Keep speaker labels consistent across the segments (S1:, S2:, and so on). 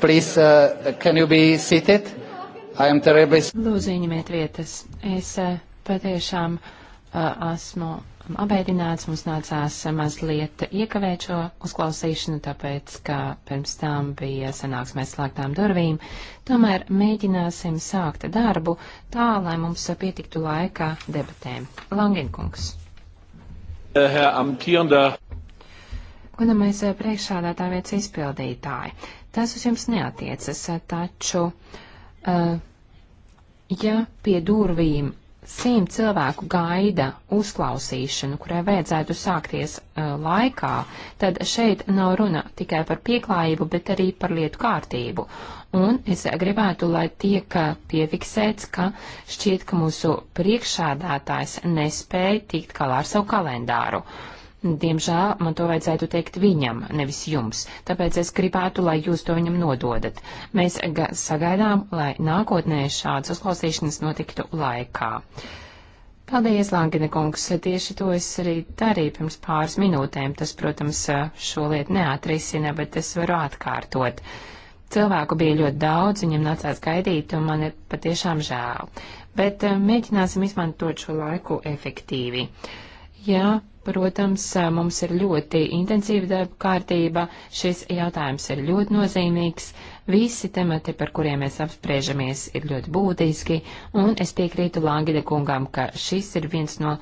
S1: Please, uh, can you be seated? I am terribly... Lūdzu, ieņemiet vietas.
S2: Es uh, patiešām uh, esmu apēdināts, mums nācās uh, mazliet iekavēt šo uzklausīšanu, tāpēc, ka pirms tam bija sanāksmēs slēgtām durvīm. Tomēr mēģināsim sākt darbu tā, lai mums pietiktu laikā debatēm. Langenkungs. Godamais äh, uh, priekšsādātā vietas izpildītāji. Tas uz jums neatiecas, taču, eh, ja pie durvīm simt cilvēku gaida uzklausīšanu, kurai vajadzētu sākties uh, laikā, tad šeit nav runa tikai par pieklājību, bet arī par lietu kārtību. Un es gribētu, lai tiek eh, piefiksēts, ka šķiet, ka mūsu priekšādātājs nespēja tikt galā ar savu kalendāru. Uh, Diemžēl man to vajadzētu teikt viņam, nevis jums, tāpēc es gribētu, lai jūs to viņam nododat. Mēs sagaidām, lai nākotnē šādas uzklausīšanas notiktu laikā. Paldies, Langina kungs, tieši to es arī darīju pirms pāris minūtēm. Tas, protams, šo lietu neatrisina, bet es varu atkārtot. Cilvēku bija ļoti daudz, viņam nācās gaidīt, un man ir patiešām žēl. Bet eh, mēģināsim izmantot šo laiku efektīvi. Jā, Protams, mums ir ļoti intensīva darba kārtība, šis jautājums ir ļoti nozīmīgs, visi temati, par kuriem mēs apspriežamies, ir ļoti būtiski, un es piekrītu Langida kungam, ka šis ir viens no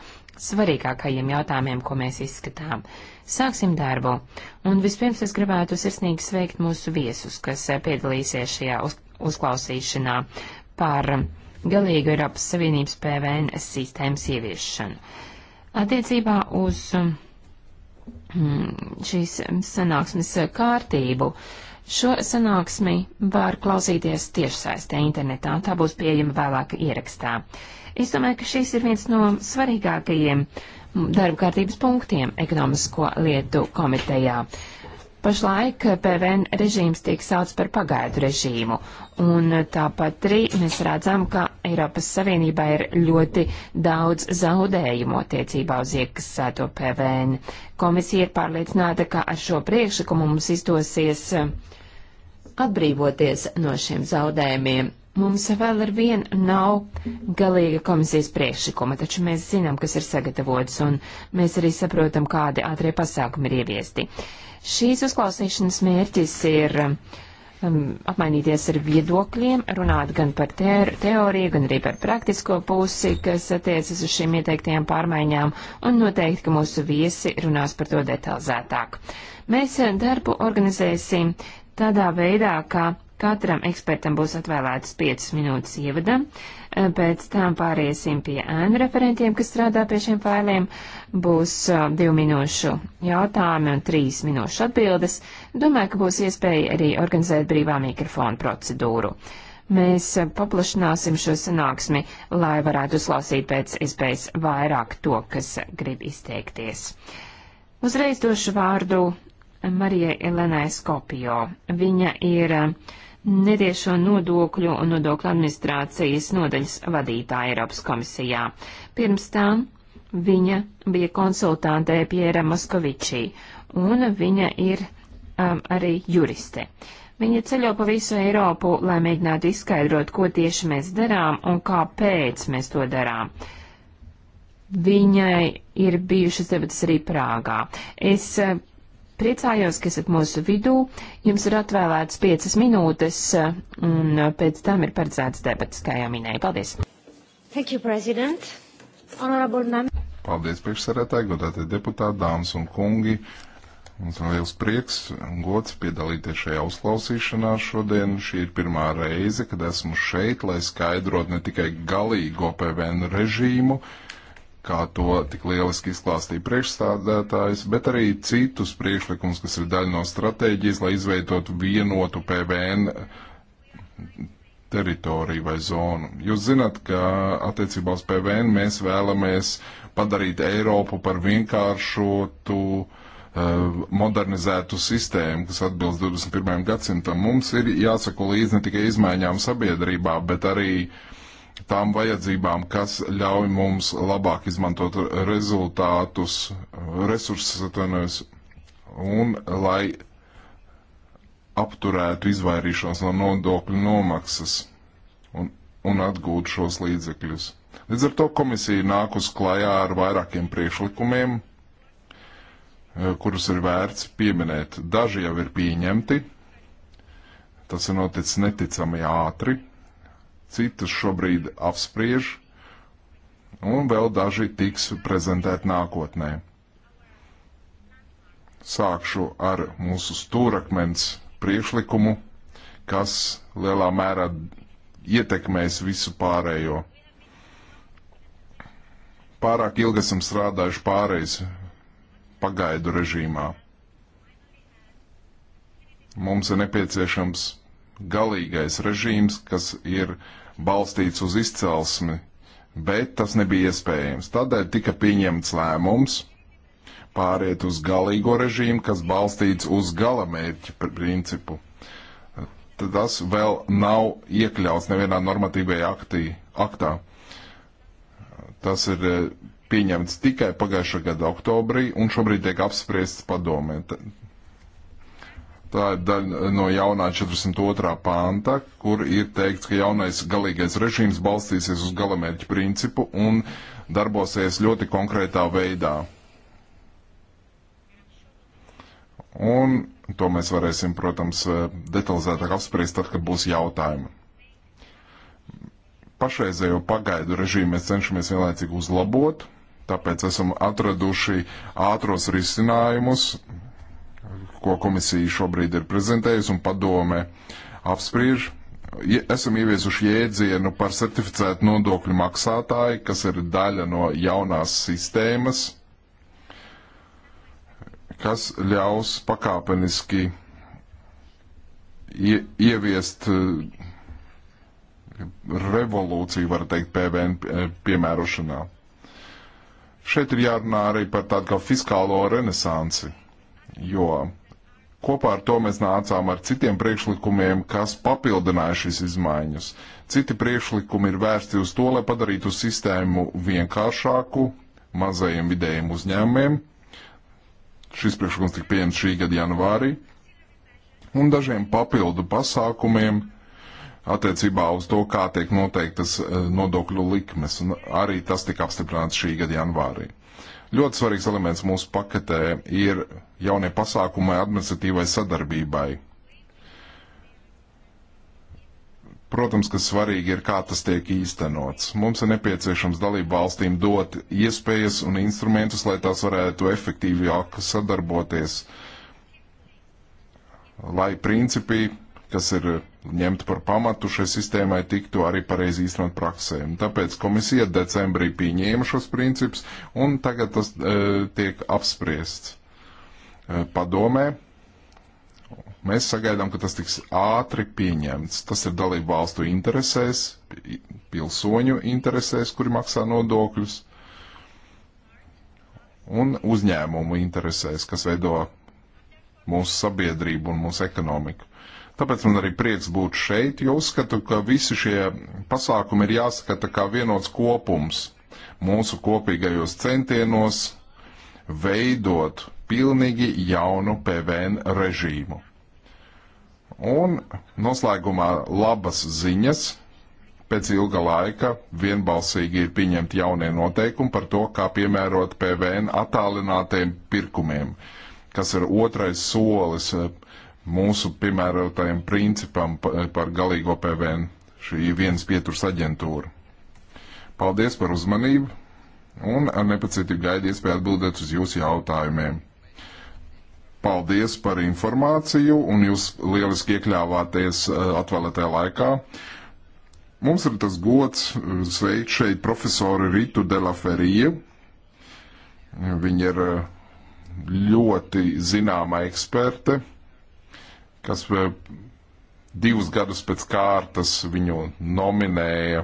S2: svarīgākajiem jautājumiem, ko mēs izskatām. Sāksim darbu, un vispirms es gribētu sirsnīgi sveikt mūsu viesus, kas piedalīsies šajā uz, uzklausīšanā par galīgu Eiropas Savienības PVN sistēmas ieviešanu. Attiecībā uz um, šīs sanāksmes kārtību. Šo sanāksmi var klausīties tiešsaistē internetā, tā būs pieejama vēlāk ierakstā. Es domāju, ka šis ir viens no svarīgākajiem darba kārtības punktiem ekonomisko lietu komitejā. Uh, Pašlaik PVN režīms tiek sauc par pagaidu režīmu, un tāpat arī mēs redzam, ka Eiropas Savienībā ir ļoti daudz zaudējumu attiecībā uz iekasēto PVN. Komisija ir pārliecināta, ka ar šo priekšlikumu mums izdosies atbrīvoties no šiem zaudējumiem Mums vēl ar vien nav galīga komisijas priekšlikuma, taču mēs zinām, kas ir sagatavots, un mēs arī saprotam, kādi ātrie pasākumi ir ieviesti. Šīs uzklausīšanas mērķis ir um, apmainīties ar viedokļiem, runāt gan par teor teoriju, gan arī par praktisko pusi, kas attiecas uz šīm ieteiktajām pārmaiņām, un noteikti, ka mūsu viesi runās par to detalizētāk. Mēs darbu organizēsim tādā veidā, ka Katram ekspertam būs atvēlētas 5 minūtes ievadam, eh, pēc tam pāriesim pie ēnu referentiem, kas strādā pie šiem failiem. Būs 2 eh, minūšu jautājumi un 3 minūšu atbildes. Domāju, ka būs iespēja arī organizēt brīvā mikrofona procedūru. Mēs eh, paplašināsim šo sanāksmi, lai varētu uzklausīt pēc iespējas vairāk to, kas grib izteikties. Uzreiz došu vārdu Marijai Elenai Skopijo. Viņa ir uh, netiešo nodokļu un nodokļu administrācijas nodaļas vadītāja Eiropas komisijā. Pirms tam viņa bija konsultante Piera Moskovičī, un viņa ir um, arī juriste. Viņa ceļo pa visu Eiropu, lai mēģinātu izskaidrot, ko tieši mēs darām un kāpēc mēs to darām. Viņai ir bijušas debatas arī Prāgā. Es Priecājos, ka esat mūsu vidū. Jums ir atvēlēts piecas minūtes, un pēc tam ir paredzēts debats, kā jau minēju. Paldies!
S3: Thank you, President. Honorable Nam.
S4: Paldies, priekšsarētāji, godātie deputāti, dāmas un kungi. Mums ir liels prieks un gods piedalīties šajā uzklausīšanā šodien. Šī ir pirmā reize, kad esmu šeit, lai skaidrot ne tikai galīgo PVN režīmu, kā to tik lieliski izklāstīja priekšstādētājs, bet arī citus priekšlikumus, kas ir daļa no stratēģijas, lai izveidotu vienotu PVN teritoriju vai zonu. Jūs zināt, ka attiecībā uz PVN mēs vēlamies padarīt Eiropu par vienkāršotu, eh, modernizētu sistēmu, kas atbilst 21. gadsimtam. Mums ir jāsako līdzi ne tikai izmaiņām sabiedrībā, bet arī uh, tām vajadzībām, kas ļauj mums labāk izmantot rezultātus, resursus, atvainojos, un lai apturētu izvairīšanos no nodokļu nomaksas un, un atgūtu šos līdzekļus. Līdz ar to komisija nāk uz klajā ar vairākiem priekšlikumiem, eh, kurus ir vērts pieminēt. Daži jau ir pieņemti, tas ir noticis neticami ātri citus šobrīd apspriež, un vēl daži tiks prezentēti nākotnē. Sākšu ar mūsu stūrakmens priekšlikumu, kas lielā mērā ietekmēs visu pārējo. Pārāk ilgi esam strādājuši pāreiz pagaidu režīmā. Mums ir nepieciešams galīgais režīms, kas ir balstīts uz izcelsmi, bet tas nebija iespējams. Tādēļ tika pieņemts lēmums pāriet uz galīgo režīmu, kas balstīts uz gala mērķa principu. Tas vēl nav iekļauts nevienā normatīvajā aktī, aktā. Tas ir eh, pieņemts tikai pagājušā gada oktobrī un šobrīd tiek apspriests padomē. Tā ir daļa no jaunā 42. panta, kur ir teikts, ka jaunais galīgais režīms balstīsies uz galamērķu principu un darbosies ļoti konkrētā veidā. Un to mēs varēsim, protams, detalizētāk apspriest, tad, kad būs jautājumi. Pašreizējo pagaidu režīmu mēs cenšamies vienlaicīgi uzlabot, tāpēc esam atraduši ātros risinājumus, ko komisija šobrīd ir prezentējusi un padome apspriež. Esam ieviesuši jēdzienu par certificētu nodokļu maksātāju, kas ir daļa no jaunās sistēmas, kas ļaus pakāpeniski ie, ieviest eh, revolūciju, var teikt, PVN eh, piemērošanā. Šeit ir jārunā arī par tādu kā fiskālo renesansi, jo Kopā ar to mēs nācām ar citiem priekšlikumiem, kas papildināja šīs izmaiņas. Citi priekšlikumi ir vērsti uz to, lai padarītu sistēmu vienkāršāku mazajiem vidējiem uzņēmumiem. Šis priekšlikums tika pieņemts šī gada janvārī. Un dažiem papildu pasākumiem attiecībā uz to, kā tiek noteiktas eh, nodokļu likmes. Un arī tas tika apstiprināts šī gada janvārī. Ļoti svarīgs elements mūsu paketē ir jaunie pasākumi administratīvai sadarbībai. Protams, ka svarīgi ir, kā tas tiek īstenots. Mums ir nepieciešams dalību valstīm dot iespējas un instrumentus, lai tās varētu efektīvāk sadarboties, lai principi kas ir ņemta par pamatu šai sistēmai, tiktu arī pareizi īstenot praksē. Un tāpēc komisija decembrī pieņēma šos principus, un tagad tas e, tiek apspriests e, padomē. Mēs sagaidām, ka tas tiks ātri pieņemts. Tas ir dalību valstu interesēs, pilsoņu interesēs, kuri maksā nodokļus, un uzņēmumu interesēs, kas veido mūsu sabiedrību un mūsu ekonomiku. Tāpēc man arī prieks būt šeit, jo uzskatu, ka visi šie pasākumi ir jāskata kā vienots kopums mūsu kopīgajos centienos veidot pilnīgi jaunu PVN režīmu. Un noslēgumā labas ziņas pēc ilga laika vienbalsīgi ir pieņemti jaunie noteikumi par to, kā piemērot PVN attālinātajiem pirkumiem, kas ir otrais solis eh, mūsu piemērotajam principam par galīgo PVN, šī vienas pieturas aģentūra. Paldies par uzmanību un ar nepacietību gaidu iespēju atbildēt uz jūsu jautājumiem. Paldies par informāciju un jūs lieliski iekļāvāties eh, atvēlētajā laikā. Mums ir tas gods eh, sveikt šeit profesoru Ritu Delaferiju. Viņa ir eh, ļoti zināma eksperte kas eh, divus gadus pēc kārtas viņu nominēja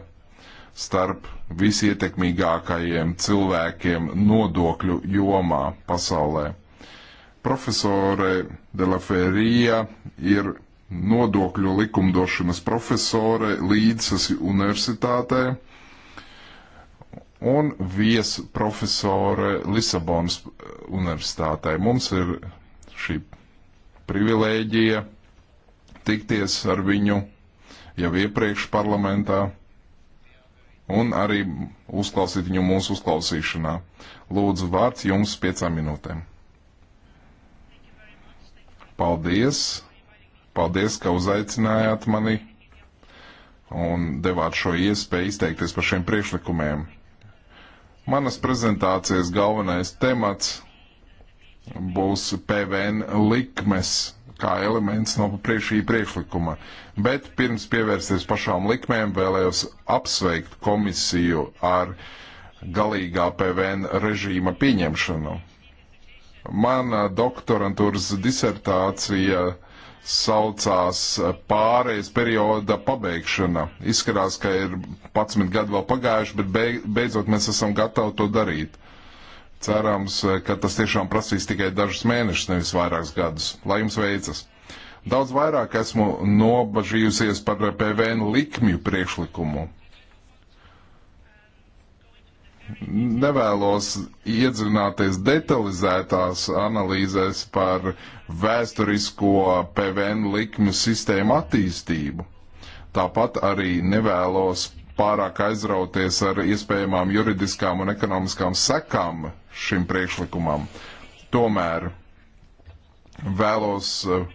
S4: starp visietekmīgākajiem cilvēkiem nodokļu jomā pasaulē. Profesore de la Ferija ir nodokļu likumdošanas profesore Līdzes universitātē un viesprofesore Lisabonas universitātē. Mums ir šī privilēģija tikties ar viņu jau iepriekš parlamentā un arī uzklausīt viņu mūsu uzklausīšanā. Lūdzu, vārds jums piecām minūtēm. Paldies! Paldies, ka uzaicinājāt mani un devāt šo iespēju izteikties par šiem priekšlikumiem. Manas prezentācijas galvenais temats būs PVN likmes kā elements no priekš šī priekšlikuma. Bet pirms pievērsties pašām likmēm, vēlējos apsveikt komisiju ar galīgā PVN režīma pieņemšanu. Mana doktorantūras disertācija saucās pārējais perioda pabeigšana. Izskatās, ka ir 11 gadi vēl pagājuši, bet beig, beidzot mēs esam gatavi to darīt. Uh, Cerams, eh, ka tas tiešām prasīs tikai dažus mēnešus, nevis vairākus gadus. Lai jums veicas! Daudz vairāk esmu nobažījusies par PVN likmju priekšlikumu. Nevēlos iedzināties detalizētās analīzēs par vēsturisko PVN likmju sistēmu attīstību. Tāpat arī nevēlos pārāk aizrauties ar iespējamām juridiskām un ekonomiskām sekām šim priekšlikumam. Tomēr vēlos eh,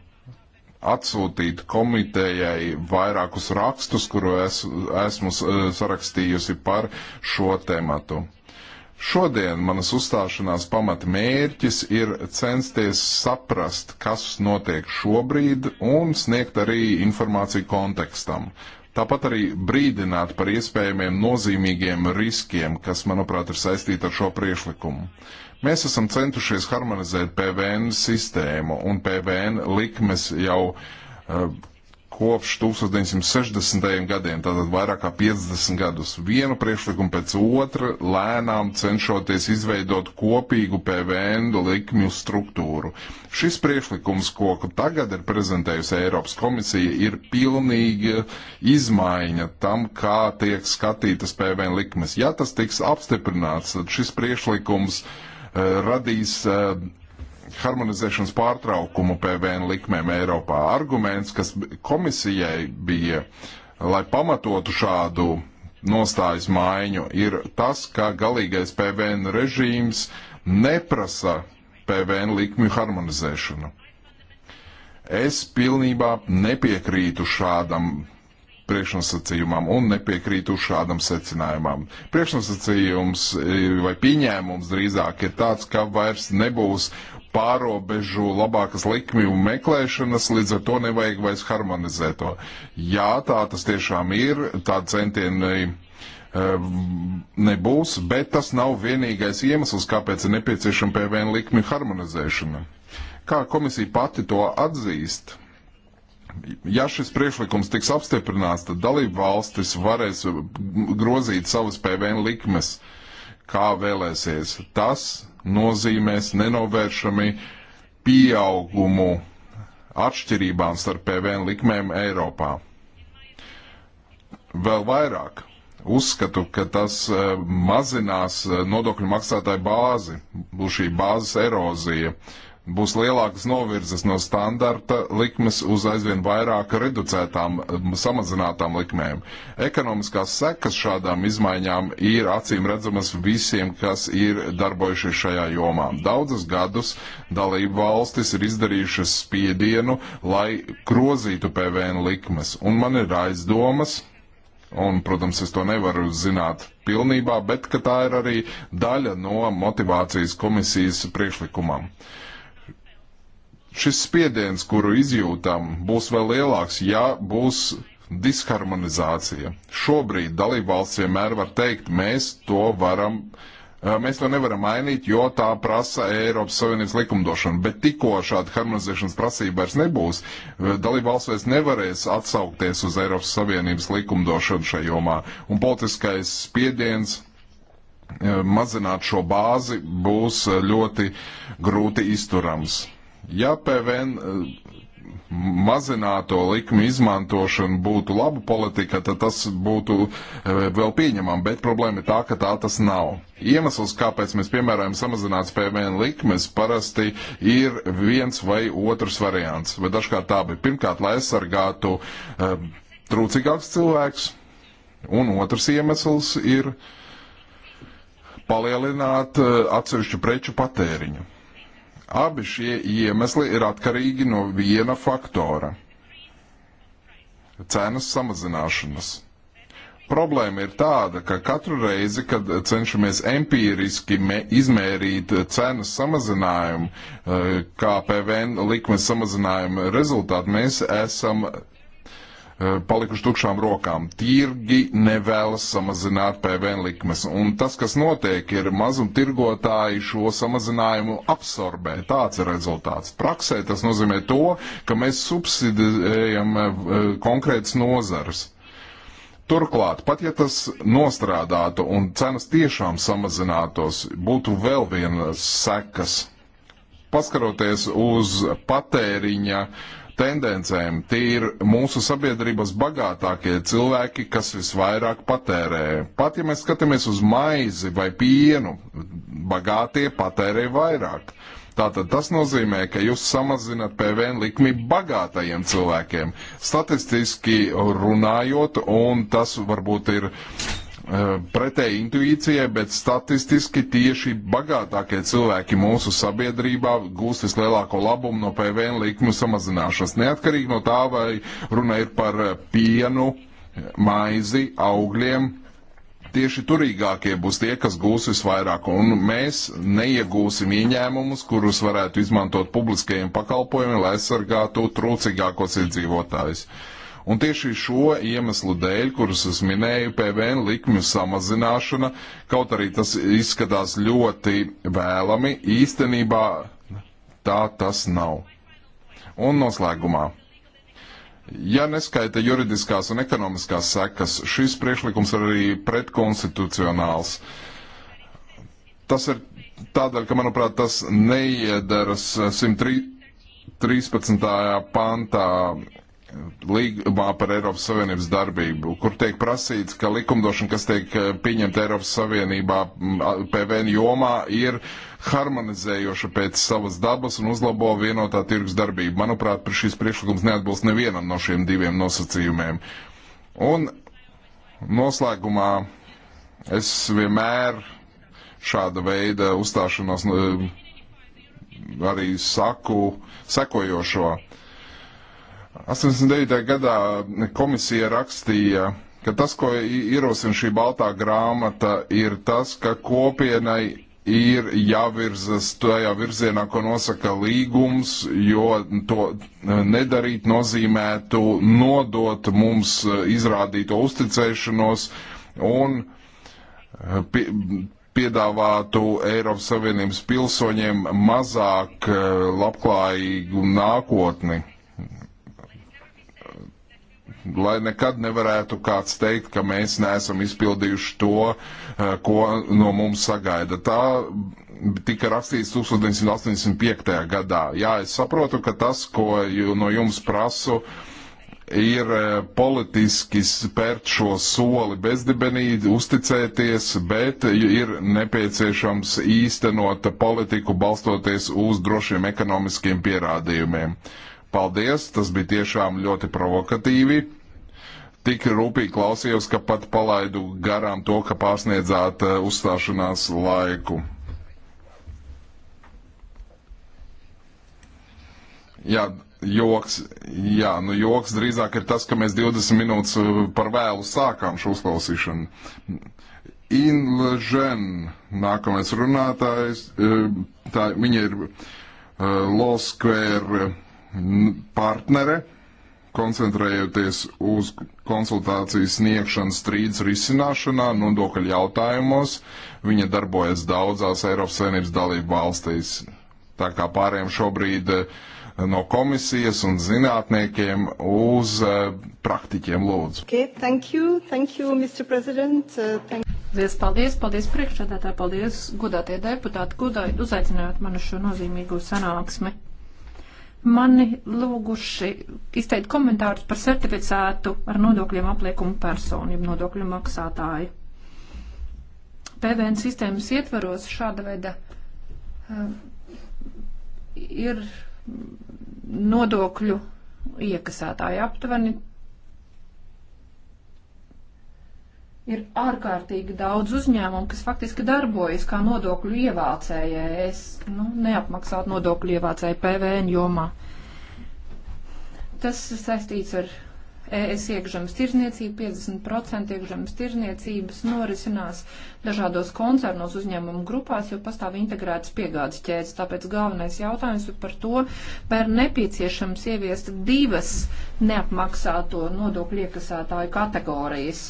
S4: atsūtīt komitejai vairākus rakstus, kuru es, esmu eh, sarakstījusi par šo tematu. Šodien manas uzstāšanās pamata mērķis ir censties saprast, kas notiek šobrīd un sniegt arī informāciju kontekstam. Tāpat arī brīdināt par iespējamiem nozīmīgiem riskiem, kas, manuprāt, ir saistīti ar šo priešlikumu. Mēs esam centušies harmonizēt PVN sistēmu, un PVN likmes jau uh, kopš 1960. gadiem, tātad vairāk kā 50 gadus, vienu priekšlikumu pēc otra, lēnām cenšoties izveidot kopīgu PVN likmju struktūru. Šis priekšlikums, ko tagad ir prezentējusi Eiropas komisija, ir pilnīga izmaiņa tam, kā tiek skatītas PVN likmes. Ja tas tiks apstiprināts, tad šis priekšlikums uh, radīs uh, harmonizēšanas pārtraukumu PVN likmēm Eiropā. Arguments, kas komisijai bija, lai pamatotu šādu nostājas maiņu, ir tas, ka galīgais PVN režīms neprasa PVN likmju harmonizēšanu. Es pilnībā nepiekrītu šādam priekšnosacījumam un nepiekrītu šādam secinājumam. Priekšnosacījums vai pieņēmums drīzāk ir tāds, ka vairs nebūs pārobežu labākas likmju meklēšanas, līdz ar to nevajag vairs harmonizēt to. Jā, tā tas tiešām ir, tā centieni eh, nebūs, bet tas nav vienīgais iemesls, kāpēc ir nepieciešama PVN likmju harmonizēšana. Kā komisija pati to atzīst? Ja šis priekšlikums tiks apstiprināts, tad dalību valstis varēs grozīt savas PVN likmes, kā vēlēsies. Tas nozīmēs nenovēršami pieaugumu atšķirībām starp PVN likmēm Eiropā. Vēl vairāk uzskatu, ka tas eh, mazinās eh, nodokļu maksātāju bāzi, būs šī bāzes erozija. Uh, būs lielākas novirzes no standarta likmes uz aizvien vairāk reducētām, samazinātām likmēm. Ekonomiskās sekas šādām izmaiņām ir acīm redzamas visiem, kas ir darbojušies šajā jomā. Daudzas gadus dalību valstis ir izdarījušas spiedienu, lai grozītu PVN likmes, un man ir aizdomas, Un, protams, es to nevaru zināt pilnībā, bet tā ir arī daļa no motivācijas komisijas priekšlikumam. Uh, Šis spiediens, kuru izjūtam, būs vēl lielāks, ja būs disharmonizācija. Šobrīd dalībvalsts vienmēr var teikt, mēs to varam eh, Mēs to nevaram mainīt, jo tā prasa Eiropas Savienības likumdošana. Bet tikko šāda harmonizēšanas prasība vairs nebūs, eh, dalībvalsts vairs nevarēs atsaukties uz Eiropas Savienības likumdošanu šajā jomā. Un politiskais spiediens eh, mazināt šo bāzi būs ļoti grūti izturams. Ja PVN eh, mazināto likmi izmantošana būtu laba politika, tad tas būtu eh, vēl pieņemama, bet problēma ir tā, ka tā tas nav. Iemesls, kāpēc mēs piemērojam samazināts PVN likmes, parasti ir viens vai otrs variants, vai dažkārt tā bija. Pirmkārt, lai aizsargātu um, eh, trūcīgāks cilvēks, un otrs iemesls ir palielināt uh, atsevišķu preču patēriņu Abi šie iemesli ir atkarīgi no viena faktora - cenas samazināšanas. Problēma ir tāda, ka katru reizi, kad cenšamies empīriski izmērīt cenas samazinājumu, eh, kā PVN likmes samazinājuma rezultātu, mēs esam E, palikuši tukšām rokām. Tirgi nevēlas samazināt PVN likmes, un tas, kas notiek, ir mazumtirgotāji šo samazinājumu absorbē. Tāds ir rezultāts. Praksē tas nozīmē to, ka mēs subsidējam e, konkrētas nozares. Turklāt, pat ja tas nostrādātu un cenas tiešām samazinātos, būtu vēl vienas sekas. Paskaroties uz patēriņa uh, tendencēm. Tie ir mūsu sabiedrības bagātākie cilvēki, kas visvairāk patērē. Pat ja mēs skatāmies uz maizi vai pienu, bagātie patērē vairāk. Tātad tas nozīmē, ka jūs samazinat PVN likmi bagātajiem cilvēkiem. Statistiski runājot, un tas varbūt ir Eh, pretēji intuīcijai, bet statistiski tieši bagātākie cilvēki mūsu sabiedrībā gūst vislielāko labumu no PVN likmu samazināšanas. Neatkarīgi no tā, vai runa ir par eh, pienu, maizi, augļiem, tieši turīgākie būs tie, kas gūs visvairāk, un mēs neiegūsim ieņēmumus, kurus varētu izmantot publiskajiem pakalpojumiem, lai aizsargātu trūcīgākos iedzīvotājus. Uh, Un tieši šo iemeslu dēļ, kurus es minēju, PVN likmju samazināšana, kaut arī tas izskatās ļoti vēlami, īstenībā tā tas nav. Un noslēgumā. Ja neskaita juridiskās un ekonomiskās sekas, šis priekšlikums ir arī pretkonstitucionāls. Tas ir tādēļ, ka, manuprāt, tas neiedaras 113. pantā līgumā par Eiropas Savienības darbību, kur tiek prasīts, ka likumdošana, kas tiek eh, pieņemta Eiropas Savienībā PVN jomā, ir harmonizējoša pēc savas dabas un uzlabo vienotā tirgus darbību. Manuprāt, par šīs priekšlikums neatbilst nevienam no šiem diviem nosacījumiem. Un noslēgumā es vienmēr šāda veida uzstāšanos e, arī saku sekojošo 89. gadā komisija rakstīja, ka tas, ko ierosina šī baltā grāmata, ir tas, ka kopienai ir jāvirzas tajā virzienā, ko nosaka līgums, jo to e, nedarīt nozīmētu nodot mums e, izrādīto uzticēšanos un e, pie, piedāvātu Eiropas Savienības pilsoņiem mazāk labklājīgu nākotni lai nekad nevarētu kāds teikt, ka mēs neesam izpildījuši to, eh, ko no mums sagaida. Tā tika rakstīts 1985. gadā. Jā, es saprotu, ka tas, ko no jums prasu, ir eh, politiski spērt šo soli bezdibenī, uzticēties, bet ir nepieciešams īstenot politiku balstoties uz drošiem ekonomiskiem pierādījumiem. Uh, Paldies, tas bija tiešām ļoti provokatīvi. Tik rūpīgi klausījos, ka pat palaidu garām to, ka pārsniedzāt eh, uzstāšanās laiku. Jā, joks, jā, nu joks drīzāk ir tas, ka mēs 20 minūtes eh, par vēlu sākām šo uzklausīšanu. Inležen, nākamais runātājs, eh, tā, viņa ir Loskvēra partnere, koncentrējoties uz konsultāciju sniegšanu strīdus risināšanā, nodokļu jautājumos. Viņa darbojas daudzās Eiropas Savienības dalību valstīs. Tā kā pārējiem šobrīd eh, no komisijas un zinātniekiem uz eh, praktiķiem lūdzu.
S5: Okay, thank you, thank you, Mr. President. Uh, thank... Lies paldies, paldies priekšsēdētāji, paldies godātie deputāti, godāji uzaicinājāt manu šo nozīmīgo sanāksmi mani lūguši izteikt komentārus par certificētu ar nodokļiem apliekumu personu, jeb nodokļu maksātāju. PVN sistēmas ietvaros šāda veida uh, ir nodokļu iekasētāji aptuveni ir ārkārtīgi daudz uzņēmumu, kas faktiski darbojas kā nodokļu ievācēji, es nu, neapmaksātu nodokļu ievācēju PVN jomā. Tas saistīts ar ES iekšzemes tirzniecību, 50% iekšzemes tirzniecības norisinās dažādos koncernos uzņēmumu grupās, jo pastāv integrētas piegādes ķēdes. Tāpēc galvenais jautājums ir par to, vai ir nepieciešams ieviest divas neapmaksāto nodokļu iekasētāju kategorijas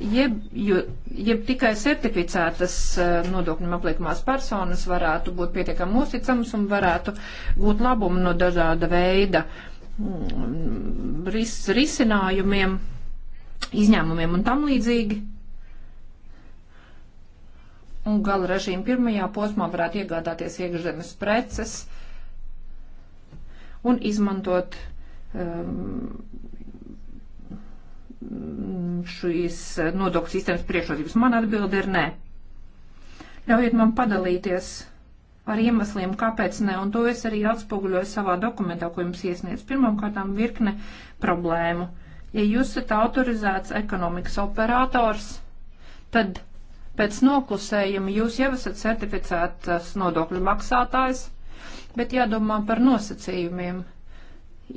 S5: jeb, jo, jeb tikai certificētas eh, nodokļu apliekamās personas varētu būt pietiekami uzticamas un varētu gūt labumu no dažāda veida mm, ris, risinājumiem, izņēmumiem un tam līdzīgi. Un gala režīma pirmajā posmā varētu iegādāties iekšzemes preces un izmantot um, Mm, šīs nodokļu sistēmas priekšrocības? Man atbilde ir nē. Ļaujiet man padalīties ar iemesliem, kāpēc ne, un to es arī atspoguļoju savā dokumentā, ko jums iesniedz. Pirmkārt, virkne problēmu. Ja jūs esat autorizēts ekonomikas operators, tad pēc noklusējuma jūs jau esat certificētas nodokļu maksātājs, bet jādomā par nosacījumiem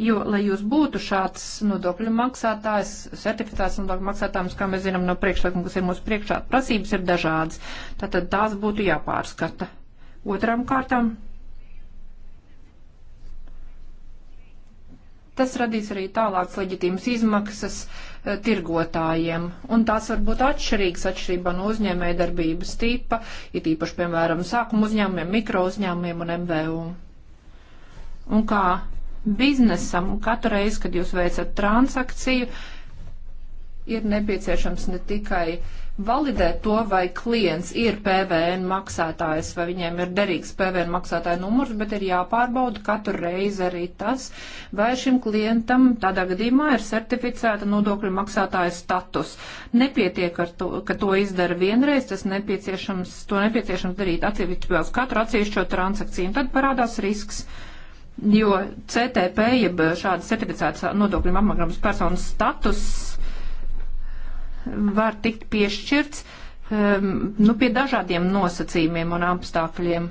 S5: Jo, lai jūs būtu šāds nodokļu maksātājs, certificēts nodokļu maksātājums, kā mēs zinām no priekšlikuma, kas ir mūsu priekšā, prasības ir dažādas. Tātad tās būtu jāpārskata. Otram kārtam. Tas radīs arī tālākas leģitīmas izmaksas e, tirgotājiem, un tās var būt atšķirīgas atšķirībā no uzņēmēja darbības tipa, it īpaši, piemēram, sākuma uzņēmumiem, mikro uzņēmumiem un MVU. Un kā biznesam, un katru reizi, kad jūs veicat transakciju, ir nepieciešams ne tikai validēt to, vai klients ir PVN maksātājs, vai viņiem ir derīgs PVN maksātāja numurs, bet ir jāpārbauda katru reizi arī tas, vai šim klientam tādā gadījumā ir certificēta nodokļu maksātāja status. Nepietiek ar to, ka to izdara vienreiz, tas nepieciešams, to nepieciešams darīt atsevišķi uz katru atsevišķo transakciju, un tad parādās risks jo CTP, jeb šāda certificēta nodokļu apmaksāmas personas status var tikt piešķirts um, nu, pie dažādiem nosacījumiem un apstākļiem.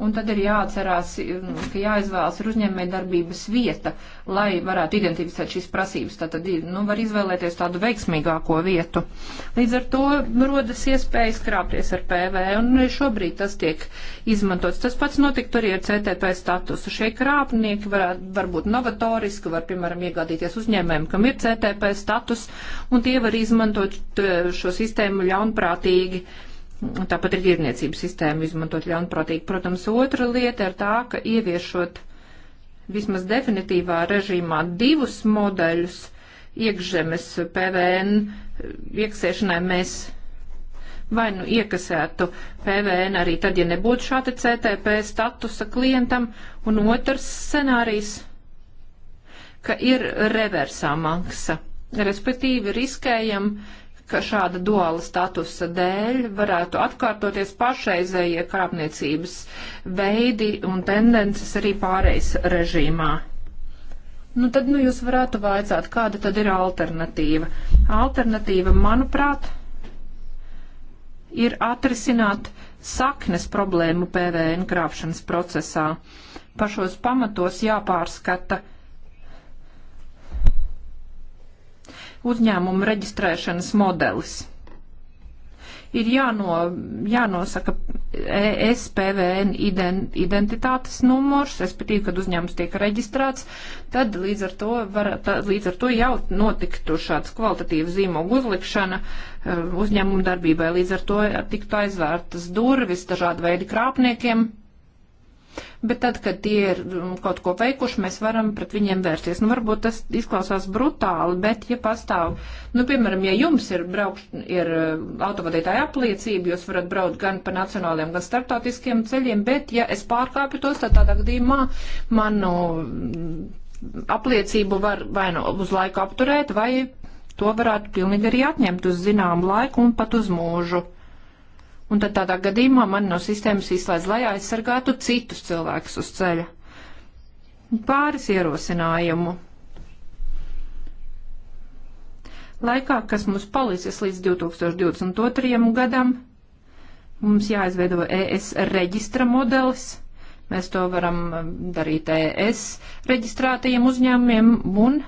S5: Un tad ir jāatcerās, nu, ka jāizvēlas ir uzņēmē darbības vieta, lai varētu identificēt šīs prasības. Tātad nu, var izvēlēties tādu veiksmīgāko vietu. Līdz ar to rodas iespēja skrāpties ar PV, un šobrīd tas tiek izmantots. Tas pats notiktu arī ar CTP statusu. Šie krāpnieki var, var būt novatoriski, var, piemēram, iegādīties uzņēmējiem, kam ir CTP status, un tie var izmantot e, šo sistēmu ļaunprātīgi Tāpat ir tirdzniecības sistēma izmantot ļaunprātīgi. Protams, otra lieta ir tā, ka ieviešot vismaz definitīvā režīmā divus modeļus iekšzemes PVN iekasēšanai mēs vai nu iekasētu PVN arī tad, ja nebūtu šāda CTP statusa klientam, un otrs scenārijs, ka ir reversā maksa, respektīvi riskējam uh, ka šāda duāla statusa dēļ varētu atkārtoties pašreizējie krāpniecības veidi un tendences arī pārejas režīmā. Nu, tad nu, jūs varētu vaicāt, kāda tad ir alternatīva. Alternatīva, manuprāt, ir atrisināt saknes problēmu PVN krāpšanas procesā. Pašos pamatos jāpārskata uh, uzņēmumu reģistrēšanas modelis. Ir jāno, jānosaka ESPVN identitātes numurs, respektīvi, kad uzņēmums tiek reģistrēts, tad līdz ar to, var, tā, līdz ar to jau notiktu šāds kvalitatīvs zīmogu uzlikšana um, uzņēmumu darbībai. Līdz ar to tiktu aizvērtas durvis dažādu veidu krāpniekiem bet tad, kad tie ir mm, kaut ko veikuši, mēs varam pret viņiem vērsties. Nu, varbūt tas izklausās brutāli, bet, ja pastāv, nu, piemēram, ja jums ir, braukš, ir eh, autovadītāja apliecība, jūs varat braukt gan pa nacionāliem, gan starptautiskiem ceļiem, bet, ja es pārkāpju tos, tad tādā gadījumā manu mm, apliecību var vai nu uz laiku apturēt, vai to varētu pilnīgi arī atņemt uz zināmu laiku un pat uz mūžu un tad tādā gadījumā man no sistēmas izslēdz, lai aizsargātu citus cilvēkus uz ceļa. Pāris ierosinājumu. Laikā, kas mums palicis līdz 2022. gadam, mums jāizveido ES reģistra modelis. Mēs to varam um, darīt ES reģistrētajiem uzņēmumiem un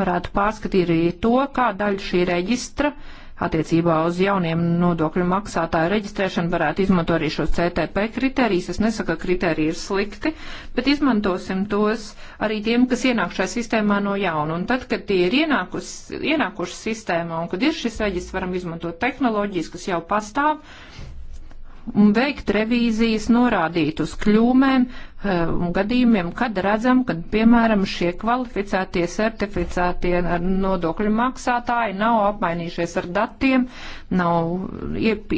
S5: varētu pārskatīt arī to, kā daļa šī reģistra uh, attiecībā uz jauniem nodokļu maksātāju reģistrēšanu varētu izmantot arī šos CTP kritērijus. Es nesaku, ka kritēriji ir slikti, bet izmantosim tos arī tiem, kas ienāk šajā sistēmā no jauna. Un tad, kad tie ir ienākus, ienākuši sistēmā un kad ir šis reģistrs, varam izmantot tehnoloģijas, kas jau pastāv un veikt revīzijas, norādīt uz kļūmēm eh, un gadījumiem, kad redzam, kad, piemēram, šie kvalificētie, certificētie nodokļu maksātāji nav apmainījušies ar datiem, nav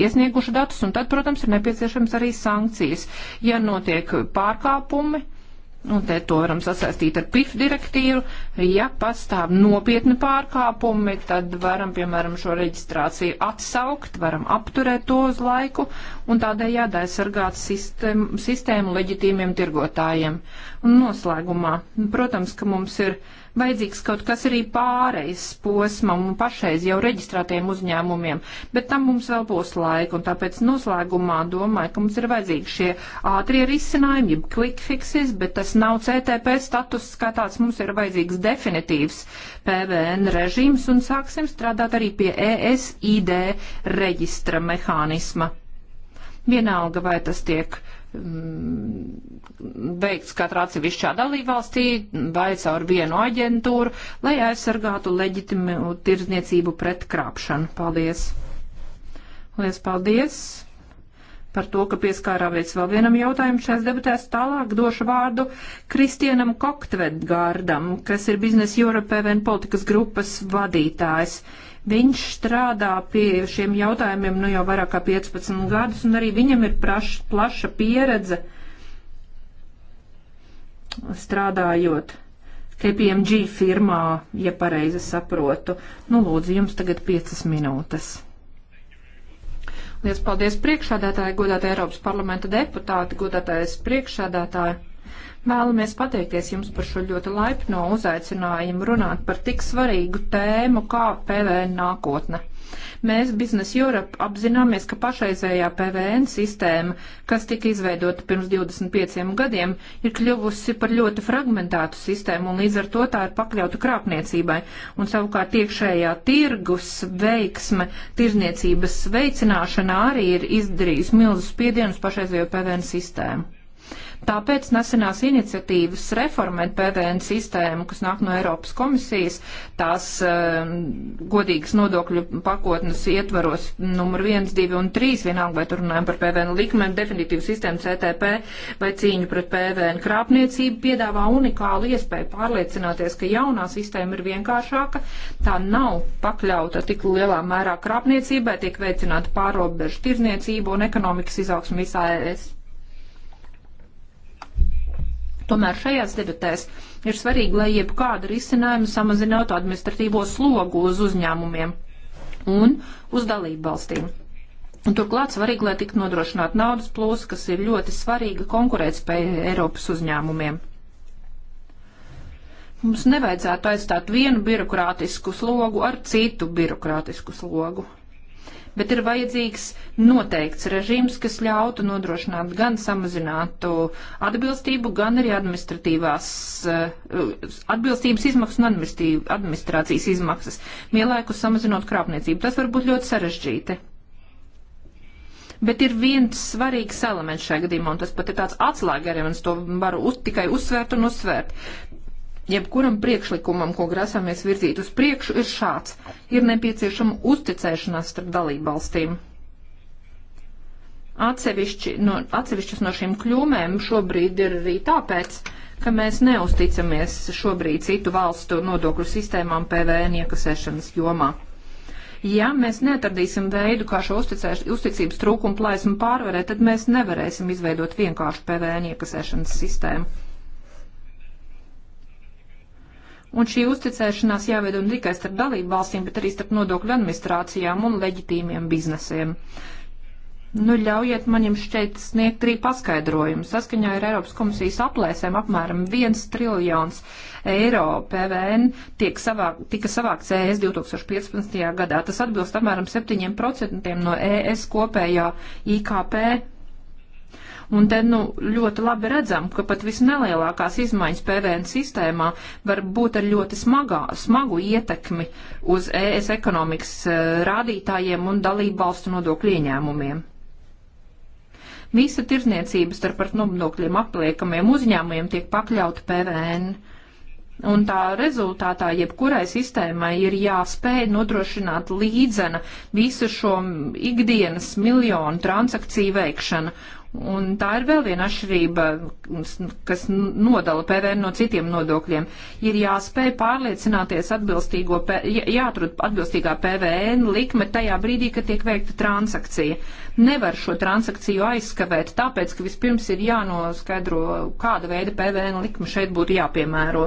S5: iesnieguši datus, un tad, protams, ir nepieciešams arī sankcijas. Ja notiek pārkāpumi, Un nu, te to varam sasaistīt ar PIF direktīvu. Ja pastāv nopietni pārkāpumi, tad varam, piemēram, šo reģistrāciju atsaukt, varam apturēt to uz laiku un tādējādi aizsargāt sistēmu, sistēmu leģitīmiem tirgotājiem. Un noslēgumā, protams, ka mums ir. Uh, vajadzīgs kaut kas arī pārejas posmam un pašreiz jau reģistrētiem uzņēmumiem, bet tam mums vēl būs laika, un tāpēc noslēgumā domāju, ka mums ir vajadzīgi šie ātrie risinājumi, jeb quick fixes, bet tas nav CTP status, kā tāds mums ir vajadzīgs definitīvs PVN režīms, un sāksim strādāt arī pie ESID reģistra mehānisma. Vienalga, vai tas tiek veikts mm, katrā atsevišķā dalībvalstī vai caur vienu aģentūru, lai aizsargātu leģitimu tirdzniecību pret krāpšanu. Paldies! Lielas paldies par to, ka pieskārāvies vēl vienam jautājumam šajās debatēs. Tālāk došu vārdu Kristienam Koktvedgārdam, kas ir Biznesa Europe PVN politikas grupas vadītājs. Uh, Viņš strādā pie šiem jautājumiem nu jau vairāk kā 15 gadus, un arī viņam ir praš, plaša pieredze strādājot KPMG firmā, ja pareizi saprotu. Nu, lūdzu, jums tagad 5 minūtes. Liels paldies priekšādātāji, godātāji Eiropas parlamenta deputāti, godātājs priekšādātāji. Vēlamies pateikties jums par šo ļoti laipno uzaicinājumu runāt par tik svarīgu tēmu kā PVN nākotne. Mēs Business Europe apzināmies, ka pašreizējā PVN sistēma, kas tika izveidota pirms 25 gadiem, ir kļuvusi par ļoti fragmentētu sistēmu un līdz ar to tā ir pakļauta krāpniecībai. Un savukārt iekšējā tirgus veiksme, tirzniecības veicināšana arī ir izdarījusi milzu spiedienus pašreizējo PVN sistēmu. Tāpēc nesenās iniciatīvas reformēt PVN sistēmu, kas nāk no Eiropas komisijas, tās uh, godīgas nodokļu pakotnes ietvaros numur 1, 2 un 3, vienalga vai tur runājam par PVN likumiem, definitīvu sistēmu CTP vai cīņu pret PVN krāpniecību, piedāvā unikālu iespēju pārliecināties, ka jaunā sistēma ir vienkāršāka, tā nav pakļauta tik lielā mērā krāpniecībai, tiek veicināta pārobežu tirzniecība un ekonomikas izaugsme visā ES. Tomēr šajās debatēs ir svarīgi, lai jebkāda risinājuma samazinātu administratīvo slogu uz uzņēmumiem un uz dalību valstīm. Un turklāt svarīgi, lai tiktu nodrošināt naudas plūsmu, kas ir ļoti svarīga konkurētspēja Eiropas uzņēmumiem. Mums nevajadzētu aizstāt vienu birokrātisku slogu ar citu birokrātisku slogu bet ir vajadzīgs noteikts režīms, kas ļautu nodrošināt gan samazinātu atbilstību, gan arī administratīvās, eh, atbilstības izmaksas un administrācijas izmaksas, vienlaikus samazinot krāpniecību. Tas var būt ļoti sarežģīti. Bet ir viens svarīgs elements šajā gadījumā, un tas pat ir tāds atslēga arī, un es to varu uz, tikai uzsvērt un uzsvērt jebkuram priekšlikumam, ko grasāmies virzīt uz priekšu, ir šāds. Ir nepieciešama uzticēšanās starp dalībvalstīm. Atsevišķi, no, atsevišķas no šīm kļūmēm šobrīd ir arī tāpēc, ka mēs neusticamies šobrīd citu valstu nodokļu sistēmām PVN iekasēšanas jomā. Ja mēs netradīsim veidu, kā šo uzticības trūkumu plaismu pārvarēt, tad mēs nevarēsim izveidot vienkāršu PVN iekasēšanas sistēmu Un šī uzticēšanās jāveido ne tikai starp dalību valstīm, bet arī starp nodokļu administrācijām un leģitīmiem biznesiem. Nu, ļaujiet man jums šeit sniegt trī paskaidrojumu. Saskaņā ar Eiropas komisijas aplēsēm apmēram 1 triljons eiro PVN tiek savāk, tika savākts ES 2015. gadā. Tas atbilst apmēram 7% no ES kopējā IKP Un te nu, ļoti labi redzam, ka pat visnelielākās izmaiņas PVN sistēmā var būt ar ļoti smagā, smagu ietekmi uz ES ekonomikas eh, rādītājiem un dalību valstu nodokļu ieņēmumiem. Visa tirzniecība starp ar nodokļiem apliekamiem uzņēmumiem tiek pakļauta PVN un tā rezultātā jebkurai sistēmai ir jāspēj nodrošināt līdzena visu šo ikdienas miljonu transakciju veikšanu, Un tā ir vēl viena atšķirība, kas nodala PVN no citiem nodokļiem. Ir jāspēj pārliecināties atbilstīgo, jāatrod atbilstīgā PVN likme tajā brīdī, kad tiek veikta transakcija nevar šo transakciju aizskavēt, tāpēc, ka vispirms ir jānoskaidro, kāda veida PVN likme šeit būtu jāpiemēro.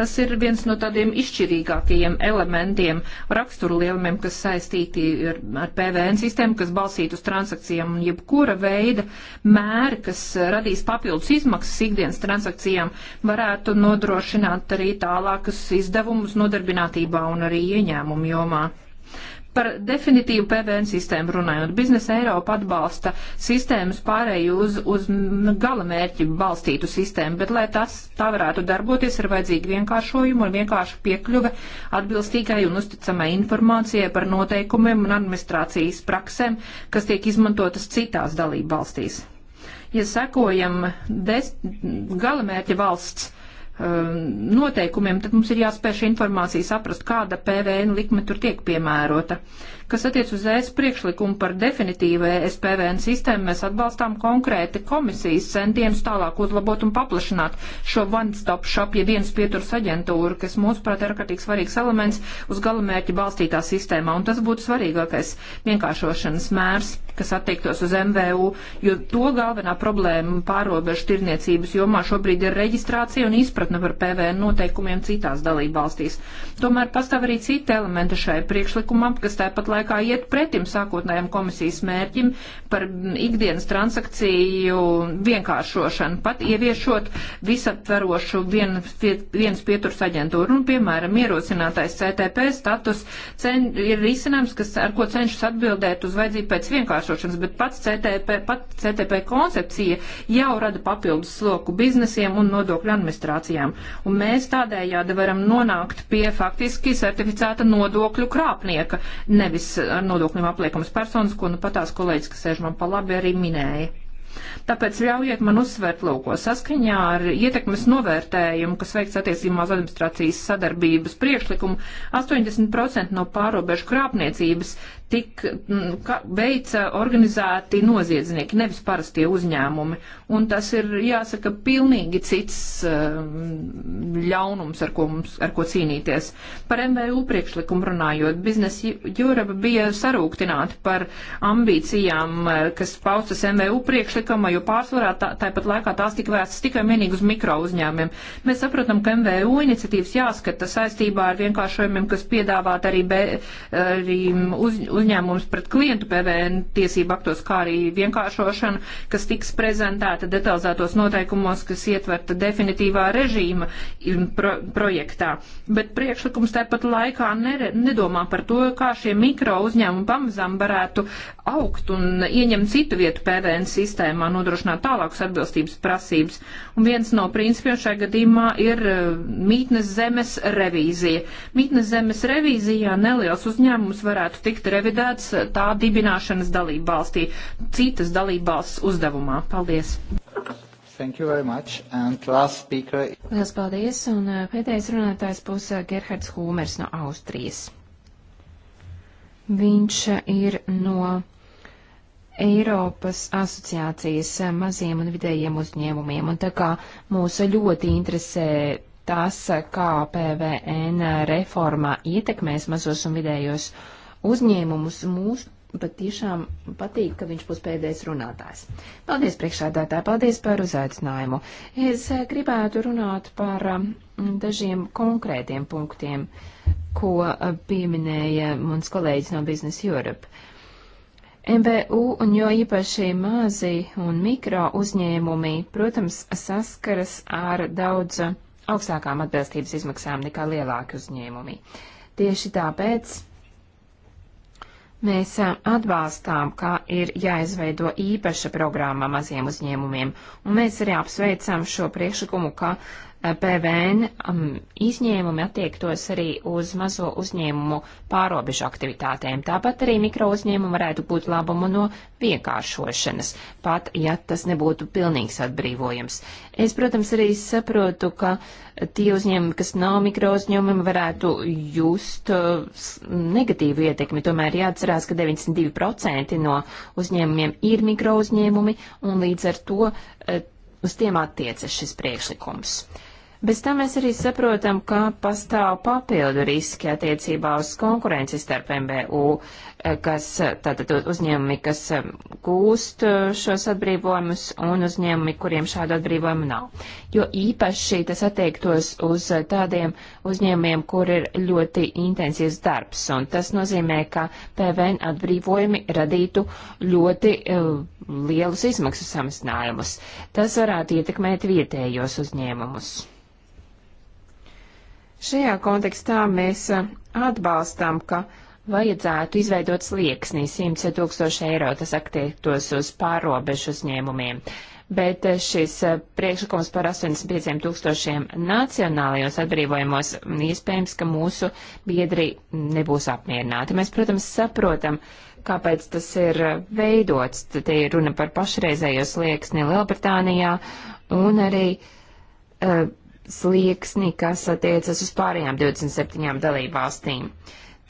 S5: Tas ir viens no tādiem izšķirīgākajiem elementiem, raksturlielumiem, kas saistīti ar, ar PVN sistēmu, kas balstītu uz transakcijām un jebkura veida mēri, kas radīs papildus izmaksas ikdienas transakcijām, varētu nodrošināt arī tālākas izdevumus nodarbinātībā un arī ieņēmumu jomā. Par definitīvu PVN sistēmu runājot, biznesa Eiropa atbalsta sistēmas pārēju uz, uz galamērķi balstītu sistēmu, bet, lai tas tā varētu darboties, ir vajadzīgi vienkāršojumu un vienkārša piekļuve atbilstīgai un uzticamai informācijai par noteikumiem un administrācijas praksēm, kas tiek izmantotas citās dalību valstīs. Ja sekojam galamērķa valsts, Um, noteikumiem, tad mums ir jāspēj šī informācija saprast, kāda PVN likme tur tiek piemērota. Kas attiec uz ES priekšlikumu par definitīvu ES PVN sistēmu, mēs atbalstām konkrēti komisijas centienus tālāk uzlabot un paplašināt šo one-stop shop, ja vienas pieturas aģentūru, kas mūsuprāt ir ārkārtīgi svarīgs elements uz galamērķi balstītā sistēmā. Un tas būtu svarīgākais vienkāršošanas mērs, kas attiektos uz MVU, jo to galvenā problēma pārobežu tirniecības jomā šobrīd ir reģistrācija un izpratne par PVN noteikumiem citās dalībvalstīs. Tomēr pastāv arī citi elementi šai priekšlikumam, kas tāpat laikā laikā iet pretim sākotnējam komisijas mērķim par ikdienas transakciju vienkāršošanu, pat ieviešot visaptvarošu vien, viens pieturs aģentūru. Un, nu, piemēram, ierosinātais CTP status cen, ir risinājums, kas, ar ko cenšas atbildēt uz vajadzību pēc vienkāršošanas, bet pats CTP, pat CTP koncepcija jau rada papildus sloku biznesiem un nodokļu administrācijām. Un mēs tādējādi varam nonākt pie faktiski certificēta nodokļu krāpnieka, nevis ar nodokļiem apliekums personas, ko nu patās kolēģis, kas sēž kurš man pa labi arī minēja. Tāpēc ļaujiet man uzsvērt lūko saskaņā ar ietekmes novērtējumu, kas veikts attiecībā uz administrācijas sadarbības priekšlikumu, 80% no pārobežu krāpniecības tik mm, ka, veica organizēti noziedznieki, nevis parastie uzņēmumi. Un tas ir, jāsaka, pilnīgi cits mm, ļaunums, ar ko, mums, ar ko cīnīties. Par MVU priekšlikumu runājot, Biznes Europe bija sarūktināti par ambīcijām, kas paustas MVU priekšlikumā, jo pārsvarā tā, tāpat laikā tās tika vērstas tikai vienīgi uz mikro uzņēmumiem. Mēs saprotam, ka MVU iniciatīvas jāskata saistībā ar vienkāršojumiem, kas piedāvāt arī, be, arī uz, uz uzņēmumus pret klientu PVN tiesību aktos, kā arī vienkāršošana, kas tiks prezentēta detalizētos noteikumos, kas ietverta definitīvā režīma pro projektā. Bet priekšlikums tāpat laikā nere, nedomā par to, kā šie mikro uzņēmumi pamazām varētu augt un ieņemt citu vietu PVN sistēmā, nodrošināt tālākus atbilstības prasības. Un viens no principiem šajā gadījumā ir eh, mītnes zemes revīzija. Mītnes zemes revīzijā neliels uzņēmums varētu tikt revidēts eh, tā dibināšanas dalība valstī, citas dalība valsts uzdevumā. Paldies!
S1: Thank you very much. And last speaker. Lielas paldies. Un eh, pēdējais
S2: runātājs būs Gerhards Hūmers no Austrijas. Viņš ir no Eiropas asociācijas maziem un vidējiem uzņēmumiem, un tā kā mūs ļoti interesē tas, kā PVN reforma ietekmēs mazos un vidējos uzņēmumus, mūs pat tiešām patīk, ka viņš būs pēdējais runātājs. Paldies priekšādātāji, paldies par uzaicinājumu. Es gribētu runāt par um, dažiem konkrētiem punktiem, ko uh, pieminēja mans kolēģis no Business Europe. MBU un jo īpaši mazi un mikro uzņēmumi, protams, saskaras ar daudz augstākām atbilstības izmaksām nekā lielāki uzņēmumi. Tieši tāpēc Mēs atbalstām, ka ir jāizveido īpaša programma maziem uzņēmumiem, un mēs arī apsveicam šo priekšlikumu, ka PVN um, izņēmumi attiektos arī uz mazo uzņēmumu pārobežu aktivitātēm. Tāpat arī mikro uzņēmumu varētu būt labumu no vienkāršošanas, pat ja tas nebūtu pilnīgs atbrīvojums. Es, protams, arī saprotu, ka tie uzņēmumi, kas nav mikro uzņēmumi, varētu just uh, negatīvu ietekmi. Tomēr jāatcerās, ka 92% no uzņēmumiem ir mikro uzņēmumi un līdz ar to uh, uz tiem attiecas šis priekšlikums. Uh, Bez tam mēs arī saprotam, ka pastāv papildu riski attiecībā uz konkurenci starp MBU, eh, kas tātad uzņēmumi, kas eh, gūst eh, šos atbrīvojumus un uzņēmumi, kuriem šādu atbrīvojumu nav. Jo īpaši tas attiektos uz tādiem uzņēmumiem, kur ir ļoti intensīvs darbs, un tas nozīmē, ka PVN atbrīvojumi radītu ļoti lielus izmaksu samazinājumus. Tas varētu ietekmēt vietējos uzņēmumus. Šajā kontekstā mēs atbalstam, ka vajadzētu izveidot slieksnī 100 tūkstoši eiro, tas attiektos uz pārobežu uzņēmumiem. Bet šis priekšlikums par 85 tūkstošiem nacionālajos atbrīvojumos iespējams, ka mūsu biedri nebūs apmierināti. Mēs, protams, saprotam, kāpēc tas ir veidots. Te ir runa par pašreizējo slieksni Lielbritānijā un arī uh, slieksni, kas attiecas uz pārējām 27 dalībvalstīm.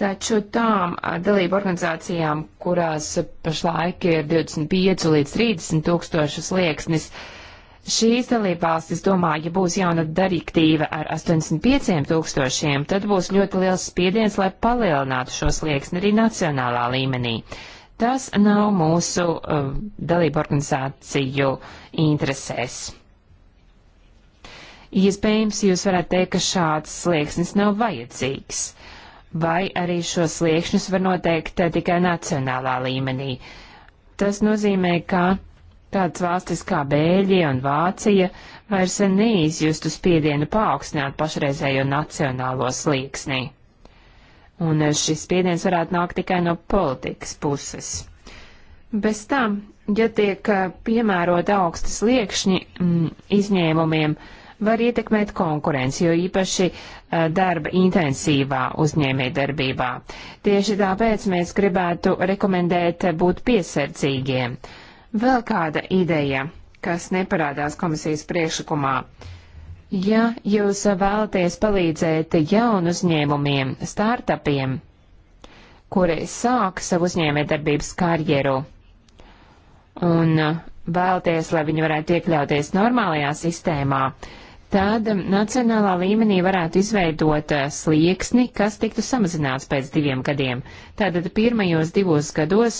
S2: Taču tām dalību organizācijām, kurās pašlaik ir 25 līdz 30 tūkstošu slieksnis, šīs dalībvalstis domā, ja būs jauna darīktīva ar 85 tūkstošiem, tad būs ļoti liels spiediens, lai palielinātu šo slieksni arī nacionālā līmenī. Tas nav mūsu uh, dalību organizāciju interesēs. Iespējams, jūs varētu teikt, ka šāds slieksnis nav vajadzīgs. Vai arī šo sliekšņus var noteikt tikai nacionālā līmenī. Tas nozīmē, ka Tāds valstis kā Bēļģija un Vācija vairs neizjustu spiedienu paaugstināt pašreizējo nacionālo slieksnī. Un šis spiediens varētu nākt tikai no politikas puses. Bez tam, ja tiek eh, piemērot augsti sliekšņi mm, izņēmumiem, uh, var ietekmēt konkurenci, jo īpaši eh, darba intensīvā uzņēmējdarbībā. Tieši tāpēc mēs gribētu rekomendēt būt piesardzīgiem. Vēl kāda ideja, kas neparādās komisijas priekšlikumā. Ja jūs vēlaties palīdzēt jaunu uzņēmumiem, startupiem, kuri sāk savu uzņēmējdarbības karjeru un eh, vēlties, lai viņi varētu iekļauties normālajā sistēmā, tad nacionālā līmenī varētu izveidot eh, slieksni, kas tiktu samazināts pēc diviem gadiem. Tātad pirmajos divos gados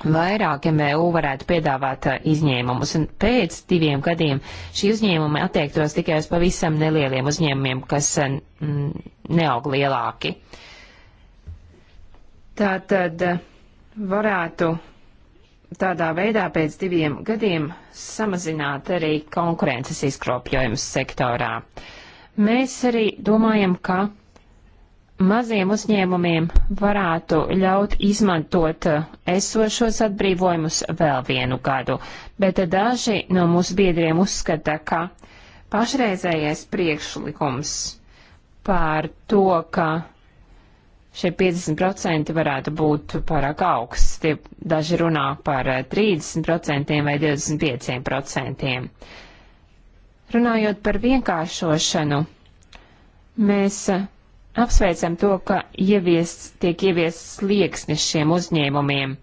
S2: vairāk MVU varētu piedāvāt eh, izņēmumus, un pēc diviem gadiem šī uzņēmuma attiektos tikai uz pavisam nelieliem uzņēmumiem, kas eh, neaug lielāki. Tātad varētu tādā veidā pēc diviem gadiem samazināt arī konkurences izkropļojumus sektorā. Mēs arī domājam, ka maziem uzņēmumiem varētu ļaut izmantot esošos atbrīvojumus vēl vienu gadu, bet daži no mūsu biedriem uzskata, ka pašreizējais priekšlikums par to, ka šie 50% varētu būt pārāk augsts. Tie daži runā par 30% eh, vai 25%. Runājot par vienkāršošanu, mēs eh, apsveicam to, ka ieviests, tiek ieviests slieksnis šiem uzņēmumiem,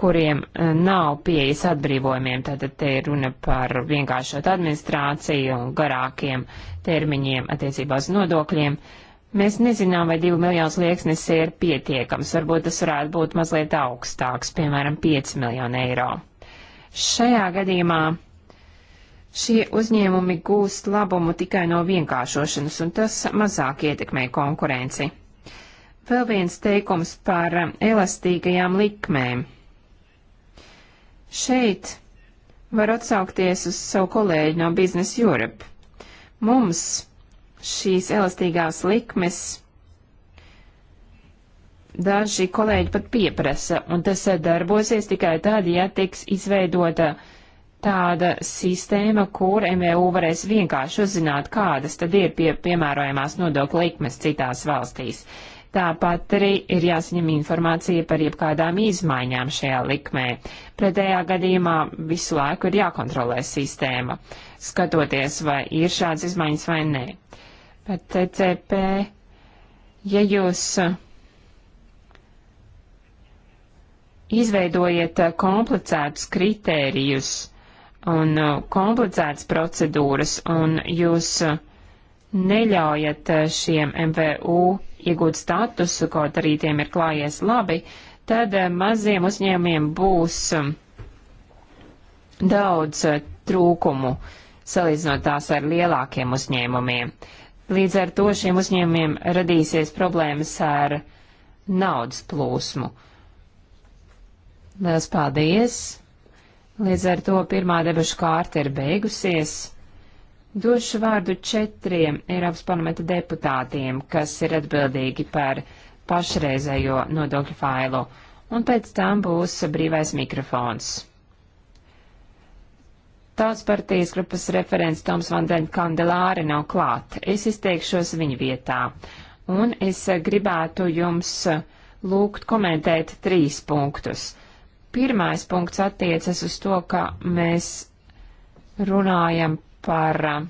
S2: kuriem eh, nav pieejas atbrīvojumiem. Tātad te ir runa par vienkāršotu administrāciju un garākiem termiņiem attiecībā uz nodokļiem. Uh, Mēs nezinām, vai divu miljonu slieksnis ir pietiekams, varbūt tas varētu būt mazliet augstāks, piemēram, 5 miljonu eiro. Šajā gadījumā šie uzņēmumi gūst labumu tikai no vienkāršošanas, un tas mazāk ietekmē konkurenci. Vēl viens teikums par elastīgajām likmēm. Šeit var atsaukties uz savu kolēģi no Business Europe. Mums šīs elastīgās likmes daži kolēģi pat pieprasa, un tas eh, darbosies tikai tad, ja tiks izveidota tāda sistēma, kur MVU varēs vienkārši uzzināt, kādas tad ir pie, piemērojamās nodokļu likmes citās valstīs. Tāpat arī ir jāsaņem informācija par jebkādām izmaiņām šajā likmē. Pretējā gadījumā visu laiku ir jākontrolē sistēma, skatoties, vai ir šāds izmaiņas vai nē. Uh, par TCP, ja jūs uh, izveidojiet uh, komplicētus kritērijus un uh, komplicētas procedūras un jūs neļaujat šiem MVU iegūt statusu, kaut arī tiem ir klājies labi, tad maziem uzņēmiem būs um, daudz trūkumu, salīdzinot tās ar lielākiem uzņēmumiem. Uh, Līdz ar to šiem uzņēmumiem radīsies problēmas ar naudas plūsmu. Lielas paldies! Līdz ar to pirmā debašu kārta ir beigusies. Došu vārdu četriem Eiropas parlamenta deputātiem, kas ir atbildīgi par pašreizējo nodokļu failu, un pēc tam būs brīvais mikrofons. Tautas partijas grupas referents Toms Vandeņa Kandelāri nav klāt. Es izteikšos viņa vietā. Un es gribētu jums eh, lūgt komentēt trīs punktus. Pirmais punkts attiecas uz to, ka mēs runājam par eh,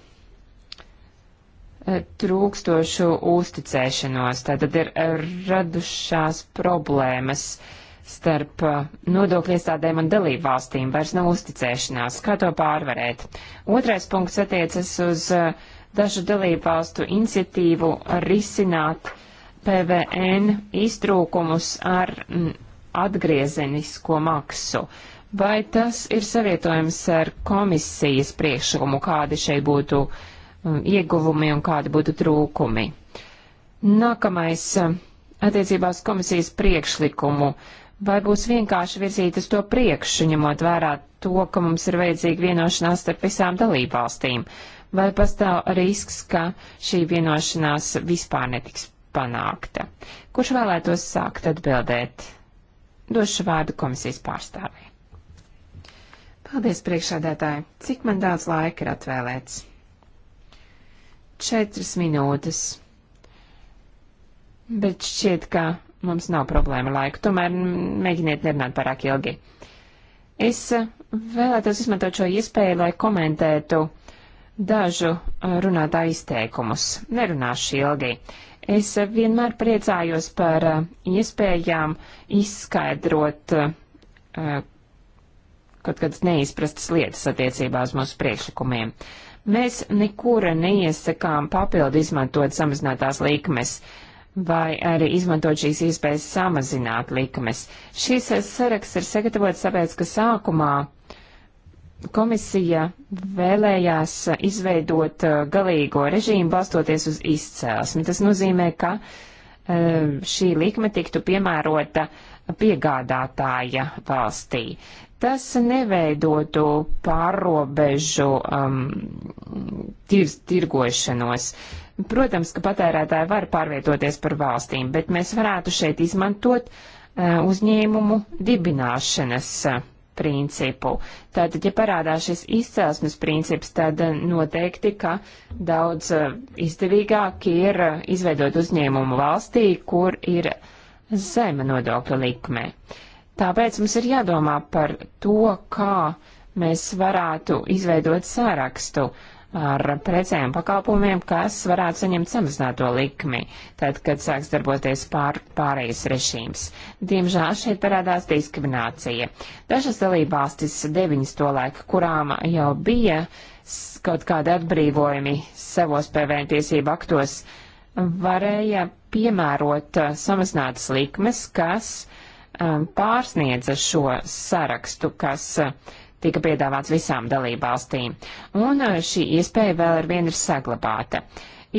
S2: trūkstošu uzticēšanos, tātad ir eh, radušās problēmas uh, starp uh, nodokļu iestādēm un dalību valstīm vairs nav uzticēšanās. Kā to pārvarēt? Otrais punkts attiecas uz uh, dažu dalību valstu iniciatīvu risināt PVN iztrūkumus ar mm, atgriezenisko maksu. Vai tas ir savietojams ar komisijas priekšlikumu, kādi šeit būtu mm, ieguvumi un kādi būtu trūkumi? Nākamais uh, attiecībās komisijas priekšlikumu. Uh, vai būs vienkārši virzīt uz to priekšu, ņemot vērā to, ka mums ir vajadzīga vienošanās starp visām dalībvalstīm, vai pastāv risks, ka šī vienošanās vispār netiks panākta. Kurš vēlētos sākt atbildēt? Došu vārdu komisijas pārstāvē. Paldies, priekšādētāji. Cik man daudz laika ir atvēlēts? Četras minūtes. Bet šķiet, ka Mums nav problēma laika, tomēr mēģiniet nerunāt pārāk ilgi. Es eh, vēlētos izmantot šo iespēju, lai komentētu dažu eh, runātā izteikumus. Nerunāšu ilgi. Es eh, vienmēr priecājos par iespējām izskaidrot kaut kādas neizprastas lietas attiecībā uz mūsu priekšlikumiem. Mēs nekur neiesakām papildu izmantot samazinātās likmes vai arī izmantot šīs iespējas samazināt likmes. Šis eh, saraksts ir sagatavots tāpēc, ka sākumā komisija vēlējās eh, izveidot eh, galīgo režīmu balstoties uz izcēlesmi. Tas nozīmē, ka šī likme tiktu piemērota piegādātāja valstī. Tas neveidotu pārobežu um, tir, tirgošanos. Uh, Protams, ka patērētāji var pārvietoties par valstīm, bet mēs varētu šeit izmantot uh, uzņēmumu dibināšanas uh, principu. Tātad, ja parādās šis izcelsmes princips, tad eh, noteikti, ka daudz uh, izdevīgāk ir izveidot uzņēmumu valstī, kur ir zema nodokļa likme. Tāpēc mums ir jādomā par to, kā mēs varētu izveidot sārakstu ar precēm pakalpojumiem, kas varētu saņemt samazināto likmi, tad, kad sāks darboties pār, pārējais režīms. Diemžēl šeit parādās diskriminācija. Dažas dalībvalstis deviņas to laiku, kurām jau bija kaut kādi atbrīvojumi savos PVN tiesību aktos, varēja piemērot uh, samazinātas likmes, kas um, pārsniedza šo sarakstu, kas uh, tika piedāvāts visām dalībvalstīm, un eh, šī iespēja vēl ar vienu ir saglabāta.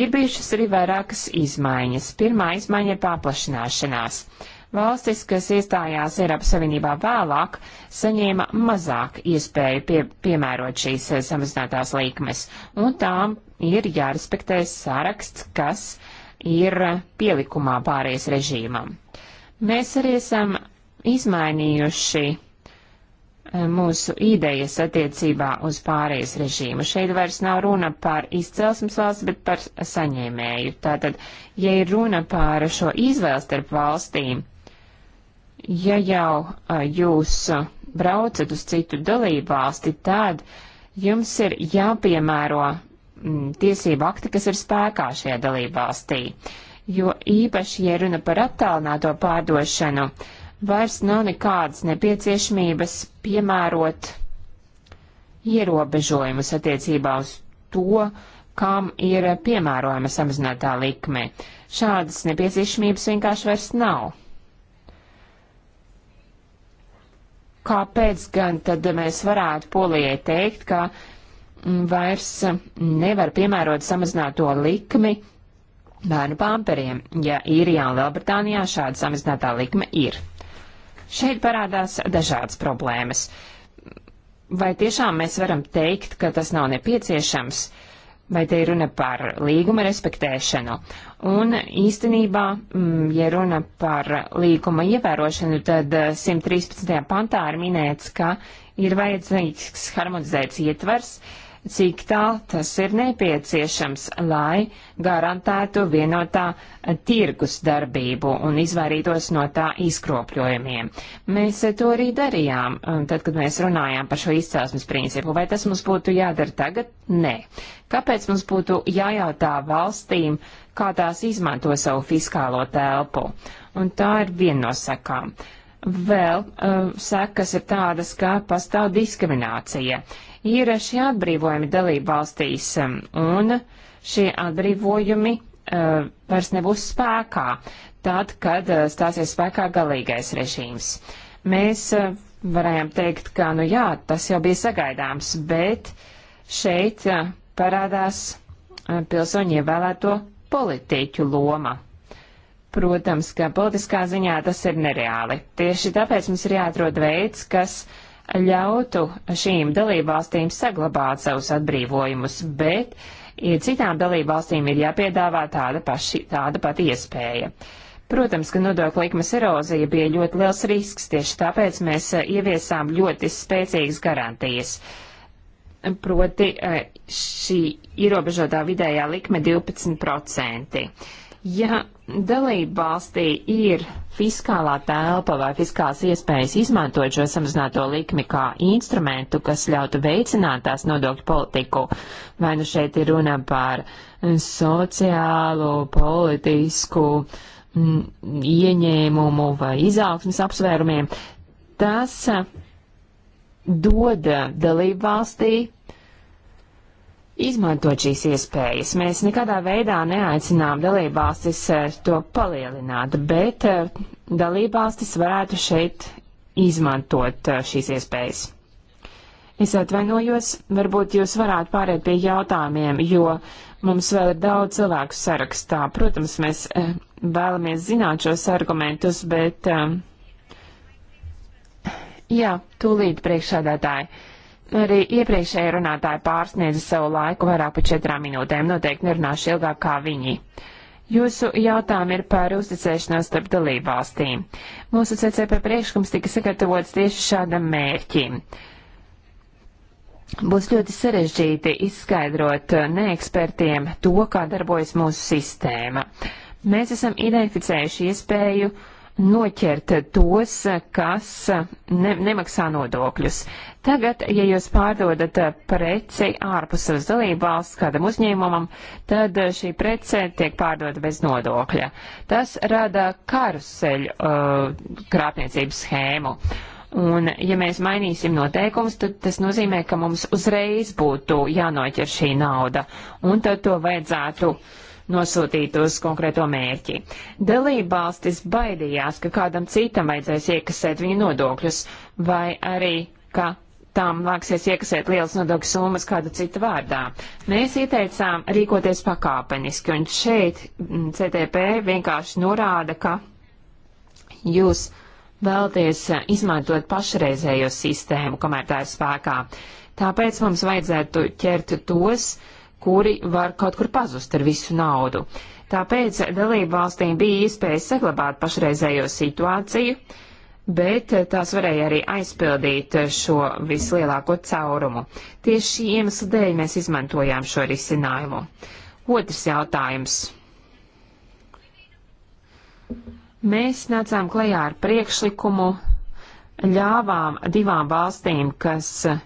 S2: Ir bijušas arī vairākas izmaiņas. Pirmā izmaiņa ir paplašināšanās. Valstis, kas iestājās Eiropas Savienībā vēlāk, saņēma mazāk iespēju pie, piemērot šīs eh, samazinātās likmes, un tām ir jārespektē saraksts, kas ir pielikumā pārējais režīmam. Mēs arī esam izmainījuši mūsu idejas attiecībā uz pārējais režīmu. Šeit vairs nav runa par izcelsmes valsts, bet par saņēmēju. Tātad, ja ir runa par šo izvēles starp valstīm, ja jau jūs braucat uz citu dalību valsti, tad jums ir jāpiemēro tiesību akti, kas ir spēkā šajā dalību valstī. Jo īpaši, ja runa par attālināto pārdošanu, uh, vairs nav nekādas nepieciešamības piemērot ierobežojumus attiecībā uz to, kam ir piemērojama samazinātā likme. Šādas nepieciešamības vienkārši vairs nav. Kāpēc gan tad mēs varētu polijai teikt, ka mm, vairs nevar piemērot samazināto likmi bērnu pamperiem, ja īrijā un Lielbritānijā šāda samazinātā likme ir? Šeit parādās dažādas problēmas. Vai tiešām mēs varam teikt, ka tas nav nepieciešams, vai te ir runa par līguma respektēšanu? Un īstenībā, mm, ja runa par līguma ievērošanu, tad 113. Eh, pantā ir minēts, ka ir vajadzīgs harmonizēts ietvers, uh, cik tā tas ir nepieciešams, lai garantētu vienotā tirgus darbību un izvairītos no tā izkropļojumiem. Mēs to arī darījām, tad, kad mēs runājām par šo izcelsmes principu. Vai tas mums būtu jādara tagad? Nē. Kāpēc mums būtu jājautā valstīm, kā tās izmanto savu fiskālo telpu? Un tā ir viena no sekām. Vēl uh, sekas ir tādas, ka pastāv diskriminācija ir šie atbrīvojumi dalību valstīs, um, un šie atbrīvojumi uh, vairs nebūs spēkā, tad, kad uh, stāsies spēkā galīgais režīms. Mēs uh, varējām teikt, ka, nu jā, tas jau bija sagaidāms, bet šeit uh, parādās uh, pilsoņu ievēlēto politiķu loma. Protams, ka politiskā ziņā tas ir nereāli. Tieši tāpēc mums ir jāatrod veids, kas uh, ļautu šīm dalībvalstīm saglabāt savus atbrīvojumus, bet ja citām dalībvalstīm ir jāpiedāvā tāda, paši, tāda pati iespēja. Protams, ka nodokļu likmes erozija bija ļoti liels risks, tieši tāpēc mēs eh, ieviesām ļoti spēcīgas garantijas. Proti eh, šī ierobežotā vidējā likme 12%. Ja dalība valstī ir fiskālā telpa vai fiskāls iespējas izmantot šo samazināto likmi kā instrumentu, kas ļautu veicināt tās nodokļu politiku, vai nu šeit ir runa par sociālu, politisku m, mm, ieņēmumu vai izaugsmas apsvērumiem, tas eh, dod dalību valstī izmantot šīs iespējas. Mēs nekādā veidā neaicinām dalībvalstis eh, to palielināt, bet eh, dalībvalstis varētu šeit izmantot eh, šīs iespējas. Es atvainojos, varbūt jūs varētu pāriet pie jautājumiem, jo mums vēl ir daudz cilvēku sarakstā. Protams, mēs vēlamies zināt šos argumentus, bet. Jā, tūlīt priekšādātāji. Arī iepriekšēji runātāji pārsniedza savu laiku vairāk par četrām minūtēm, noteikti nerunāšu ilgāk kā viņi. Jūsu jautājumi ir par uzticēšanos starp dalībvalstīm. Mūsu CCP priekšlikums tika sagatavots tieši šādam mērķim. Būs ļoti sarežģīti izskaidrot neekspertiem to, kā darbojas mūsu sistēma. Mēs esam identificējuši iespēju uh, noķert tos, kas ne, nemaksā nodokļus. Tagad, ja jūs pārdodat preci ārpus savas dalībvalsts kādam uzņēmumam, tad šī prece tiek pārdota bez nodokļa. Tas rada karuseļu uh, krāpniecības schēmu. Un, ja mēs mainīsim noteikumus, tad tas nozīmē, ka mums uzreiz būtu jānoķer šī nauda, un tad to vajadzētu uh, nosūtīt uz konkrēto mērķi. Dalībvalstis baidījās, ka kādam citam vajadzēs iekasēt viņu nodokļus, vai arī, ka tām nāksies iekasēt lielas nodokļu summas kāda cita vārdā. Mēs ieteicām rīkoties pakāpeniski, un šeit mm, CTP vienkārši norāda, ka jūs vēlties izmantot pašreizējo sistēmu, kamēr tā ir spēkā. Tāpēc mums vajadzētu ķert tos kuri var kaut kur pazust ar visu naudu. Tāpēc dalībvalstīm bija iespēja saglabāt pašreizējo situāciju, bet tās varēja arī aizpildīt šo vislielāko caurumu. Tieši šī iemesla dēļ mēs izmantojām šo risinājumu. Otrs jautājums. Mēs nācām klajā ar priekšlikumu, ļāvām divām valstīm, kas uh,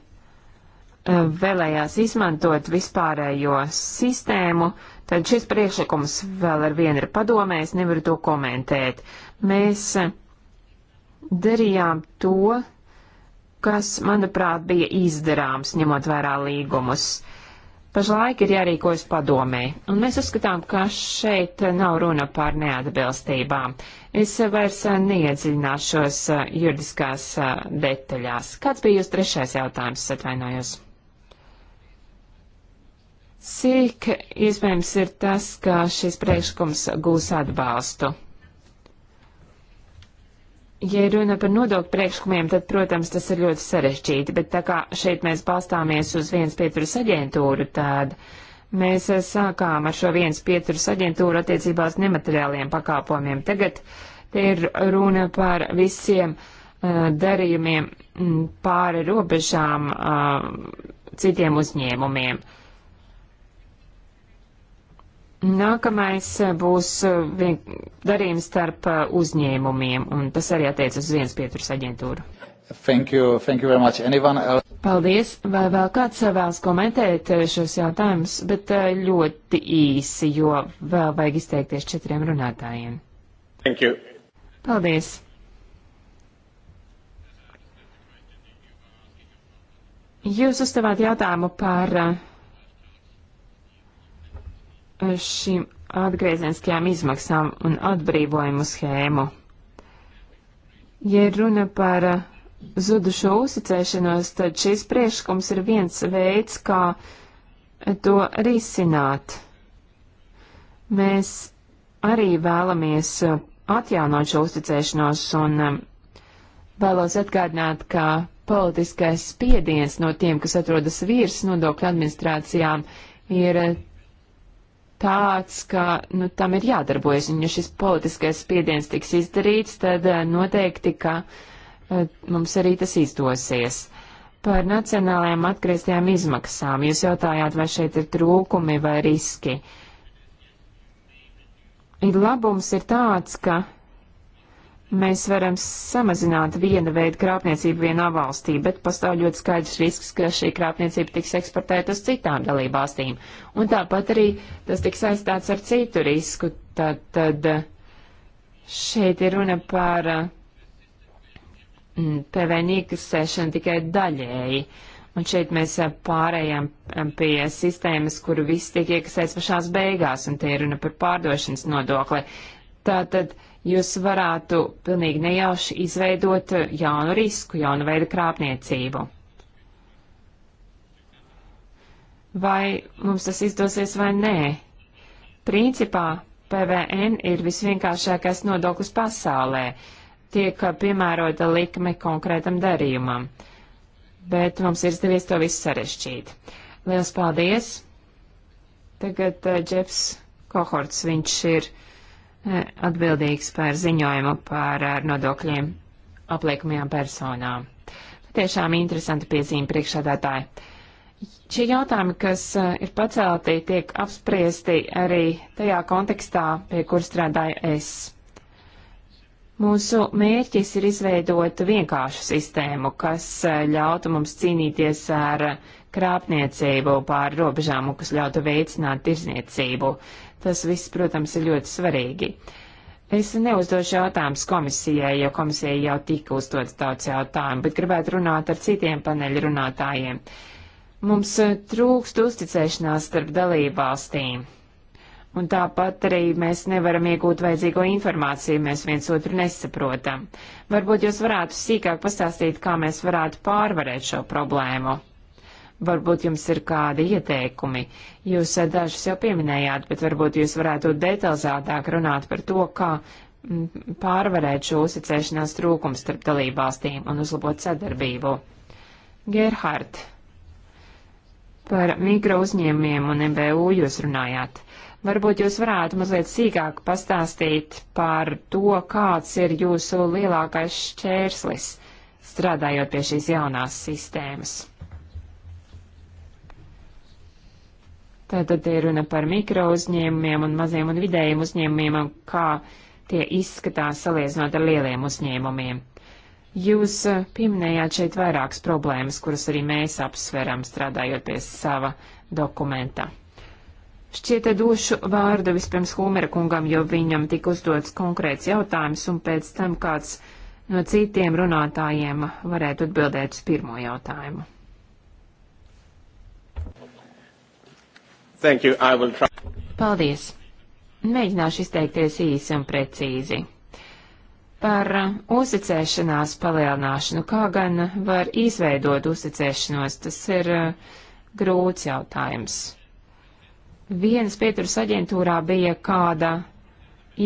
S2: E, vēlējās izmantot vispārējo sistēmu, tad šis priekšlikums vēl ar vienu ir padomē, es nevaru to komentēt. Mēs darījām to, kas, manuprāt, bija izdarāms, ņemot vērā līgumus. Pašlaik ir jārīkojas padomē, un mēs uzskatām, ka šeit nav runa par neatbilstībām. Es vairs neiedziļināšos e, juridiskās e, detaļās. Kāds bija jūs trešais jautājums, atvainojos? Cik iespējams ir tas, ka šis priekšlikums gūs atbalstu? Ja runa par nodokļu priekšlikumiem, tad, protams, tas ir ļoti sarežģīti, bet tā kā šeit mēs balstāmies uz viens pieturas aģentūru, tad mēs sākām ar šo viens pieturas aģentūru attiecībā uz nemateriāliem pakāpojumiem. Tagad te ir runa par visiem uh, darījumiem pāri robežām uh, citiem uzņēmumiem. Uh, Nākamais eh, būs eh, darījums starp eh, uzņēmumiem, un tas arī attiecas uz viens pieturas
S1: aģentūru. Thank you, thank you very much. Anyone else?
S2: Paldies. Vai vēl kāds vēlas komentēt šos jautājumus, bet ļoti īsi, jo vēl vajag izteikties četriem runātājiem. Thank you. Paldies. Jūs uzdevāt jautājumu par šīm atgriezieniskajām izmaksām un atbrīvojumu schēmu. Ja runa par eh, zudušo uzticēšanos, tad šis priekšlikums ir viens veids, kā to risināt. Mēs arī vēlamies eh, atjaunot šo uzticēšanos un eh, vēlos atgādināt, ka politiskais spiediens no tiem, kas atrodas virs nodokļu administrācijām, ir tāds, ka nu, tam ir jādarbojas, un ja šis politiskais spiediens tiks izdarīts, tad eh, noteikti, ka eh, mums arī tas izdosies. Par nacionālajām atgrieztajām izmaksām jūs jautājāt, vai šeit ir trūkumi vai riski. Ir labums ir tāds, ka mēs varam samazināt viena veida krāpniecību vienā valstī, bet pastāv ļoti skaidrs risks, ka šī krāpniecība tiks eksportēta uz citām dalībvalstīm. Un tāpat arī tas tiks aizstāts ar citu risku. Tad, tad eh, šeit ir runa par eh, mm, PVN iekasēšanu tikai daļēji. Un šeit mēs eh, pārējām pie sistēmas, kuru viss tiek iekasēts pašās beigās, un te ir runa par pārdošanas nodokli. Tātad, tā, jūs varētu pilnīgi nejauši izveidot jaunu risku, jaunu veidu krāpniecību. Vai mums tas izdosies vai nē? Principā PVN ir visvienkāršākais nodoklis pasaulē. Tiek piemērota likme konkrētam darījumam. Bet mums ir izdevies to visu sarešķīt. Liels paldies! Tagad uh, Džefs Kohorts, viņš ir uh, atbildīgs par ziņojumu par nodokļiem apliekumajām personām. Patiešām interesanta piezīme priekšādātāji. Šie jautājumi, kas e, ir pacelti, tiek apspriesti arī tajā kontekstā, pie kur strādāju es. Mūsu mērķis ir izveidot vienkāršu sistēmu, kas e, ļautu mums cīnīties ar krāpniecību pār robežām un kas ļautu veicināt tirzniecību. Tas viss, protams, ir ļoti svarīgi. Es neuzdošu jautājumus komisijai, jo komisijai jau tika uzdots daudz jautājumu, bet gribētu runāt ar citiem paneļu runātājiem. Mums eh, trūkst uzticēšanās starp dalībvalstīm. Un tāpat arī mēs nevaram iegūt vajadzīgo informāciju, mēs viens otru nesaprotam. Varbūt jūs varētu sīkāk pastāstīt, kā mēs varētu pārvarēt šo problēmu. Varbūt jums ir kādi ieteikumi. Jūs eh, dažus jau pieminējāt, bet varbūt jūs varētu detalizētāk runāt par to, kā pārvarēt šo uzticēšanās trūkumu starp dalībvalstīm un uzlabot sadarbību. Gerhard, par mikro uzņēmumiem un MBU jūs runājāt. Varbūt jūs varētu mazliet sīkāk pastāstīt par to, kāds ir jūsu lielākais šķērslis strādājot pie šīs jaunās sistēmas. Tātad ir runa par mikro uzņēmumiem un maziem un vidējiem uzņēmumiem, un kā tie izskatās salīdzinot ar lieliem uzņēmumiem. Jūs eh, pieminējāt šeit vairākas problēmas, kuras arī mēs apsveram strādājot pie sava dokumenta. Šķiet, došu vārdu vispirms Hūmera kungam, jo viņam tika uzdots konkrēts jautājums, un pēc tam kāds no citiem runātājiem varētu atbildēt uz pirmo jautājumu.
S4: Thank you. I will try.
S2: Paldies. Mēģināšu izteikties īsi un precīzi. Par uh, uzticēšanās palielināšanu, kā gan var izveidot uzticēšanos, tas ir uh, grūts jautājums. Vienas pieturas aģentūrā bija kāda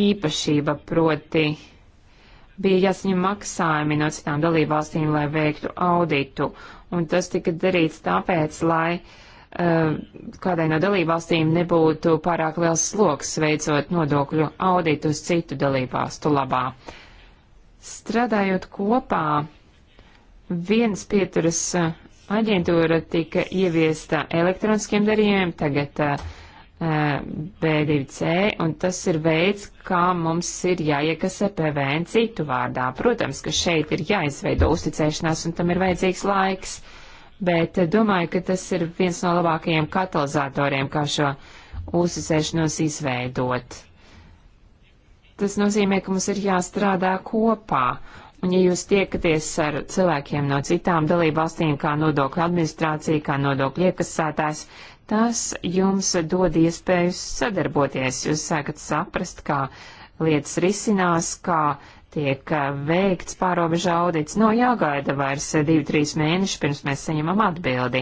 S2: īpašība, proti bija jāsaņem maksājumi no citām dalībvalstīm, lai veiktu auditu, un tas tika darīts tāpēc, lai uh, Eh, kādai no dalībvalstīm nebūtu pārāk liels sloks veicot nodokļu auditu uz citu dalībvalstu labā. Strādājot kopā, viens pieturas eh, aģentūra tika ieviesta elektroniskiem darījumiem, tagad uh, eh, B2C, un tas ir veids, kā mums ir jāiekasē PVN citu vārdā. Protams, ka šeit ir jāizveido uzticēšanās, un tam ir vajadzīgs laiks bet eh, domāju, ka tas ir viens no labākajiem katalizatoriem, kā šo uzsēšanos izveidot. Tas nozīmē, ka mums ir jāstrādā kopā. Un ja jūs tiekaties ar cilvēkiem no citām dalībvalstīm, kā nodokļu administrācija, kā nodokļu iekasētājs, tas jums dod iespēju sadarboties. Jūs sākat saprast, kā lietas risinās, kā tiek veikts pārobežu audits. No jāgaida vairs 2-3 mēneši, pirms mēs saņemam atbildi.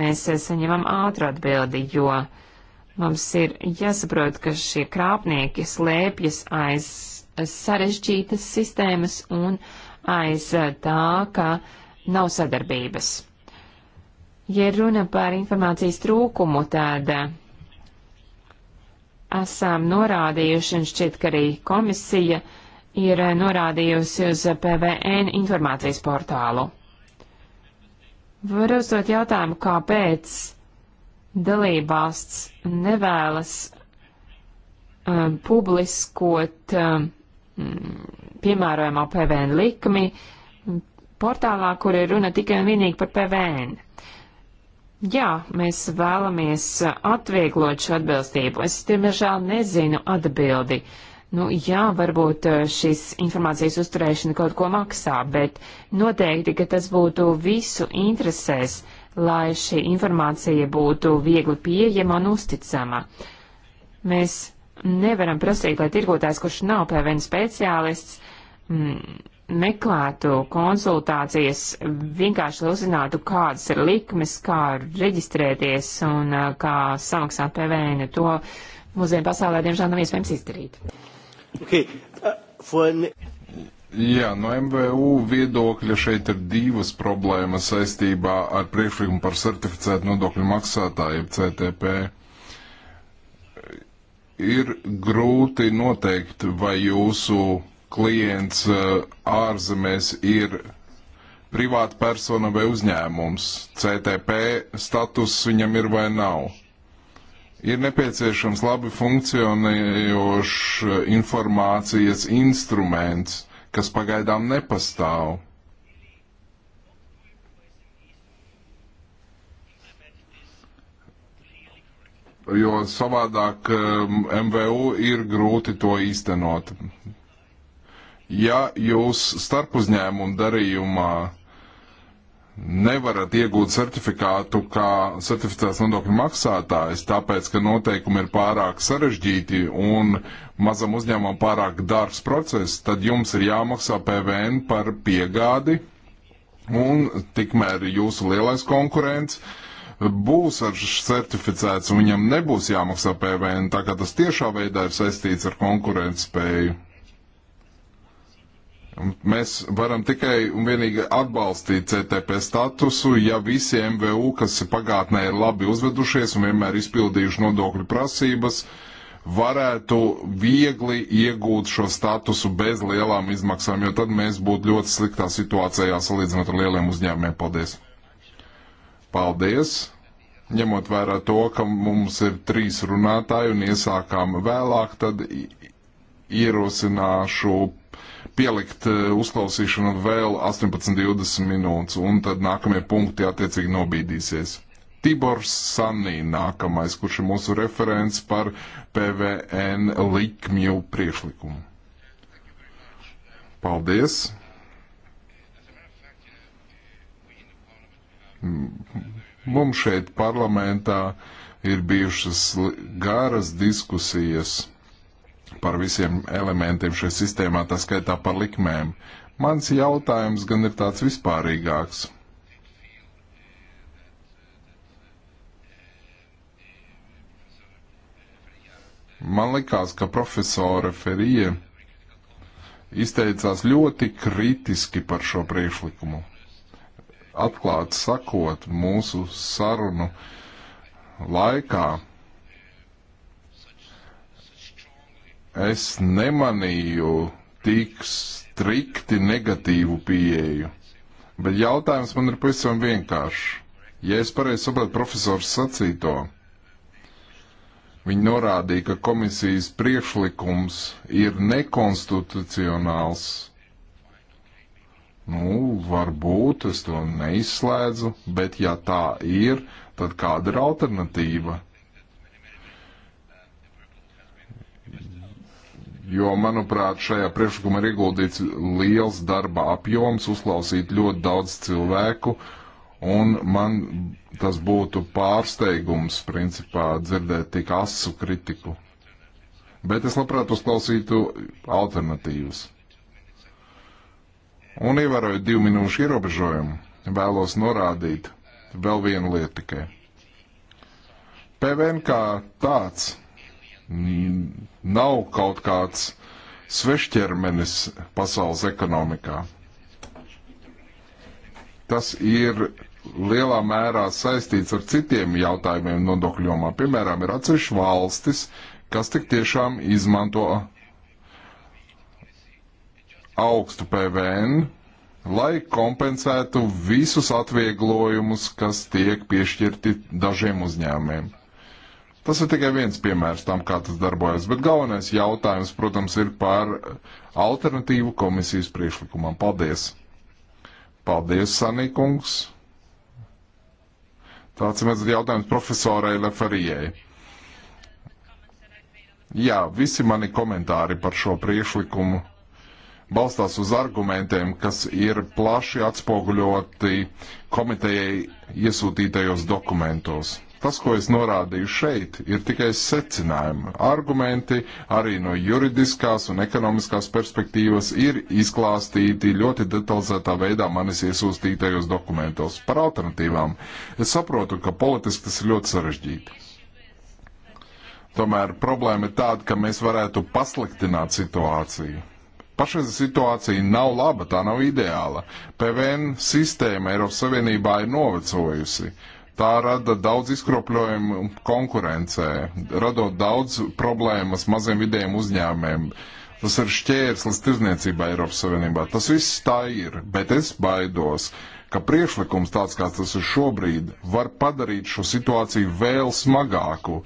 S2: Mēs saņemam ātru atbildi, jo mums ir jāsaprot, ka šie krāpnieki slēpjas aiz sarežģītas sistēmas un aiz tā, ka nav sadarbības. Ja runa par informācijas trūkumu, tad esam norādījuši, un šķiet, ka arī komisija uh, ir norādījusi uz PVN informācijas portālu. Var uzdot jautājumu, kāpēc dalībvalsts nevēlas um, publiskot um, piemērojamo PVN likmi portālā, kur ir runa tikai un vienīgi par PVN. Jā, mēs vēlamies atvieglot šo atbilstību. Es, diemžēl, nezinu atbildi. Uh, Nu, jā, varbūt eh, šis informācijas uzturēšana kaut ko maksā, bet noteikti, ka tas būtu visu interesēs, lai šī informācija būtu viegli pieejama un uzticama. Mēs nevaram prasīt, lai tirgotājs, kurš nav PVN speciālists, mm, meklētu konsultācijas vienkārši, lai uzzinātu, kādas ir likmes, kā reģistrēties un eh, kā samaksāt PVN. To mūsdienu pasaulē, diemžēl, nav iespējams izdarīt.
S4: Okay. Uh, for... Jā, no MVU viedokļa šeit ir divas problēmas saistībā ar priekšlikumu par certificētu nodokļu maksātāju, CTP. Ir grūti noteikt, vai jūsu klients uh, ārzemēs ir privāta persona vai uzņēmums. CTP status viņam ir vai nav. Ir nepieciešams labi funkcionējošs informācijas instruments, kas pagaidām nepastāv. jo savādāk MVU um, ir grūti to īstenot. Ja jūs starpuzņēmumu darījumā nevarat iegūt certifikātu kā certificēts nodokļu maksātājs, tāpēc, ka noteikumi ir pārāk sarežģīti un mazam uzņēmumam pārāk dārgs process, tad jums ir jāmaksā PVN par piegādi, un tikmēr jūsu lielais konkurents būs ar certificēts, un viņam nebūs jāmaksā PVN, tā kā tas tiešā veidā ir saistīts ar konkurētspēju. Mēs varam tikai un vienīgi atbalstīt CTP statusu, ja visi MVU, kas pagātnē ir labi uzvedušies un vienmēr izpildījuši nodokļu prasības, varētu viegli iegūt šo statusu bez lielām izmaksām, jo tad mēs būtu ļoti sliktā situācijā salīdzinot ar lieliem uzņēmumiem. Paldies! Paldies! Ņemot vērā to, ka mums ir trīs runātāji un iesākām vēlāk, tad ierosināšu pielikt eh, uzklausīšanu vēl 18-20 minūtes, un tad nākamie punkti attiecīgi nobīdīsies. Tibors Sanī nākamais, kurš ir mūsu referents par PVN likmju priešlikumu. Paldies! Mums šeit parlamentā ir bijušas garas diskusijas par visiem elementiem šajā sistēmā, tā skaitā par likmēm. Mans jautājums gan ir tāds vispārīgāks. Man likās, ka profesora Ferija izteicās ļoti kritiski par šo priekšlikumu. Atklāti sakot, mūsu sarunu laikā es nemanīju tik strikti negatīvu pieeju. Bet jautājums man ir pavisam vienkāršs. Ja es pareizi saprotu profesoru sacīto, viņi norādīja, ka komisijas priekšlikums ir nekonstitucionāls. Nu, varbūt es to neizslēdzu, bet ja tā ir, tad kāda ir alternatīva? jo, manuprāt, šajā priekšlikumā ir ieguldīts liels darba apjoms, uzklausīt ļoti daudz cilvēku, un man tas būtu pārsteigums, principā, dzirdēt tik asu kritiku. Bet es labprāt uzklausītu alternatīvas. Un ievēroju divu minūšu ierobežojumu, vēlos norādīt vēl vienu lietu tikai. PVN kā tāds nav kaut kāds svešķermenis pasaules ekonomikā. Tas ir lielā mērā saistīts ar citiem jautājumiem nodokļu jomā. Piemēram, ir atsevišķi valstis, kas tik tiešām izmanto augstu PVN, lai kompensētu visus atvieglojumus, kas tiek piešķirti dažiem uzņēmumiem. Tas ir tikai viens piemērs tam, kā tas darbojas, bet galvenais jautājums, protams, ir par alternatīvu komisijas priekšlikumam. Paldies! Paldies, Sanīkungs! Tāds ir jautājums profesorai Leferijai. Jā, visi mani komentāri par šo priekšlikumu balstās uz argumentiem, kas ir plaši atspoguļoti komitejai iesūtītajos dokumentos. Tas, ko es norādīju šeit, ir tikai secinājumi. Argumenti arī no juridiskās un ekonomiskās perspektīvas ir izklāstīti ļoti detalizētā veidā manis iesūstītajos dokumentos par alternatīvām. Es saprotu, ka politiski tas ir ļoti sarežģīti. Tomēr problēma ir tāda, ka mēs varētu pasliktināt situāciju. Pašreiz situācija nav laba, tā nav ideāla. PVN sistēma Eiropas Savienībā ir novecojusi. Tā rada daudz izkropļojumu konkurencē, radot daudz problēmas maziem vidējiem uzņēmēm. Tas ir šķērslis tirzniecībā Eiropas Savienībā. Tas viss tā ir, bet es baidos, ka priekšlikums tāds, kāds tas ir šobrīd, var padarīt šo situāciju vēl smagāku,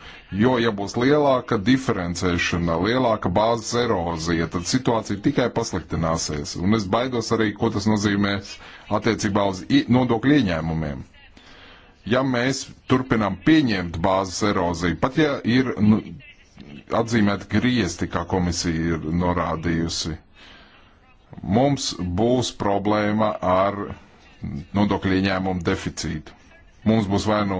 S4: jo, ja būs lielāka diferencēšana, lielāka bāzes erozija, tad situācija tikai pasliktināsies. Un es baidos arī, ko tas nozīmē attiecībā uz nodokļu ieņēmumiem ja mēs turpinām pieņemt bāzes eroziju, pat ja ir nu, atzīmēta griezti, kā komisija ir norādījusi, mums būs problēma ar nodokļu ieņēmumu deficītu. Mums būs vai nu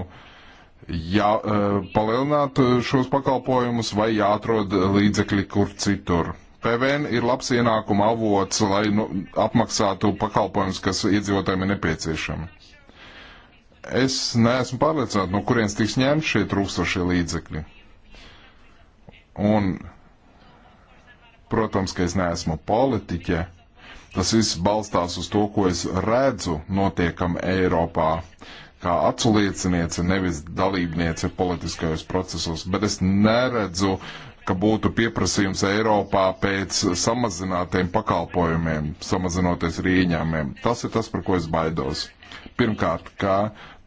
S4: jā, e, palielināt šos pakalpojumus, vai jāatrod līdzekļi kur citur. PVN ir labs ienākuma avots, lai nu, apmaksātu pakalpojumus, kas iedzīvotājiem ir nepieciešami. Es neesmu pārliecināts, no kurienes tiks ņemti šie trūkstošie līdzekļi. Un, protams, ka es neesmu politiķe. Tas viss balstās uz to, ko es redzu notiekam Eiropā, kā aculieciniece, nevis dalībniece politiskajos procesos, bet es neredzu uh, ka būtu pieprasījums Eiropā pēc samazinātiem pakalpojumiem, samazinoties rīņāmiem. Tas ir tas, par ko es baidos. Pirmkārt, kā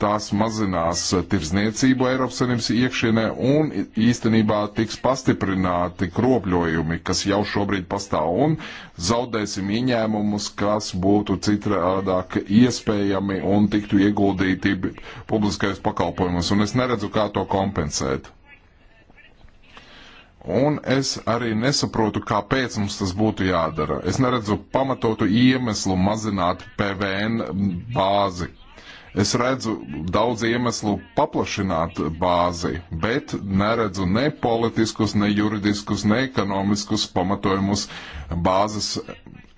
S4: tās mazinās tirzniecību Eiropas Savienības iekšienē un īstenībā tiks pastiprināti kropļojumi, kas jau šobrīd pastāv un zaudēsim ieņēmumus, kas būtu citrādāk iespējami un tiktu ieguldīti publiskajos pakalpojumus. Un es neredzu, kā to kompensēt. Un es arī nesaprotu, kāpēc mums tas būtu jādara. Es neredzu pamatotu iemeslu mazināt PVN bāzi Es redzu daudz iemeslu paplašināt bāzi, bet neredzu ne politiskus, ne juridiskus, ne ekonomiskus pamatojumus bāzes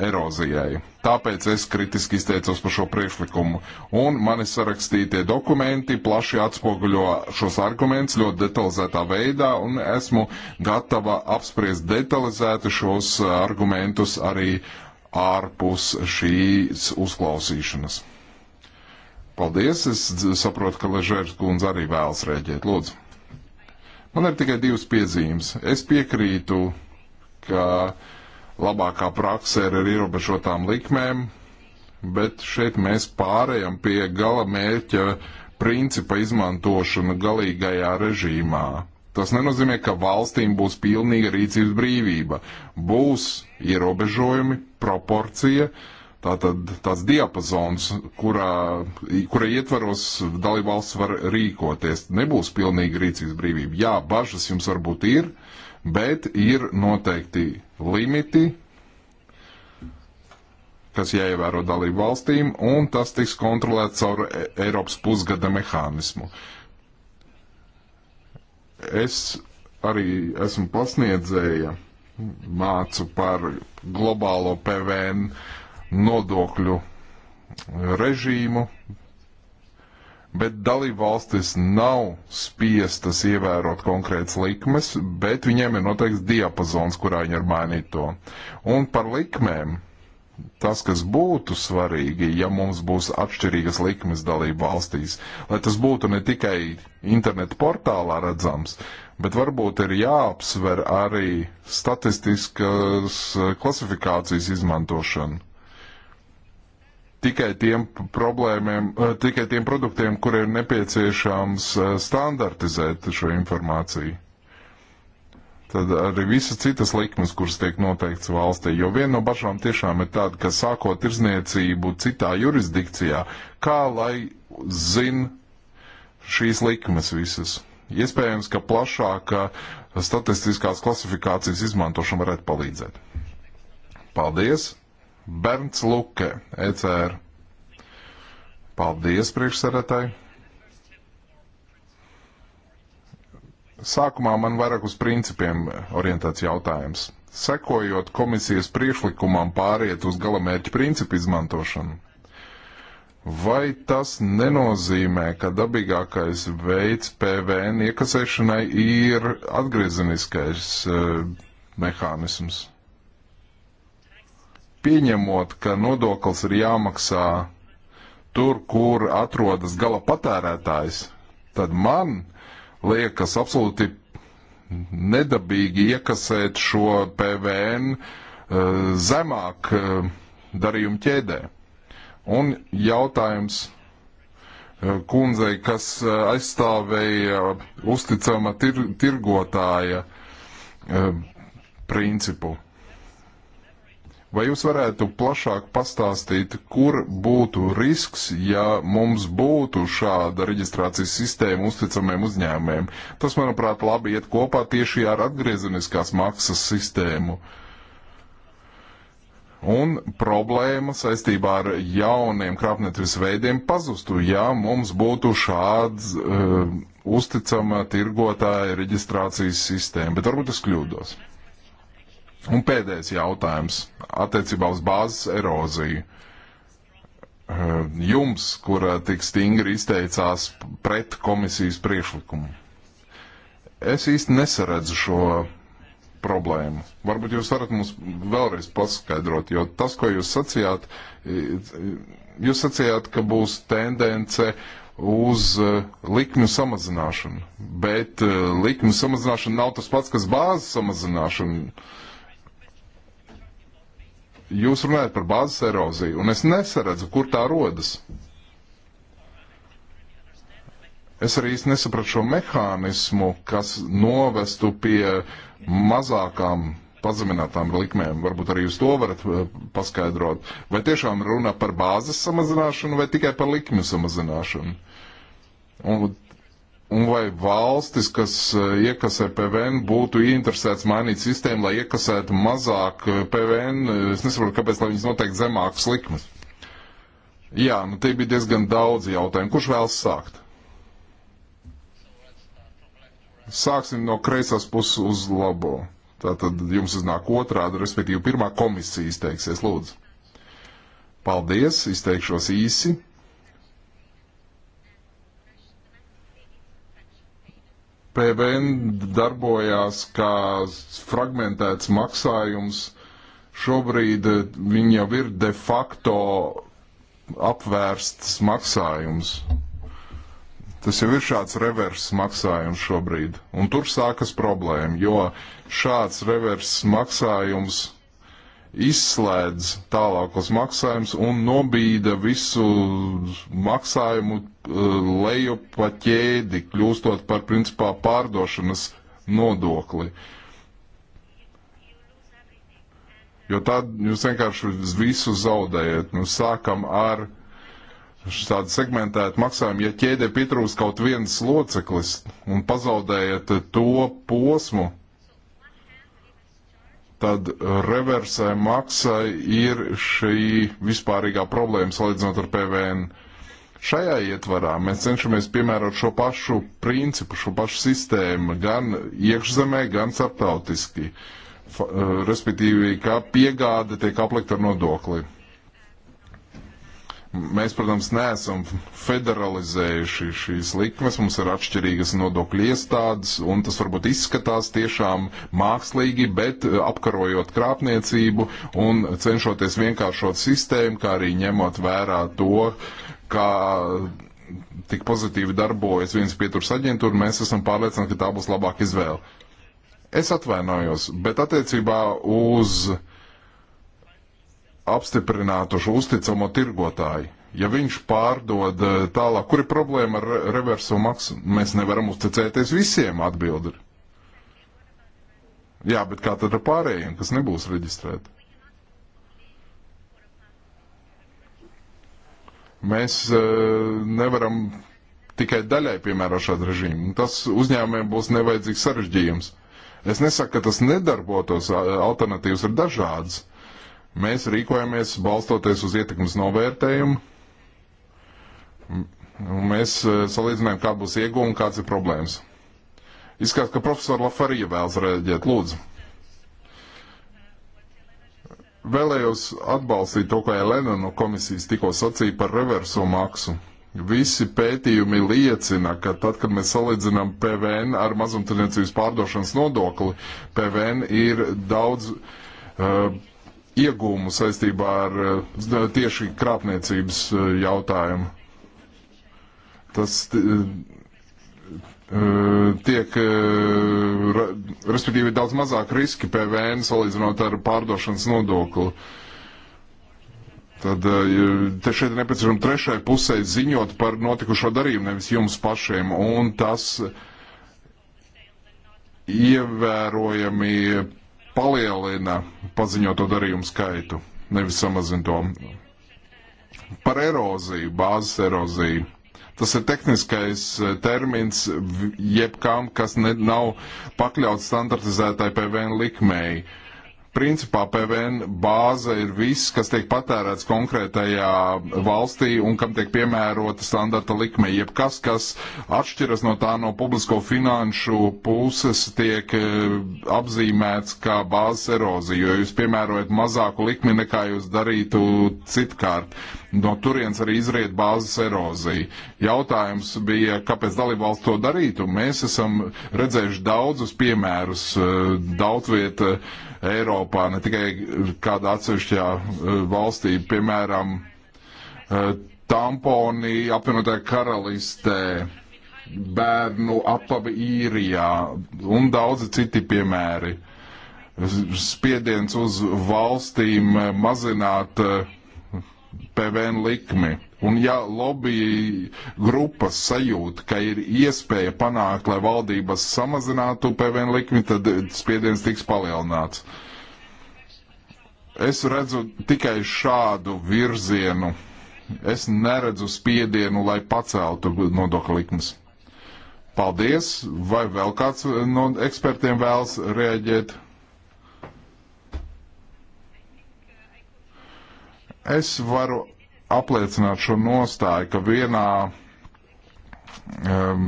S4: erozijai. Tāpēc es kritiski izteicos par šo priekšlikumu. Un mani sarakstītie dokumenti plaši atspoguļo šos argumentus ļoti detalizētā veidā, un esmu gatava apspriest detalizēti šos argumentus arī ārpus šīs uzklausīšanas. Paldies. Es saprotu, ka Ležers kundze arī vēlas rēģēt. Lūdzu. Man ir tikai divas piezīmes. Es piekrītu, ka labākā praksa ir ar ierobežotām likmēm, bet šeit mēs pārējām pie gala mērķa principa izmantošana galīgajā režīmā. Tas nenozīmē, ka valstīm būs pilnīga rīcības brīvība. Būs ierobežojumi, proporcija, uh, Tātad tāds diapazons, kurā, kura ietvaros dalībvalsts var rīkoties. Nebūs pilnīga rīcības brīvība. Jā, bažas jums varbūt ir, bet ir noteikti limiti, kas jāievēro dalību valstīm, un tas tiks kontrolēts caur e- Eiropas pusgada mehānismu. Es arī esmu pasniedzēja, mācu par globālo PVN nodokļu režīmu, bet dalību valstis nav spiestas ievērot konkrētas likmes, bet viņiem ir noteikts diapazons, kurā viņi var mainīt to. Un par likmēm. Tas, kas būtu svarīgi, ja mums būs atšķirīgas likmes dalību valstīs, lai tas būtu ne tikai internetu portālā redzams, bet varbūt ir jāapsver arī statistikas klasifikācijas izmantošana tikai tiem problēmiem, eh, tikai tiem produktiem, kuriem nepieciešams eh, standartizēt šo informāciju. Tad arī visas citas likmes, kuras tiek noteikts valstī, jo viena no bažām tiešām ir tāda, ka sākot tirzniecību citā jurisdikcijā, kā lai zin šīs likmes visas. Iespējams, ka plašāka statistiskās klasifikācijas izmantošana varētu palīdzēt. Paldies! Bernts Luke, ECR. Paldies, priekšsarētāji. Sākumā man vairāk uz principiem orientēts jautājums. Sekojot komisijas priekšlikumam pāriet uz galamērķu principu izmantošanu, vai tas nenozīmē, ka dabīgākais veids PVN iekasēšanai ir atgriezeniskais uh, mehānisms? pieņemot, ka nodoklis ir jāmaksā tur, kur atrodas gala patērētājs, tad man liekas absolūti nedabīgi iekasēt šo PVN eh, zemāk eh, darījuma ķēdē. Un jautājums eh, kundzei, kas aizstāvēja uzticama tir tirgotāja principu. Vai jūs varētu plašāk pastāstīt, kur būtu risks, ja mums būtu šāda reģistrācijas sistēma uzticamiem uzņēmējiem? Tas, manuprāt, labi iet kopā tieši ar atgriezeniskās maksas sistēmu un problēma saistībā ar jauniem krāpniecības veidiem pazustu, ja mums būtu šāds uh, uzticama tirgotāja reģistrācijas sistēma. Bet varbūt es kļūdos. Un pēdējais jautājums attiecībā uz bāzes eroziju. Eh, jums, kura eh, tik stingri izteicās pret komisijas priekšlikumu, es īsti nesaredzu šo problēmu. Varbūt jūs varat mums vēlreiz paskaidrot, jo tas, ko jūs sacījāt, eh, jūs sacījāt, ka būs tendence uz likmju samazināšanu, bet likmju samazināšana nav tas pats, kas bāzes samazināšana. Jūs runājat par bāzes eroziju, un es nesaredzu, kur tā rodas. Es arī īsti nesapratu šo mehānismu, kas novestu pie mazākām pazeminātām likmēm. Varbūt arī jūs to varat eh, paskaidrot. Vai tiešām runa par bāzes samazināšanu vai tikai par likmju samazināšanu? Un Un vai valstis, kas eh, iekasē PVN, būtu interesēts mainīt sistēmu, lai iekasētu mazāk eh, PVN? Es nesaprotu, kāpēc, lai viņas noteikti zemākas likmes. Jā, nu tie bija diezgan daudzi jautājumi. Kurš vēlas sākt? Sāksim no kreisās puses uz labo. Tātad jums iznāk otrādi, respektīvi pirmā komisija izteiksies, lūdzu. Paldies, izteikšos īsi. PVN darbojās kā fragmentēts maksājums. Šobrīd eh, viņi jau ir de facto apvērsts maksājums. Tas jau ir šāds reverss maksājums šobrīd. Un tur sākas problēma, jo šāds reverss maksājums izslēdz tālākos maksājumus un nobīda visu maksājumu eh, lejup pa ķēdi, kļūstot par principā pārdošanas nodokli. Jo tad jūs vienkārši visu zaudējat. Nu, sākam ar tādu segmentētu maksājumu. Ja ķēdē pietrūks kaut viens loceklis un pazaudējat to posmu, tad reversē maksai ir šī vispārīgā problēma salīdzinot ar PVN. Šajā ietvarā mēs cenšamies piemērot šo pašu principu, šo pašu sistēmu gan iekšzemē, gan starptautiski, F eh, respektīvi, kā piegāde tiek aplikt ar nodokli. Mēs, protams, neesam federalizējuši šīs likmes, mums ir atšķirīgas nodokļu iestādes, un tas varbūt izskatās tiešām mākslīgi, bet eh, apkarojot krāpniecību un cenšoties vienkāršot sistēmu, kā arī ņemot vērā to, kā tik pozitīvi darbojas viens pieturs aģentūra, mēs esam pārliecināti, ka tā būs labāka izvēle. Es atvainojos, bet attiecībā uz. Uh, apstiprinātuši uzticamo tirgotāju. Ja viņš pārdod eh, tālāk, kur ir problēma ar reverso maksu, mēs nevaram uzticēties visiem atbildi. Jā, bet kā tad ar pārējiem, kas nebūs reģistrēti? Mēs eh, nevaram tikai daļai piemērot šādu režīmu. Nu, tas uzņēmējiem būs nevajadzīgs sarežģījums. Es nesaku, ka tas nedarbotos, alternatīvas ir dažādas. Uh, Mēs rīkojamies balstoties uz ietekmes novērtējumu. Mēs e, salīdzinām, kā būs iegūma un kāds ir problēmas. Izskatās, ka profesora Lafarija vēlas rēģēt. Lūdzu. Vēlējos atbalstīt to, ko Elena no komisijas tikko sacīja par reverso maksu. Visi pētījumi liecina, ka tad, kad mēs salīdzinām PVN ar mazumtirdzniecības pārdošanas nodokli, PVN ir daudz uh, iegūmu saistībā ar eh, tieši krāpniecības eh, jautājumu. Tas eh, tiek, respektīvi, daudz mazāk riski PVN salīdzinot ar pārdošanas nodokli. Tad te šeit ir nepieciešama trešai pusē ziņot par notikušo darījumu, nevis jums pašiem. Un tas ievērojami palielina paziņoto darījumu skaitu, nevis samazina to. Par eroziju, bāzes eroziju. Tas ir tehniskais eh, termins jebkam, kas ne, nav pakļauts standartizētai PVN likmēji. Uh, Principā PVN bāze ir viss, kas tiek patērēts konkrētajā valstī un kam tiek piemērota standarta likme. Jebkas, kas atšķiras no tā no publisko finanšu puses, tiek e, apzīmēts kā bāzes erozija, jo jūs piemērojat mazāku likmi nekā jūs darītu citkārt. No turienes arī izriet bāzes erozija. Jautājums bija, kāpēc dalībvalsts to darītu? Mēs esam redzējuši daudzus piemērus, e, daudz vieta e, Eiropā, ne tikai kādā atsevišķā e, valstī, piemēram, e, tamponi apvienotajā karalistē, bērnu apavi īrijā un daudzi citi piemēri. Spiediens uz valstīm e, mazināt uh, PVN likmi. Un ja lobby grupas sajūt, ka ir iespēja panākt, lai valdības samazinātu PVN likmi, tad spiediens tiks palielināts. Es redzu tikai šādu virzienu. Es neredzu spiedienu, lai paceltu nodokļu likmes. Paldies! Vai vēl kāds no ekspertiem vēlas reaģēt? Es varu apliecināt šo nostāju, ka vienā um,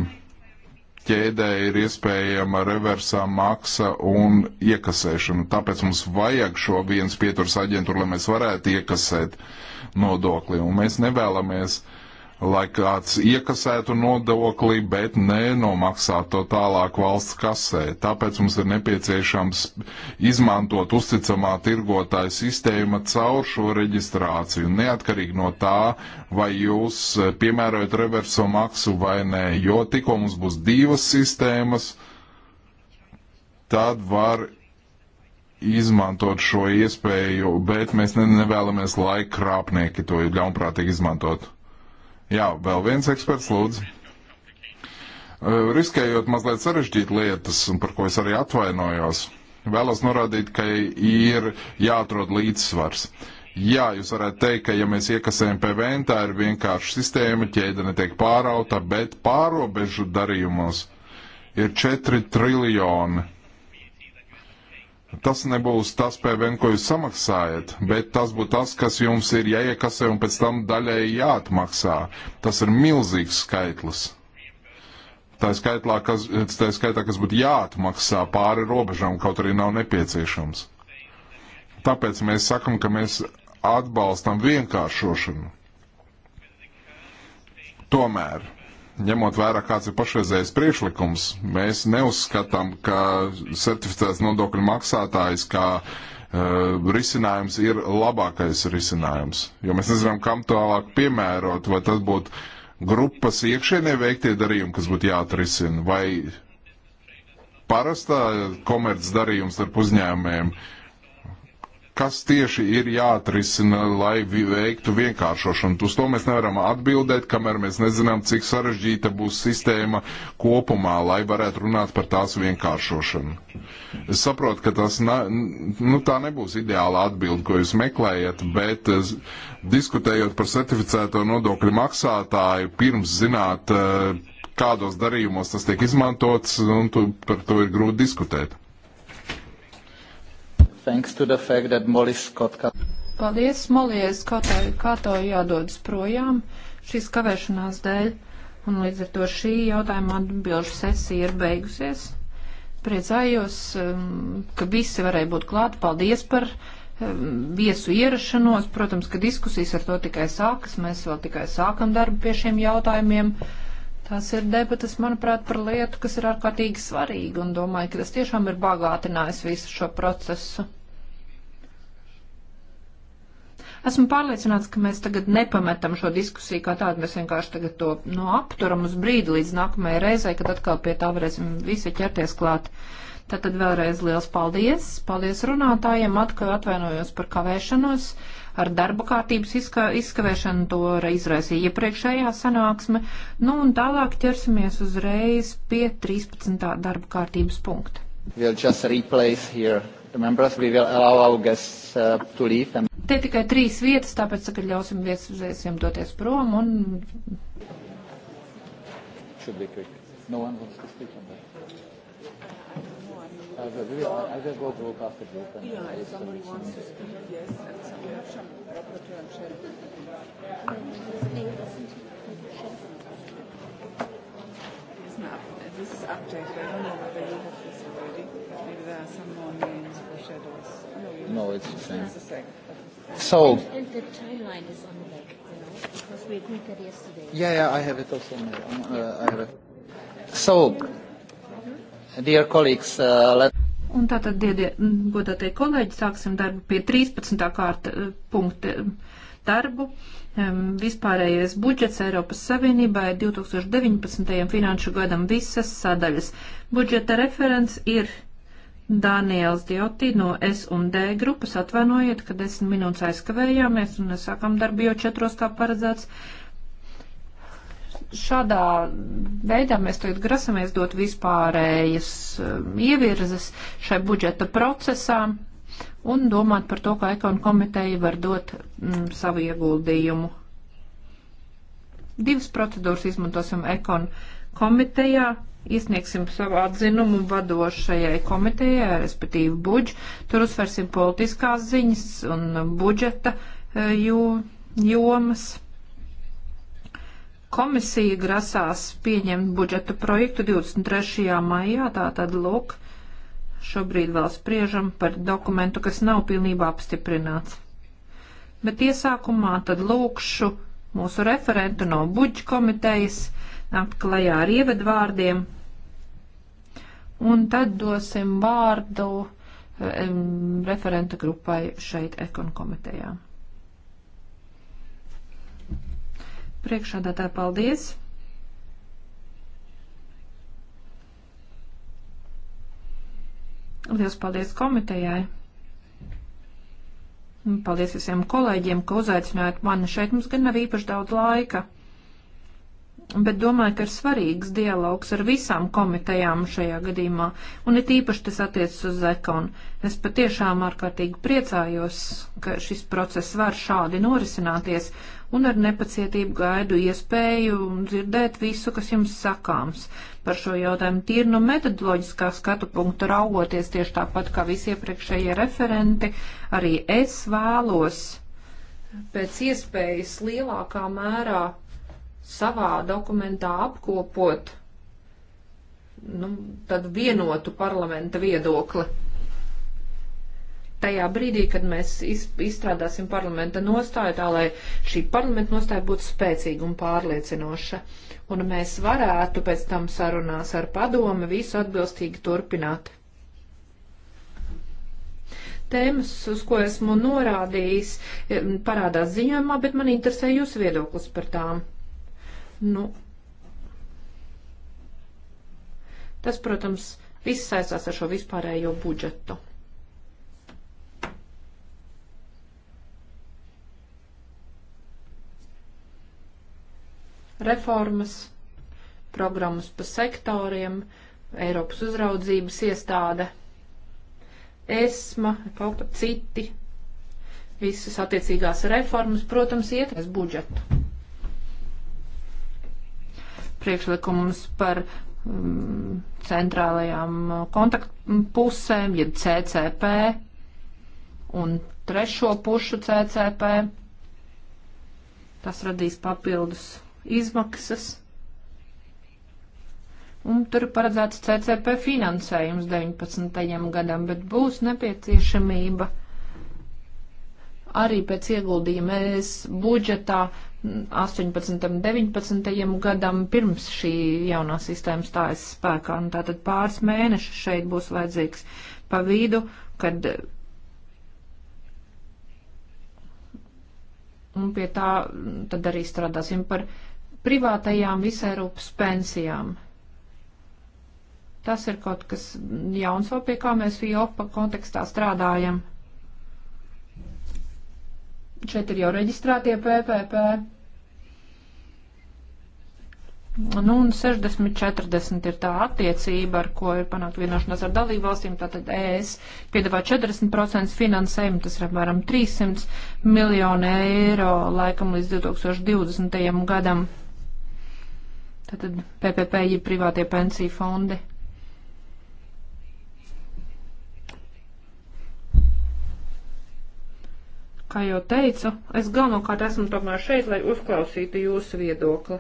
S4: ķēdē ir iespējama reversā maksa un iekasēšana. Tāpēc mums vajag šo viens pieturs aģentūru, lai mēs varētu iekasēt nodokli. Un mēs nevēlamies uh, lai kāds iekasētu nodokli, bet nenomaksātu to tālāk valsts kasē. Tāpēc mums ir nepieciešams izmantot uzticamā tirgotāja sistēma caur šo reģistrāciju, neatkarīgi no tā, vai jūs piemērojat reverso maksu vai nē, jo tikko mums būs divas sistēmas, tad var izmantot šo iespēju, bet mēs ne, nevēlamies, lai krāpnieki to ļaunprātīgi izmantotu. Jā, vēl viens eksperts, lūdzu. Riskējot mazliet sarežģīt lietas, un par ko es arī atvainojos, vēlos norādīt, ka ir jāatrod līdzsvars. Jā, jūs varētu teikt, ka ja mēs iekasējam PVN, tā ir vienkārši sistēma, ķēde netiek pārauta, bet pārobežu darījumos ir 4 triljoni tas nebūs tas PVN, ko jūs samaksājat, bet tas būtu tas, kas jums ir jāiekasē un pēc tam daļai jāatmaksā. Tas ir milzīgs skaitlis. Tā skaitlā, kas, tā skaitā, kas būtu jāatmaksā pāri robežām, kaut arī nav nepieciešams. Tāpēc mēs sakam, ka mēs atbalstam vienkāršošanu. Tomēr ņemot vērā, kāds ir pašreizējais priekšlikums, mēs neuzskatām, ka certificēts nodokļu maksātājs kā uh, risinājums ir labākais risinājums. Jo mēs nezinām, kam tālāk piemērot, vai tas būtu grupas iekšienē veiktie darījumi, kas būtu jāatrisina, vai parastā komerc darījums starp uzņēmējiem. Uh, kas tieši ir jāatrisina, lai veiktu vienkāršošanu. Uz to mēs nevaram atbildēt, kamēr mēs nezinām, cik sarežģīta būs sistēma kopumā, lai varētu runāt par tās vienkāršošanu. Es saprotu, ka tas na, nu, tā nebūs ideāla atbilde, ko jūs meklējat, bet es, eh, diskutējot par certificēto nodokļu maksātāju, pirms zināt, eh, kādos darījumos tas tiek izmantots, un tu, par to ir grūti diskutēt
S1: thanks to the fact that Molly Scott.
S5: Paldies, Molly Scott, kā to jādodas projām šīs kavēšanās dēļ, un līdz ar to šī jautājuma atbilžu sesija ir beigusies. Priecājos, um, ka visi varēja būt klāt. Paldies par um, viesu ierašanos. Protams, ka diskusijas ar to tikai sākas. Mēs vēl tikai sākam darbu pie šiem jautājumiem. Tās ir debatas, manuprāt, par lietu, kas ir ārkārtīgi svarīga un domāju, ka tas tiešām ir bagātinājis visu šo procesu. Esmu pārliecināts, ka mēs tagad nepametam šo diskusiju kā tādu, mēs vienkārši tagad to no nu, apturam uz brīdi līdz nākamajai reizei, kad atkal pie tā varēsim visi ķerties klāt. Tātad vēlreiz liels paldies, paldies runātājiem, atkal atvainojos par kavēšanos ar darba kārtības izka, izskavēšanu to izraisīja iepriekšējā sanāksme. Nu un tālāk ķersimies uzreiz pie 13. darba kārtības punkta.
S1: We'll just replace here the members. We will allow our guests uh, to leave and
S5: Te tikai trīs vietas, tāpēc tagad ļausim viesiem doties prom un.
S1: Should be quick. No one wants to speak on that. Either we, either go group after group. And yeah, if somebody wants
S3: to speak, yes. And some, we have some rapporteur and shadow. This is update. I don't know whether you have this already. Maybe there are some more names for shadows. No, no it's the same. It's the same. Okay sold. And, and the timeline is on the back, you know, because we agreed that
S5: yesterday.
S1: Yeah, yeah, I have it also. On, um, uh, I have it. Sold. Dear colleagues, uh, let.
S5: Un tātad, mm, godātie kolēģi, sāksim darbu pie 13. kārta uh, punkta um, darbu. Um, vispārējais budžets Eiropas Savienībai 2019. finanšu gadam visas sadaļas. Budžeta referents ir Dāniels Dioti no S&D grupas. Atvainojiet, ka desmit minūtes aizkavējāmies un sākam darbu jau četros kā paredzēts. Šādā veidā mēs tagad grasamies dot vispārējas um, ievirzes šai budžeta procesā un domāt par to, kā ekonu komiteja var dot mm, savu ieguldījumu. Divas procedūras izmantosim ekonu komitejā iesniegsim savu atzinumu vadošajai komitejai, respektīvi budž, tur uzsversim politiskās ziņas un budžeta e, jū, jomas. Komisija grasās pieņemt budžeta projektu 23. maijā, tātad lūk, šobrīd vēl spriežam par dokumentu, kas nav pilnībā apstiprināts. Bet iesākumā tad lūkšu mūsu referentu no budžta komitejas nākt klajā ar ievadvārdiem un tad dosim vārdu um, referenta grupai šeit ekon komitejā. Priekšādātāji, paldies! Liels paldies komitejai! Paldies visiem kolēģiem, ka uzaicinājāt mani šeit. Mums gan nav īpaši daudz laika bet domāju, ka ir svarīgs dialogs ar visām komitejām šajā gadījumā, un it īpaši tas attiecas uz ekonu. Es patiešām ārkārtīgi priecājos, ka šis process var šādi norisināties, un ar nepacietību gaidu iespēju dzirdēt visu, kas jums sakāms par šo jautājumu. Tīri no metodoloģiskā skatu punkta raugoties tieši tāpat kā visi iepriekšējie referenti, arī es vēlos pēc iespējas lielākā mērā savā dokumentā apkopot nu, tādu vienotu parlamenta viedokli. Tajā brīdī, kad mēs izstrādāsim parlamenta nostāju, tā lai šī parlamenta nostāja būtu spēcīga un pārliecinoša, un mēs varētu pēc tam sarunās ar padomi visu atbilstīgi turpināt tēmas, uz ko esmu norādījis, e, parādās ziņojumā, bet man interesē jūsu viedoklis par tām. Nu, tas, protams, viss saistās ar šo vispārējo budžetu. Reformas, programmas pa sektoriem, Eiropas uzraudzības iestāde, ESMA, kaut kā citi, visas attiecīgās reformas, protams, ietekmēs budžetu priekšlikums par um, centrālajām uh, kontaktpusēm, jeb CCP un trešo pušu CCP. Tas radīs papildus izmaksas. Un tur paredzēts CCP finansējums 19. gadam, bet būs nepieciešamība arī pēc ieguldījuma es budžetā 18. un 19. gadam pirms šī jaunā sistēma stājas spēkā. Un tātad pāris mēnešus šeit būs vajadzīgs pa vidu, kad un pie tā tad arī strādāsim par privātajām visēropas pensijām. Tas ir kaut kas jauns, vēl pie kā mēs FIOPA kontekstā strādājam. Četri jau reģistrētie PPP. Nu, un 60-40 ir tā attiecība, ar ko ir panākt vienošanās ar dalību valstīm. Tātad ES piedāvā 40% finansējumu, tas ir apmēram 300 miljonu eiro laikam līdz 2020. gadam. Tātad PPP ir privātie pensiju fondi. Kā jau teicu, es galvenokārt esmu tomēr šeit, lai uzklausītu jūsu viedokli.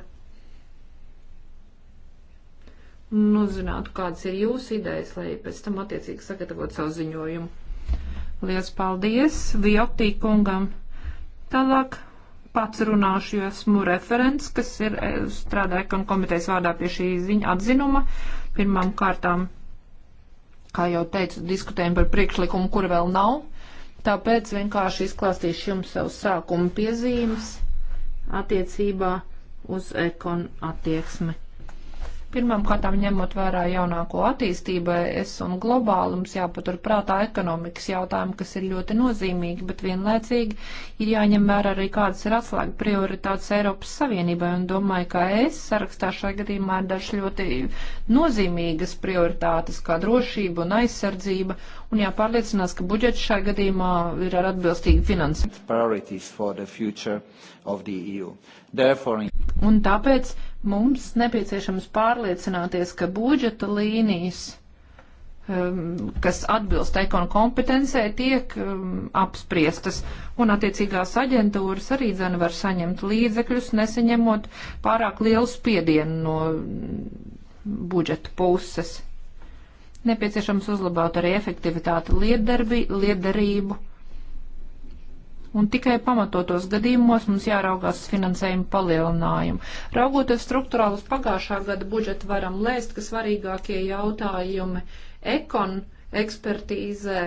S5: Nu, zinātu, kādas ir jūsu idejas, lai pēc tam attiecīgi sagatavot savu ziņojumu. Lielas paldies Viotī kungam. Tālāk pats runāšu, jo esmu referents, kas ir eh, strādā ekonomikas komitejas vārdā pie šī ziņa atzinuma. Pirmām kārtām, kā jau teicu, diskutējam par priekšlikumu, kur vēl nav. Tāpēc vienkārši izklāstīšu jums savu sākumu piezīmes attiecībā uz ekon attieksmi. Pirmām kārtām ņemot vērā jaunāko attīstību, es un globāli mums jāpatur prātā ekonomikas jautājumi, kas ir ļoti nozīmīgi, bet vienlaicīgi ir jāņem vērā arī kādas ir atslēga prioritātes Eiropas Savienībai, un domāju, ka es sarakstā šajā gadījumā ir dažas ļoti nozīmīgas prioritātes, kā drošība un aizsardzība, un jāpārliecinās, ka budžets šajā gadījumā ir ar
S1: atbilstīgu finansējumu. E
S5: un tāpēc Mums nepieciešams pārliecināties, ka budžeta līnijas, um, kas atbilst ekonu kompetencē, tiek um, apspriestas, un attiecīgās aģentūras arī dzene var saņemt līdzekļus, nesaņemot pārāk lielu spiedienu no budžeta puses. Nepieciešams uzlabot arī efektivitāti lietderbi, lietderību Un tikai pamatotos gadījumos mums jāraugās finansējuma palielinājumu. Raugoties struktūrālus pagājušā gada budžetu, varam lēst, ka svarīgākie jautājumi ekon ekspertīzē,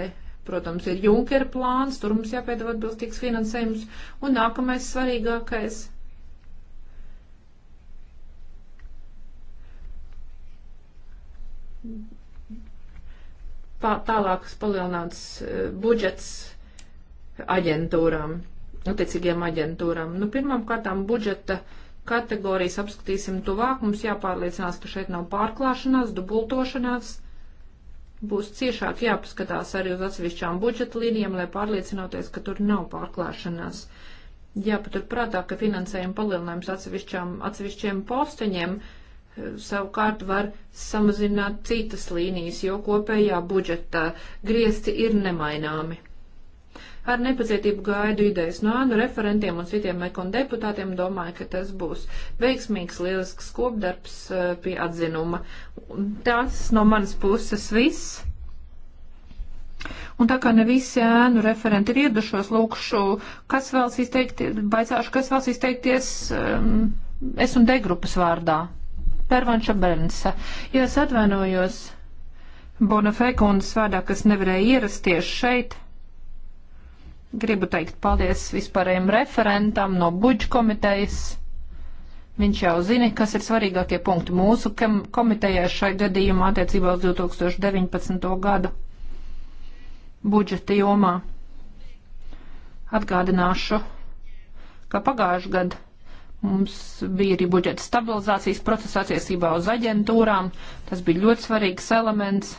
S5: protams, ir Junker plāns, tur mums jāpiedāvā atbilstīgs finansējums, un nākamais svarīgākais. Pā, tālākas palielināts eh, budžets aģentūrām, attiecīgiem aģentūrām. Nu, pirmām kārtām budžeta kategorijas apskatīsim tuvāk, mums jāpārliecinās, ka šeit nav pārklāšanās, dubultošanās. Būs ciešāk jāpaskatās arī uz atsevišķām budžeta līnijām, lai pārliecinoties, ka tur nav pārklāšanās. Jāpaturprātā, ka finansējuma palielinājums atsevišķiem posteņiem eh, savukārt var samazināt citas līnijas, jo kopējā budžeta griezti ir nemaināmi. Ar nepacietību gaidu idejas no ānu referentiem un citiem ekon deputātiem. Domāju, ka tas būs veiksmīgs, lielisks kopdarbs eh, pie atzinuma. Tas no manas puses viss. Un tā kā ne visi ēnu referenti ir iedušos, lūkšu, kas vēlas izteikties, baicāšu, kas vēlas izteikties um, es un D grupas vārdā. Pervanša Bernsa. Ja es atvainojos Bonafē kundas vārdā, kas nevarēja ierasties šeit. Gribu teikt paldies vispārējiem referentam no budžu komitejas. Viņš jau zina, kas ir svarīgākie punkti mūsu komitejā šai gadījumā attiecībā uz 2019. gadu budžeta jomā. Atgādināšu, ka pagājuši gadu mums bija arī budžeta stabilizācijas procesā attiecībā uz aģentūrām. Tas bija ļoti svarīgs elements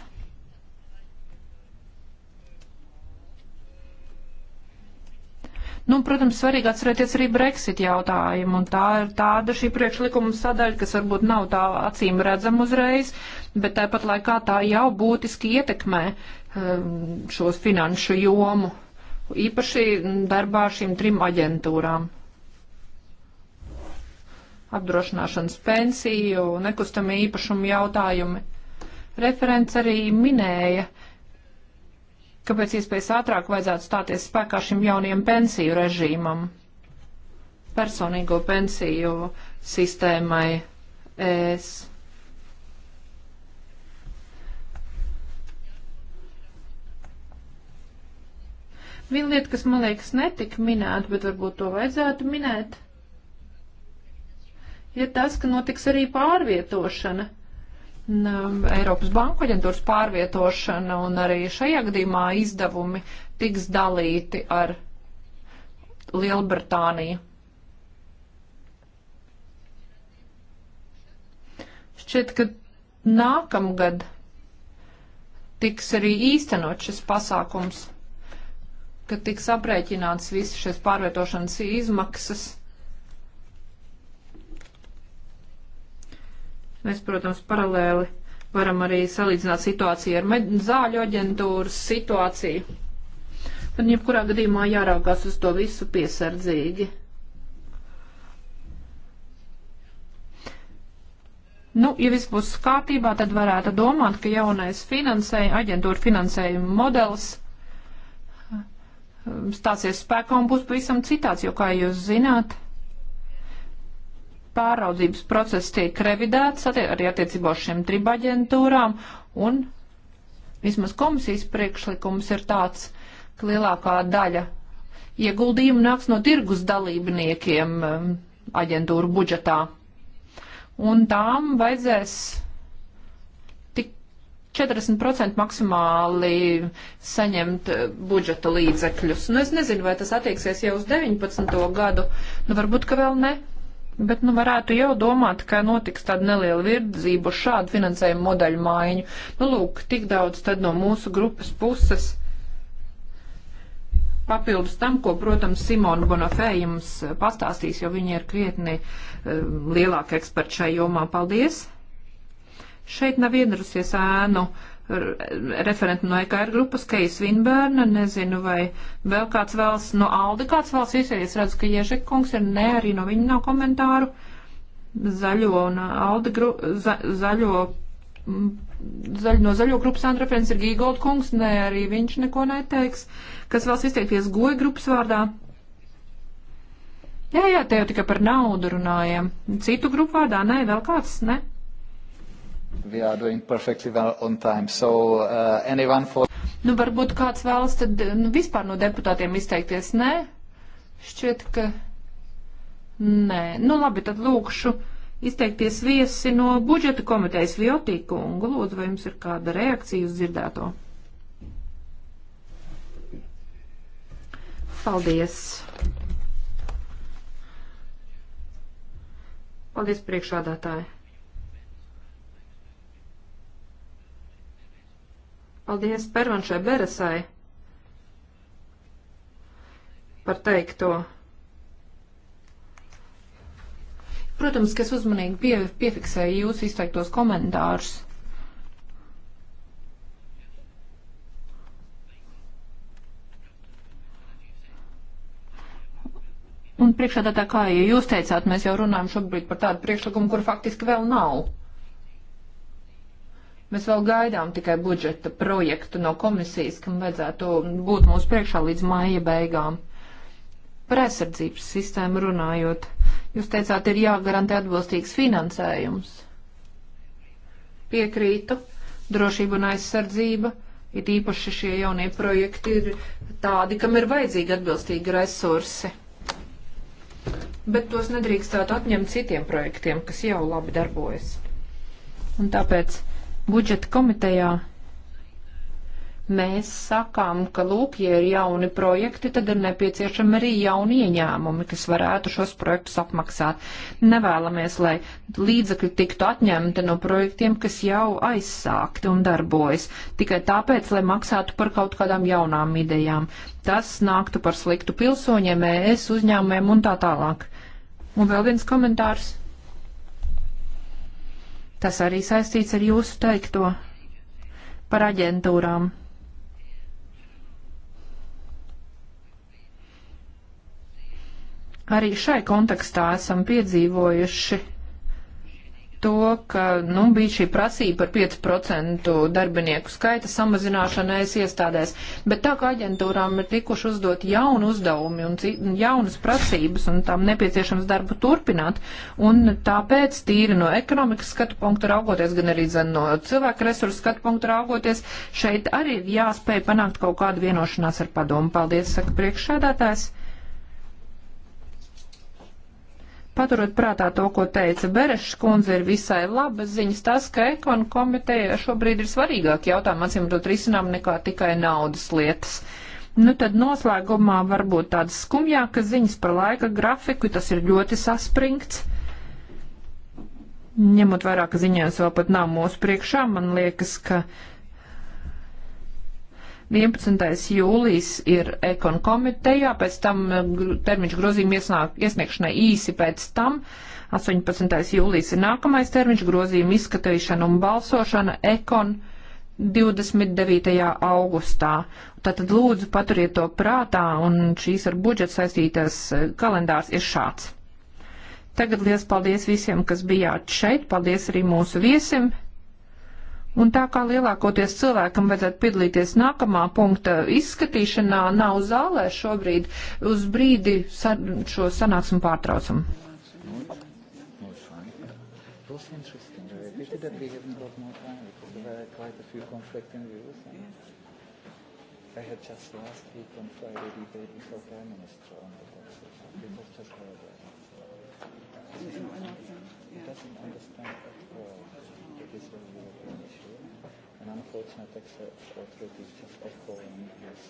S5: Nu, protams, svarīgi atcerēties arī Brexit jautājumu, un tā ir tāda šī priekšlikuma sadaļa, kas varbūt nav tā acīm redzama uzreiz, bet tāpat laikā tā jau būtiski ietekmē um, šos finanšu jomu, īpaši darbā šīm trim aģentūrām apdrošināšanas pensiju, nekustamie īpašumi jautājumi. Referents arī minēja, uh, ka pēc iespējas ātrāk vajadzētu stāties spēkā šim jaunajam pensiju režīmam, personīgo pensiju sistēmai ES. Viena lieta, kas man liekas netika minēta, bet varbūt to vajadzētu minēt, ir tas, ka notiks arī pārvietošana Um, Eiropas Banku aģentūras pārvietošana un arī šajā gadījumā izdevumi tiks dalīti ar Lielbritāniju. Šķiet, ka nākamgad tiks arī īstenot šis pasākums, kad tiks aprēķināts visi šīs pārvietošanas izmaksas Mēs, protams, paralēli varam arī salīdzināt situāciju ar zāļu aģentūras situāciju. Bet, jebkurā gadījumā, jāraugās uz to visu piesardzīgi. Nu, ja viss būs kārtībā, tad varētu domāt, ka jaunais finansēja, aģentūra finansējuma modelis um, stāsies spēkā un būs pavisam citāds, jo, kā jūs zināt, pāraudzības process tiek revidēts arī attiecībā uz šiem trim aģentūrām, un vismaz komisijas priekšlikums ir tāds, ka lielākā daļa ieguldījumu nāks no tirgus dalībniekiem um, aģentūru budžetā. Un tām vajadzēs tik 40% maksimāli saņemt uh, budžeta līdzekļus. Nu, es nezinu, vai tas attieksies jau uz 19. gadu, nu varbūt, ka vēl ne Bet nu, varētu jau domāt, ka notiks tāda neliela virzība uz šādu finansējumu modeļu maiņu. Nu, lūk, tik daudz tad no mūsu grupas puses. Papildus tam, ko, protams, Simona Bonafē jums pastāstīs, jo viņa ir krietni eh, lielāka eksperta šai jomā. Paldies! Šeit nav iedrusies ēnu. Uh, referentu no EKR grupas, Keija Svinbērna, nezinu, vai vēl kāds vēlas no Aldi, kāds vēlas izsēties. Redzu, ka Ježek kungs ir, nē, arī no viņa nav komentāru. Zaļo un Aldi, gru, za, zaļo, zaļ, no zaļo grupas Andra referents ir Gīgold kungs, nē, arī viņš neko neteiks. Kas vēlas izteikties goja grupas vārdā? Jā, jā, te jau tikai par naudu runājam. Citu grupu vārdā, nē, vēl kāds, ne?
S1: We are doing perfectly well on time. So uh, anyone for... Nu, varbūt kāds vēlas tad nu, vispār no deputātiem izteikties.
S5: Nē? Šķiet, ka nē. Nu, labi, tad lūkšu izteikties viesi no budžeta komitejas Viotīku. Un, lūdzu, vai jums ir kāda reakcija uz dzirdēto? Paldies! Paldies priekšādātāji! Paldies Pervanšai Beresai par teikto. Protams, ka es uzmanīgi pie, piefiksēju jūsu izteiktos komentārus. Un priekšā tā kā, ja jūs teicāt, mēs jau runājam šobrīd par tādu priekšlikumu, kur faktiski vēl nav. Mēs vēl gaidām tikai budžeta projektu no komisijas, kam vajadzētu būt mūsu priekšā līdz māja beigām. Par aizsardzības sistēmu runājot, jūs teicāt, ir jāgarantē atbilstīgs finansējums. Piekrītu, drošība un aizsardzība. It īpaši šie jaunie projekti ir tādi, kam ir vajadzīgi atbilstīgi resursi. Bet tos nedrīkstētu atņemt citiem projektiem, kas jau labi darbojas. Un tāpēc budžeta komitejā mēs sakām, ka, lūk, ja ir jauni projekti, tad ir nepieciešami arī jauni ieņēmumi, kas varētu šos projektus apmaksāt. Nevēlamies, lai līdzekļi tiktu atņemti no projektiem, kas jau aizsākti un darbojas, tikai tāpēc, lai maksātu par kaut kādām jaunām idejām. Tas nāktu par sliktu pilsoņiem, ES uzņēmumiem un tā tālāk. Un vēl viens komentārs. Tas arī saistīts ar jūsu teikto par aģentūrām. Arī šai kontekstā esam piedzīvojuši to, ka nu, bija šī prasība par 5% darbinieku skaita samazināšanu es iestādēs, bet tā kā aģentūrām ir tikuši uzdot jaunu uzdevumi un jaunas prasības un tām nepieciešams darbu turpināt, un tāpēc tīri no ekonomikas skatu punktu raugoties, gan arī zin, no cilvēku resursu skatu punktu raugoties, šeit arī ir jāspēj panākt kaut kādu vienošanās ar padomu. Paldies, saka priekšsēdētājs. Paturot prātā to, ko teica Berešs kundze, ir visai labas ziņas tas, ka ekonu komiteja šobrīd ir svarīgāk jautājumu acīm dot risinām nekā tikai naudas lietas. Nu tad noslēgumā varbūt tādas skumjākas ziņas par laika grafiku, tas ir ļoti saspringts. Ņemot vairāk ziņās vēl pat nav mūsu priekšā, man liekas, ka 11. jūlijas ir ekon komitejā, pēc tam eh, termiņš grozījuma iesniegšanai īsi pēc tam. 18. jūlijas ir nākamais termiņš grozījuma izskatīšana un balsošana ekon 29. augustā. Tātad lūdzu paturiet to prātā un šīs ar budžetu saistītās eh, kalendārs ir šāds. Tagad liels paldies visiem, kas bijāt šeit. Paldies arī mūsu viesim. Un tā kā lielākoties cilvēkam vajadzētu piedalīties nākamā punkta izskatīšanā, nav zālē šobrīd, uz brīdi sa šo sanāksmu pārtraucam.
S1: I had just last week on Friday debate with our Prime Minister on the Constitution. It was just horrible. It doesn't unfortunate access or through this just echoing his,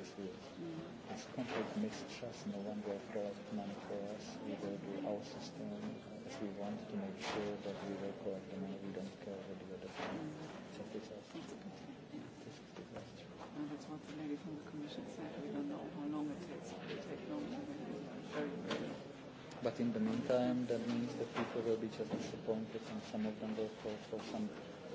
S1: his views. Mm. It's a complete mistrust, no longer a product money for us. We will do our system as we want to make sure that we will collect the money. We don't care what the other thing. It's a disaster. This is disaster.
S3: And that's what the lady from the commission said. We don't know how long it takes. It
S1: will take longer than very, very but in the meantime, that means that people will be just disappointed and some of them will fall for some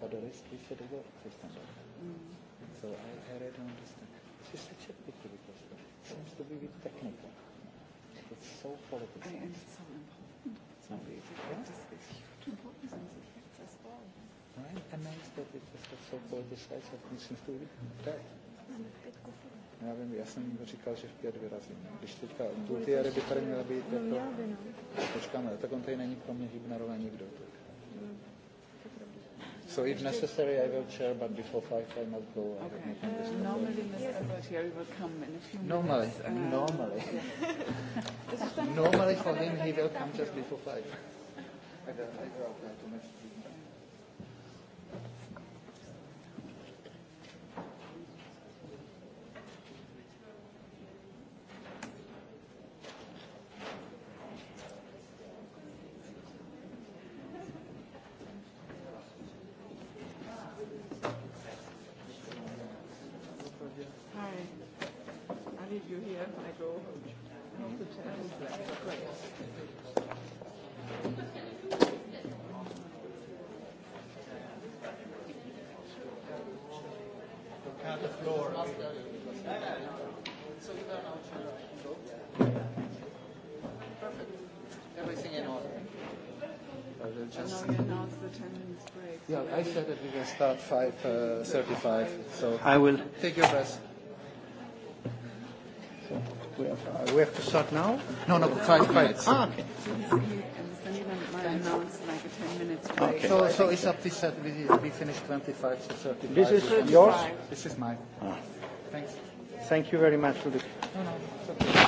S1: But the rest is a river system. Mm. So I, I really don't understand. This is such a pity because it seems to be a bit technical. It's so political. I, and it's so important. So mm. the effect is, is
S3: huge importance in the effects as well.
S1: I'm amazed that it was so politicized and it seems to be dead. Já vím, já jsem říkal, že v pět vyrazím. Když teďka Gutierrez by tady měla být, jako, počkáme, tak on tady není kromě Hybnerové nikdo. Tak. Mm. So if necessary, I will chair, but before five I must go. I okay. Uh, normally, Mr.
S3: Gualtieri will come in a few normally, minutes. Uh, normally. normally for him, he will come just
S1: before five. I will, I will apply to Mr.
S3: but it just. And now you
S1: announce the 10 minutes
S3: break. So yeah, I said
S1: that we can start 5:35. Uh, so I will. Take your rest. So we have, uh, we have to start now? No, no, five minutes. Ah, okay.
S3: Okay. So, so it's up
S1: to set. We, we finished 25 to 35. This is yours? This is mine. Ah. Thanks. Thank you very much, Luke. No, no, it's okay.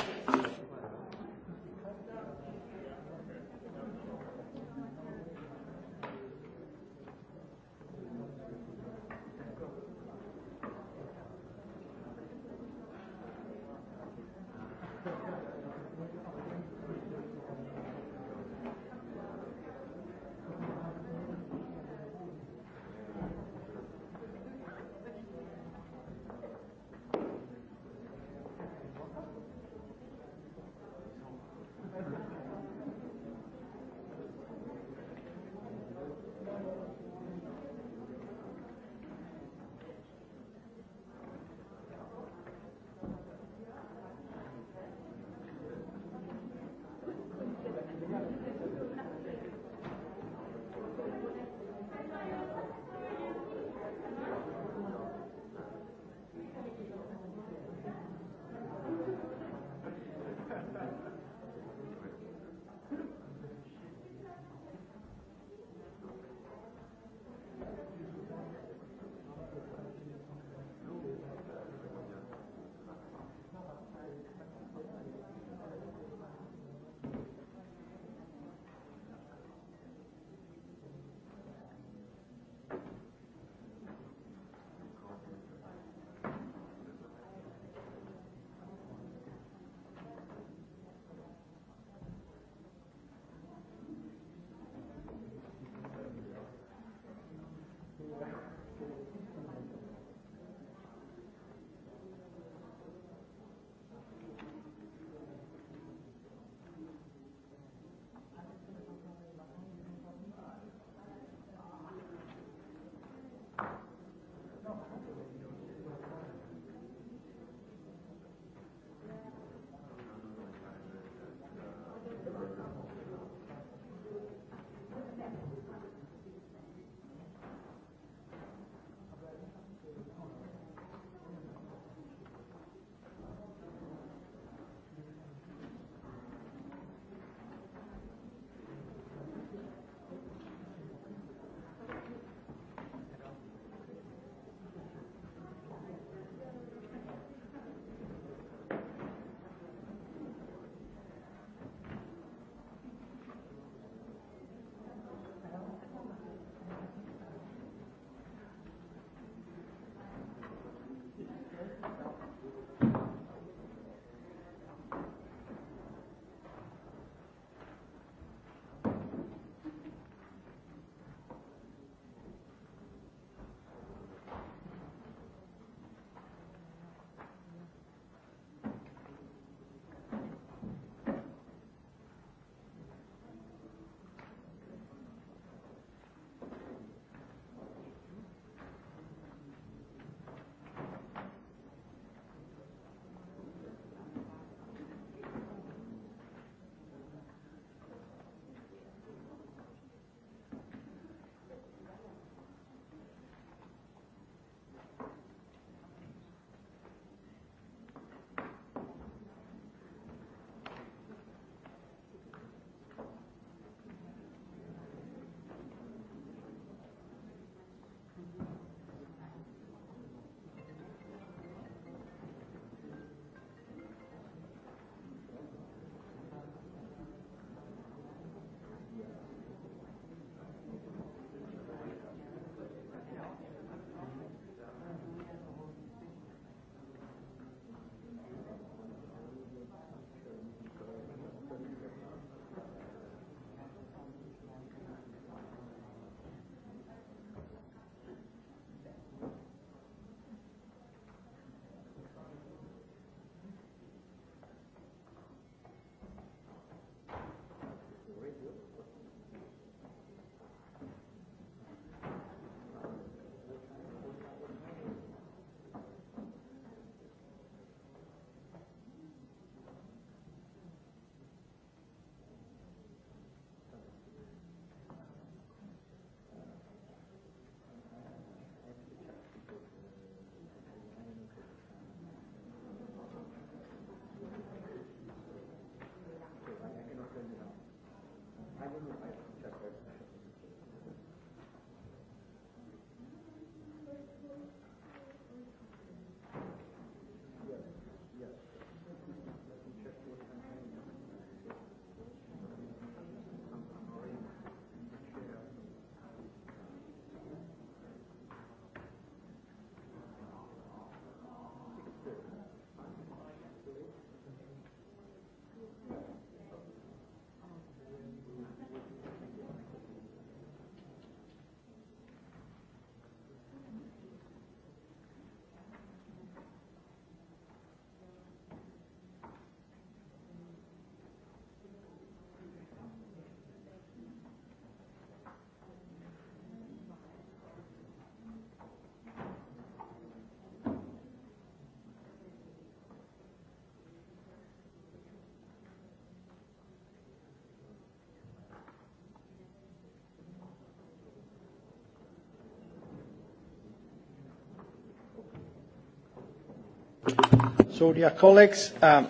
S1: So, dear colleagues, um...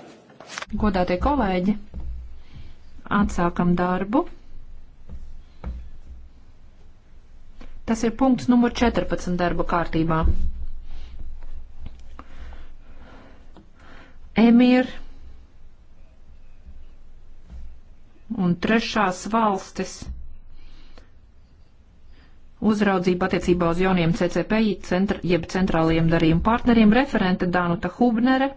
S5: Godātie kolēģi, atsākam darbu. Tas ir punkts numur 14 darba kārtībā. Emīr un trešās valstis uzraudzību attiecībā uz jauniem CCPI centra, jeb centrālajiem darījumu partneriem referente Dānuta Hubnere.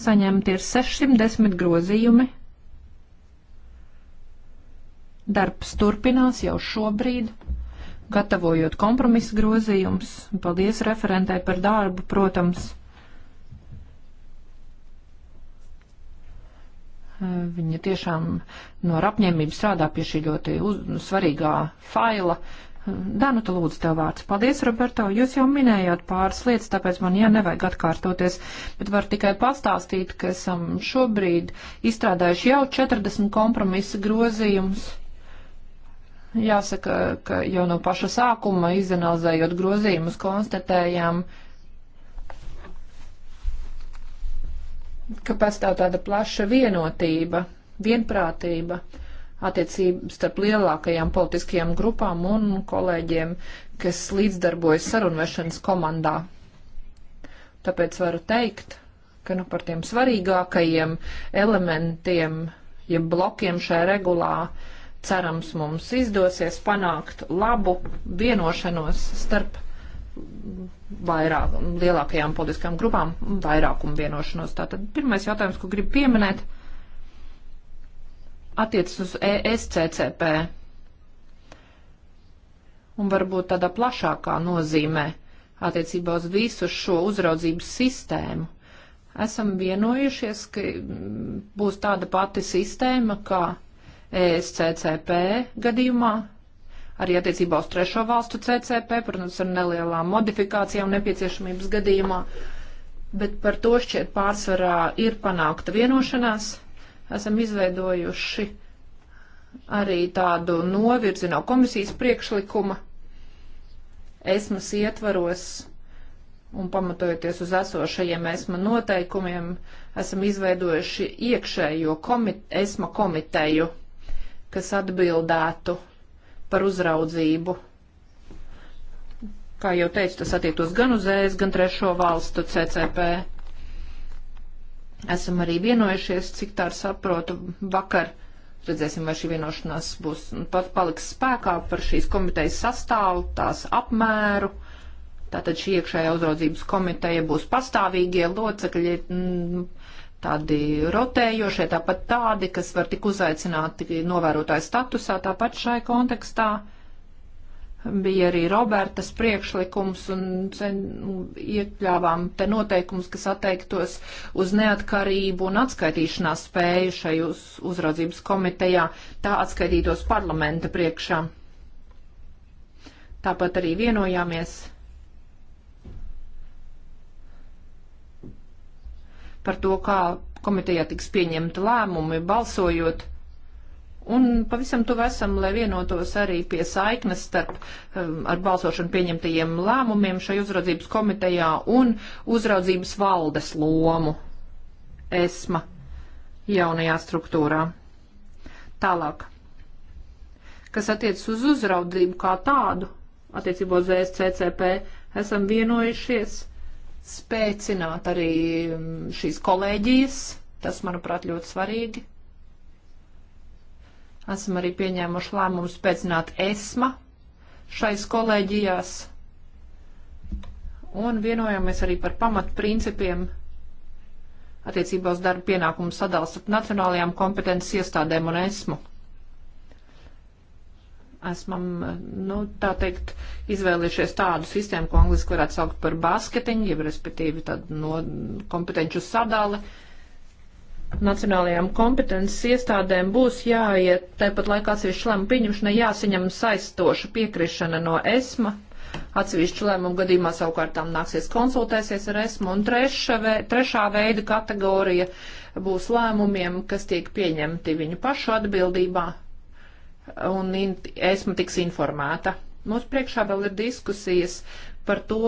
S5: Saņemti ir 610 grozījumi. Darbs turpinās jau šobrīd, gatavojot kompromisu grozījumus. Paldies referentē par darbu, protams. Viņa tiešām no apņēmības strādā pie šī ļoti uz, svarīgā faila. Danuta, lūdzu, tev vārds. Paldies, Roberto. Jūs jau minējāt pāris lietas, tāpēc man jā, nevajag atkārtoties, bet var tikai pastāstīt, ka esam šobrīd izstrādājuši jau 40 kompromisa grozījumus. Jāsaka, ka jau no paša sākuma izanalizējot grozījumus konstatējām, uh, ka pastāv tāda plaša vienotība, vienprātība attiecības starp lielākajām politiskajām grupām un kolēģiem, kas līdzdarbojas sarunvešanas komandā. Tāpēc varu teikt, ka nu, par tiem svarīgākajiem elementiem, ja blokiem šajā regulā, cerams, mums izdosies panākt labu vienošanos starp vairāk, lielākajām politiskām grupām vairākumu vienošanos. Tātad pirmais jautājums, ko gribu pieminēt, attiecas uz ESCCP un varbūt tādā plašākā nozīmē attiecībā uz visu šo uzraudzības sistēmu. Esam vienojušies, ka būs tāda pati sistēma kā ESCCP gadījumā, arī attiecībā uz trešo valstu CCP, protams, ar nelielām modifikācijām nepieciešamības gadījumā, bet par to šķiet pārsvarā ir panākta vienošanās. Esam izveidojuši arī tādu novirzi no komisijas priekšlikuma esmas ietvaros un pamatojoties uz esošajiem esma noteikumiem, esam izveidojuši iekšējo komit esma komiteju, kas atbildētu par uzraudzību. Kā jau teicu, tas attiektos gan uz ES, gan trešo valstu CCP. Esam arī vienojušies, cik tā saprotu, vakar. Redzēsim, vai šī vienošanās būs nu, pat paliks spēkā par šīs komitejas sastāvu, tās apmēru. Tātad šī iekšējā uzraudzības komiteja būs pastāvīgie locekļi, mm, tādi rotējošie, tāpat tādi, kas var tik uzaicināti novērotāju statusā, tāpat šai kontekstā bija arī Robertas priekšlikums un cen, nu, iekļāvām te noteikums, kas atteiktos uz neatkarību un atskaitīšanās spēju šai uz, uzraudzības komitejā, tā atskaitītos parlamenta priekšā. Tāpat arī vienojāmies par to, kā komitejā tiks pieņemta lēmumi, balsojot. Un pavisam tuvu esam, lai vienotos arī pie saiknes starp um, ar balsošanu pieņemtajiem lēmumiem šai uzraudzības komitejā un uzraudzības valdes lomu ESMA jaunajā struktūrā. Tālāk. Kas attiecas uz uzraudzību kā tādu, attiecībā uz ESCCP, esam vienojušies spēcināt arī mm, šīs kolēģijas. Tas, manuprāt, ļoti svarīgi. Esam arī pieņēmuši lēmumu spēcināt ESMA šais kolēģijās. Un vienojamies arī par pamatprincipiem attiecībā uz darba pienākumu sadalas ar nacionālajām kompetences iestādēm un ESMU esmam, nu, tā teikt, izvēlējušies tādu sistēmu, ko angliski varētu saukt par basketiņu, jeb respektīvi tādu no kompetenču sadali. Nacionālajām kompetences iestādēm būs jāiet tāpat laikā atsevišķu lēmumu pieņemšanai jāsaņem saistoša piekrišana no ESMA. Atsevišķu lēmumu gadījumā savukārt tam nāksies konsultēsies ar ESMA. Un treša, vē, trešā veida kategorija būs lēmumiem, kas tiek pieņemti viņu pašu atbildībā un esmu tiks informēta. Mums priekšā vēl ir diskusijas par to,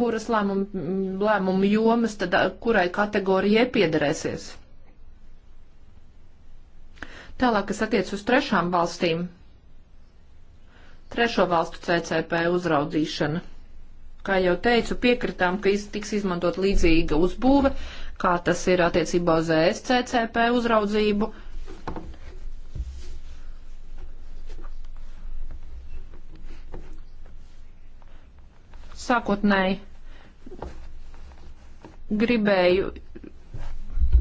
S5: kuras lēmumu, lēmumu jomas, tad kurai kategorijai piederēsies. Tālāk, kas attiec uz trešām valstīm, trešo valstu CCP uzraudzīšana. Kā jau teicu, piekritām, ka tiks izmantot līdzīga uzbūve, kā tas ir attiecībā uz ESCCP uzraudzību. Uh, sākotnēji gribēju.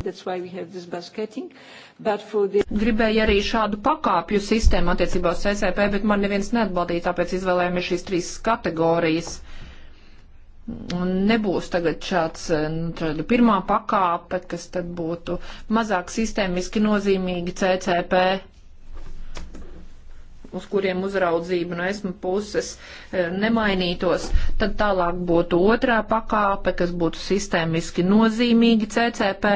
S5: The... Gribēju arī šādu pakāpju sistēmu attiecībā uz SEP, bet man neviens neatbaldīja, tāpēc izvēlējāmies šīs trīs kategorijas. Un nebūs tagad šāds eh, nu, pirmā pakāpe, kas tad būtu mazāk sistēmiski nozīmīgi CCP uz kuriem uzraudzība no esmu puses e, nemainītos. Tad tālāk būtu otrā pakāpe, kas būtu sistēmiski nozīmīgi CCP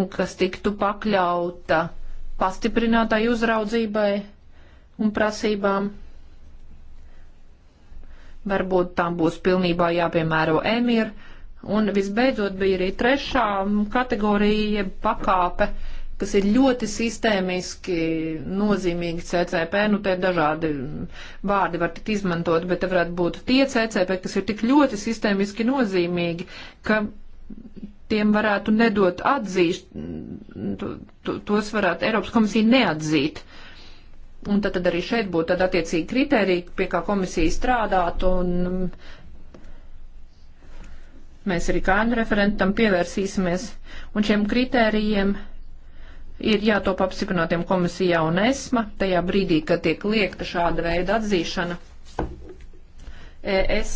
S5: un kas tiktu pakļauta pastiprinātāju uzraudzībai un prasībām. Varbūt tam būs pilnībā jāpiemēro emīra. Un visbeidzot bija arī trešā kategorija pakāpe, uh, kas ir ļoti sistēmiski nozīmīgi CCP, nu te dažādi vārdi var tikt izmantot, bet te varētu būt tie CCP, kas ir tik ļoti sistēmiski nozīmīgi, ka tiem varētu nedot atzīšt, tos varētu Eiropas komisija neatzīt. Un tad, tad arī šeit būtu tad attiecīgi kriteriji, pie kā komisija strādātu, un mēs arī kā referentam pievērsīsimies. Un šiem kritērijiem ir jātop apstiprinātiem komisijā un ESMA tajā brīdī, kad tiek liekta šāda veida atzīšana. ES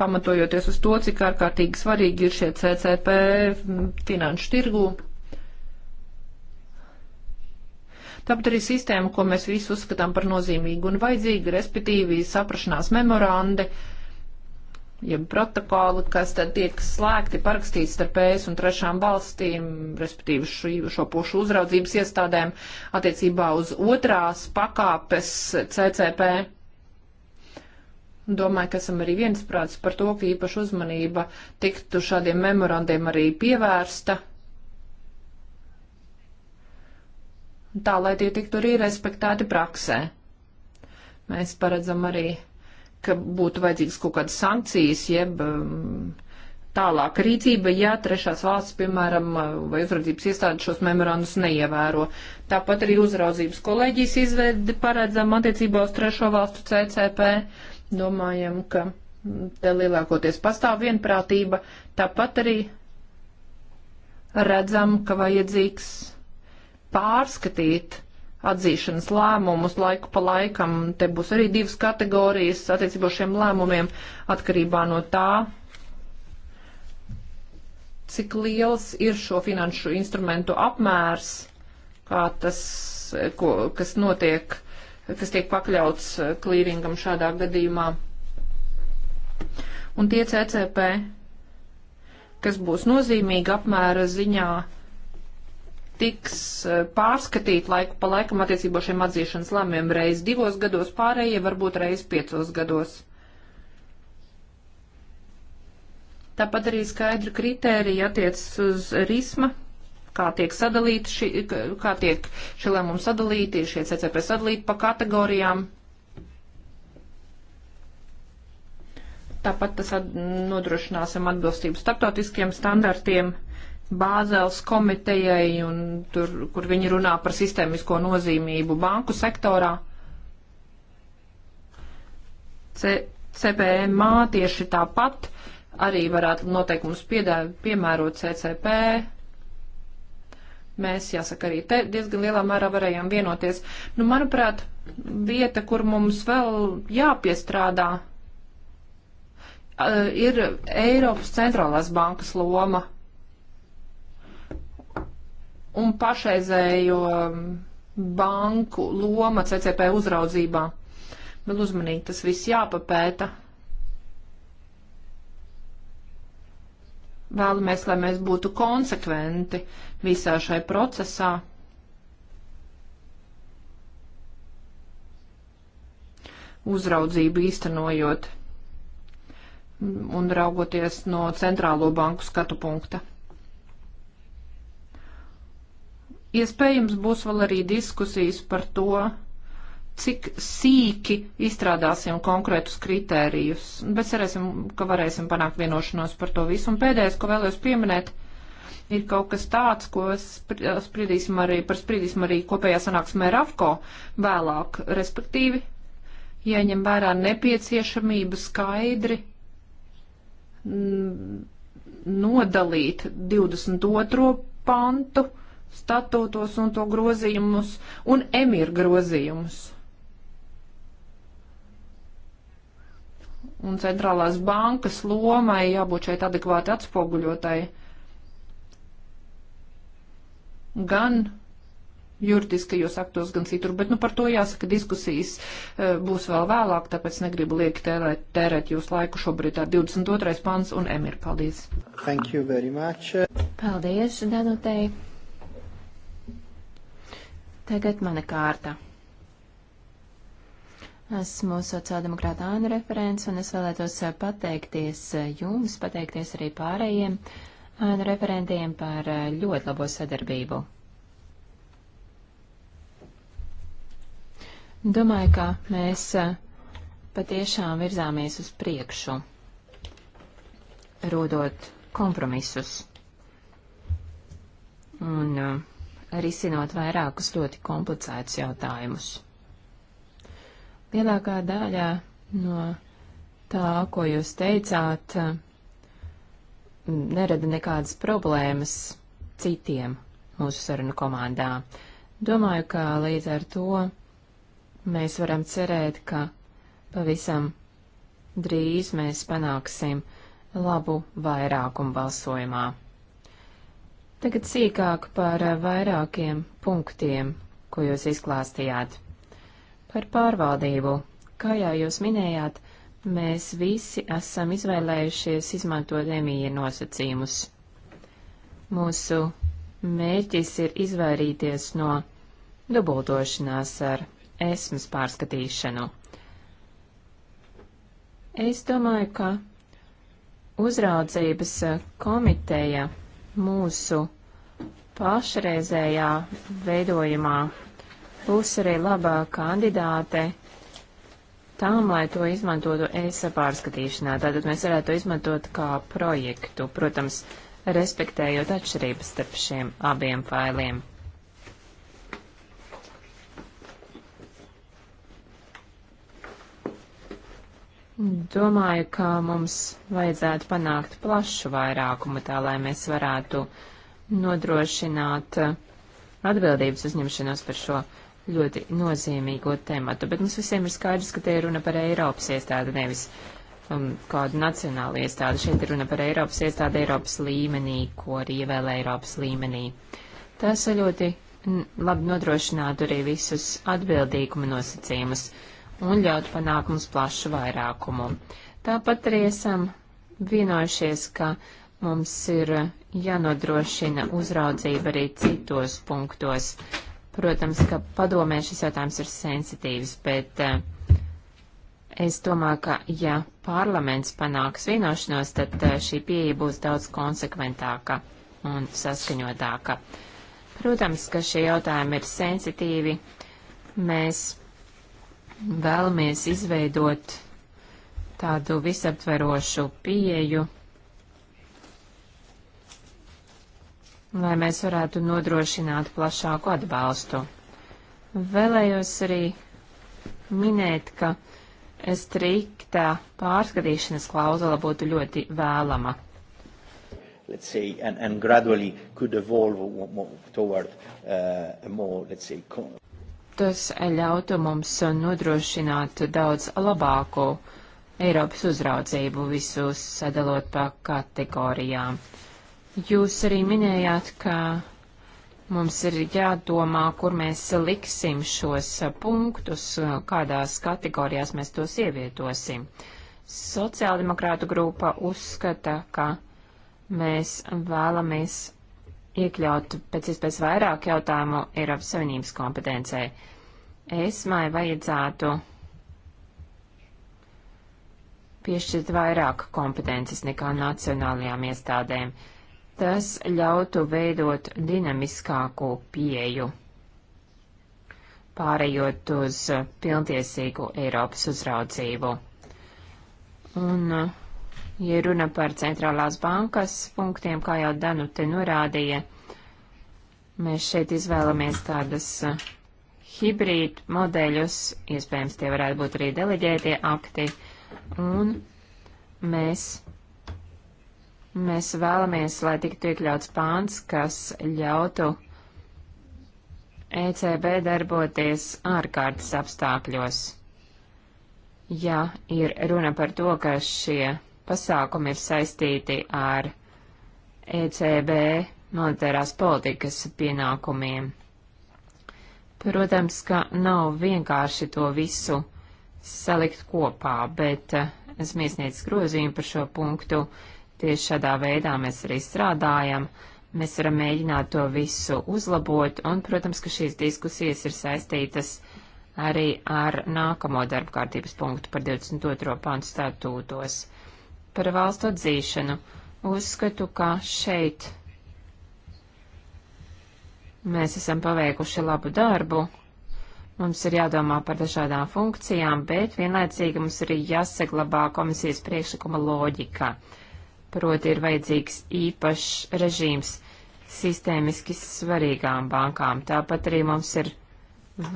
S5: pamatojoties uz to, cik ārkārtīgi svarīgi ir šie CCP finanšu tirgū. Tāpat arī sistēma, ko mēs visi uzskatām par nozīmīgu un vajadzīgu, respektīvi saprašanās memorandi, uh, ja protokoli, kas tad tiek slēgti, parakstīts starp ES un trešām valstīm, respektīvi šo, šo pušu uzraudzības iestādēm attiecībā uz otrās pakāpes CCP. Domāju, ka esam arī viensprāts par to, ka īpaša uzmanība tiktu šādiem memorandiem arī pievērsta. Tā, lai tie tiktu arī respektēti praksē. Mēs paredzam arī ka būtu vajadzīgas kaut kādas sankcijas, jeb um, tālāka rīcība, ja trešās valsts, piemēram, vai uzraudzības iestādes šos memorandus neievēro. Tāpat arī uzraudzības kolēģijas izveidi paredzam attiecībā uz trešo valstu CCP. Domājam, ka te lielākoties pastāv vienprātība. Tāpat arī redzam, ka vajadzīgs pārskatīt atzīšanas lēmumus laiku pa laikam. Te būs arī divas kategorijas attiecībā šiem lēmumiem atkarībā no tā, cik liels ir šo finanšu instrumentu apmērs, kā tas, ko, kas notiek, kas tiek pakļauts klīringam eh, šādā gadījumā. Un tie CCP, kas būs nozīmīgi apmēra ziņā, uh, tiks eh, pārskatīt laiku pa laikam attiecībā šiem atzīšanas lēmiem reiz divos gados, pārējie varbūt reiz piecos gados. Tāpat arī skaidri kritēriji attiecas uz risma, kā tiek sadalīti šī, kā tiek šie lēmumi sadalīti, šie CCP sadalīti pa kategorijām. Tāpat tas at, nodrošināsim atbilstību starptautiskiem standartiem. Mm Bāzēls komitejai, un tur, kur viņi runā par sistēmisko nozīmību banku sektorā. C CPMA tieši tāpat arī varētu noteikumus piemērot CCP. Mēs, jāsaka, arī te diezgan lielā mērā varējām vienoties. Nu, manuprāt, vieta, kur mums vēl jāpiestrādā, ir Eiropas centrālās bankas loma un pašreizējo mm, banku loma CCP uzraudzībā. Vēl uzmanīgi tas viss jāpapēta. Vēlamies, lai mēs būtu konsekventi visā šai procesā. Uzraudzību īstenojot un raugoties no centrālo banku skatu punkta. Iespējams, būs vēl arī diskusijas par to, cik sīki izstrādāsim konkrētus kritērijus, bet cerēsim, ka varēsim panākt vienošanos par to visu. Un pēdējais, ko vēlos pieminēt, ir kaut kas tāds, ko spriedīsim arī, par spriedīsim arī kopējā sanāksmē RAFKO vēlāk, respektīvi, ieņem vērā nepieciešamību skaidri nodalīt 22. pantu statūtos un to grozījumus un emīru grozījumus. Un centrālās bankas lomai jābūt šeit adekvāti atspoguļotai gan juridiskajos aktos, gan citur. Bet nu, par to jāsaka, diskusijas e, būs vēl vēlāk, tāpēc negribu lieki tērēt, tērēt jūs laiku šobrīd. Tā 22. pants un emir. Paldies. Thank you very much.
S2: Paldies, Danutei. Tagad mana kārta. Esmu sociāldemokrāta Āna referents, un es vēlētos pateikties jums, pateikties arī pārējiem Āna referentiem par ļoti labo sadarbību. Domāju, ka mēs patiešām virzāmies uz priekšu, rodot kompromisus. Un uh, risinot vairākus ļoti komplicētus jautājumus. Lielākā daļa no tā, ko jūs teicāt, nerada nekādas problēmas citiem mūsu sarunu komandā. Domāju, ka līdz ar to mēs varam cerēt, ka pavisam drīz mēs panāksim labu vairākumu balsojumā. Tagad sīkāk par eh, vairākiem punktiem, ko jūs izklāstījāt. Par pārvaldību. Kā jau jūs minējāt, mēs visi esam izvēlējušies izmantot emīļa nosacījumus. Mūsu mērķis ir izvairīties no dubultošanās ar esmas pārskatīšanu. Es domāju, ka uzraudzības eh, komiteja mūsu pašreizējā veidojumā būs arī labā kandidāte tām, lai to izmantotu ESA pārskatīšanā. Tātad mēs varētu to izmantot kā projektu, protams, respektējot atšķirības starp šiem abiem failiem. Domāju, ka mums vajadzētu panākt plašu vairākumu tā, lai mēs varētu nodrošināt uh, atbildības uzņemšanos par šo ļoti nozīmīgo tematu. Bet mums visiem ir skaidrs, ka te ir runa par Eiropas iestādi, nevis um, kādu nacionālu iestādi. Šeit ir runa par Eiropas iestādi Eiropas līmenī, ko arī ievēlē Eiropas līmenī. Tas ļoti labi nodrošinātu arī visus atbildīguma nosacījumus un ļaut panākt mums plašu vairākumu. Tāpat arī esam vienojušies, ka mums ir jānodrošina uzraudzība arī citos punktos. Protams, ka padomē šis jautājums ir sensitīvs, bet uh, es domāju, ka ja parlaments panāks vienošanos, tad uh, šī pieeja būs daudz konsekventāka un saskaņotāka. Protams, ka šie jautājumi ir sensitīvi. Mēs vēlamies izveidot tādu visaptverošu pieeju, lai mēs varētu nodrošināt plašāku atbalstu. Vēlējos arī minēt, ka striktā pārskatīšanas klauzula būtu ļoti vēlama.
S1: Let's say, and, and gradually could evolve toward uh, a more, let's say,
S2: tas ļautu mums nodrošināt daudz labāku Eiropas uzraudzību visus sadalot pa kategorijām. Jūs arī minējāt, ka mums ir jādomā, kur mēs liksim šos punktus, kādās kategorijās mēs tos ievietosim. Sociāldemokrātu grupa uzskata, ka mēs vēlamies iekļaut pēc iespējas vairāk jautājumu Eiropas Savienības kompetencē. ESMAI vajadzētu piešķirt vairāk kompetences nekā nacionālajām iestādēm. Tas ļautu veidot dinamiskāku pieju, pārējot uz pilntiesīgu Eiropas uzraudzību. Un uh, Ja runa par centrālās bankas punktiem, kā jau Danu te norādīja, mēs šeit izvēlamies tādas uh, hibrīd modeļus, iespējams, tie varētu būt arī deleģētie akti, un mēs, mēs vēlamies, lai tiktu iekļauts pāns, kas ļautu ECB darboties ārkārtas apstākļos. Ja ir runa par to, ka šie pasākumi ir saistīti ar ECB monetārās politikas pienākumiem. Protams, ka nav vienkārši to visu salikt kopā, bet eh, esmu iesniedzis grozījumu par šo punktu. Tieši šādā veidā mēs arī strādājam. Mēs varam mēģināt to visu uzlabot, un, protams, ka šīs diskusijas ir saistītas arī ar nākamo darba kārtības punktu par 22. pantu statūtos par valstu atzīšanu. Uzskatu, ka šeit mēs esam paveikuši labu darbu. Mums ir jādomā par dažādām funkcijām, bet vienlaicīgi mums ir jāsaglabā komisijas priekšlikuma loģika. Proti ir vajadzīgs īpašs režīms sistēmiski svarīgām bankām. Tāpat arī mums ir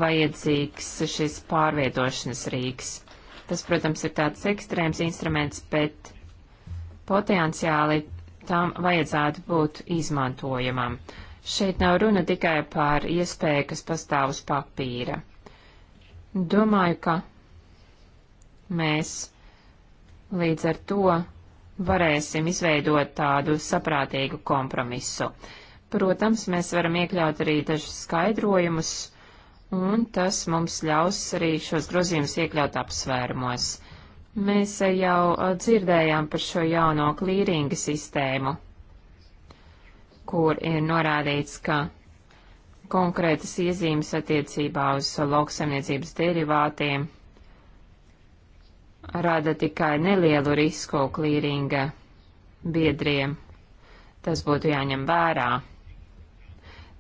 S2: vajadzīgs šis pārvietošanas rīks. Tas, protams, ir tāds ekstrēms instruments, bet potenciāli tam vajadzētu būt izmantojamam. Šeit nav runa tikai par iespēju, kas pastāv uz papīra. Domāju, ka mēs līdz ar to varēsim izveidot tādu saprātīgu kompromisu. Protams, mēs varam iekļaut arī dažus skaidrojumus, un tas mums ļaus arī šos grozījumus iekļaut apsvērumos. Mēs jau uh, dzirdējām par šo jauno klīringa sistēmu, kur ir norādīts, ka konkrētas iezīmes attiecībā uz lauksaimniecības derivātiem rada tikai nelielu risku klīringa biedriem. Tas būtu jāņem vērā.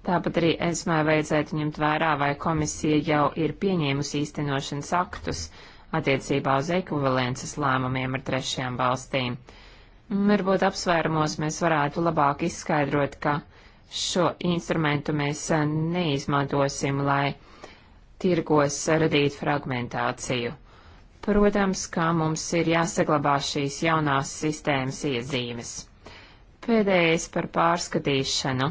S2: Tāpat arī esmē vajadzētu ņemt vērā, vai komisija jau ir pieņēmusi īstenošanas aktus, attiecībā uz ekvivalences lēmumiem ar trešajām valstīm. Varbūt apsvērumos mēs varētu labāk izskaidrot, ka šo instrumentu mēs eh, neizmantosim, lai tirgos radītu fragmentāciju. Protams, kā mums ir jāsaglabā šīs jaunās sistēmas iezīmes. Pēdējais par pārskatīšanu.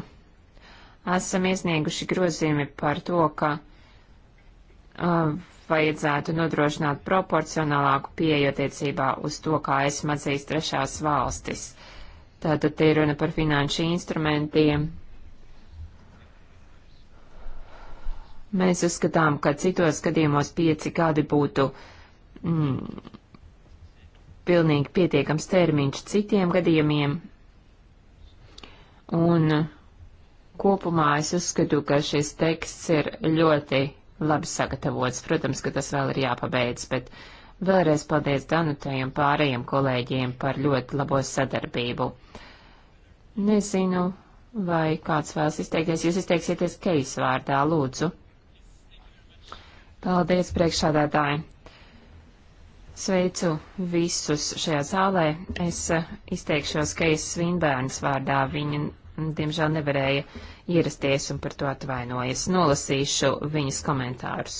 S2: Esam iesnieguši grozījumi par to, ka uh, vajadzētu nodrošināt proporcionālāku pieeju attiecībā uz to, kā es mazīs trešās valstis. Tātad te ir runa par finanšu instrumentiem. Mēs uzskatām, ka citos gadījumos pieci gadi būtu mm, pilnīgi pietiekams termiņš citiem gadījumiem. Un kopumā es uzskatu, ka šis teksts ir ļoti labi sagatavots. Protams, ka tas vēl ir jāpabeidz, bet vēlreiz paldies Danutai un pārējiem kolēģiem par ļoti labo sadarbību. Nezinu, vai kāds vēlas izteikties. Jūs izteiksieties Keis vārdā, lūdzu. Paldies, priekšādātāji. Sveicu visus šajā zālē. Es eh, izteikšos Keis Svinbērns vārdā. Viņa diemžēl nevarēja ierasties un par to atvainojas. Nolasīšu viņas komentārus.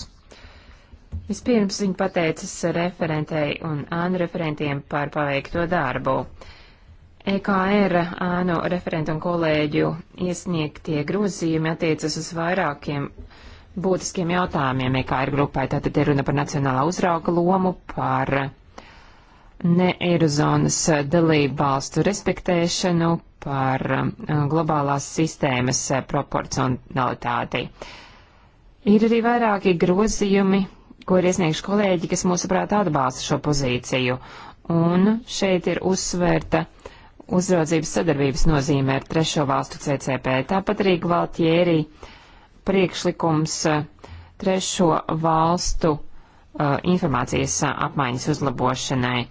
S2: Vispirms viņa pateicas referentei un ānu referentiem par paveikto darbu. EKR ānu referentu un kolēģu iesniegtie grozījumi attiecas uz vairākiem būtiskiem jautājumiem EKR grupai. Tātad ir runa par nacionālā uzrauga lomu, par uh, ne Eirozonas eh, dalību valstu respektēšanu, par eh, globālās sistēmas eh, proporcionalitāti. Ir arī vairāki grozījumi, ko ir iesniegši kolēģi, kas mūsuprāt atbalsta šo pozīciju. Un šeit ir uzsvērta uzraudzības sadarbības nozīme ar trešo valstu CCP. Tāpat arī Gvaltjērī priekšlikums trešo valstu informācijas apmaiņas uzlabošanai.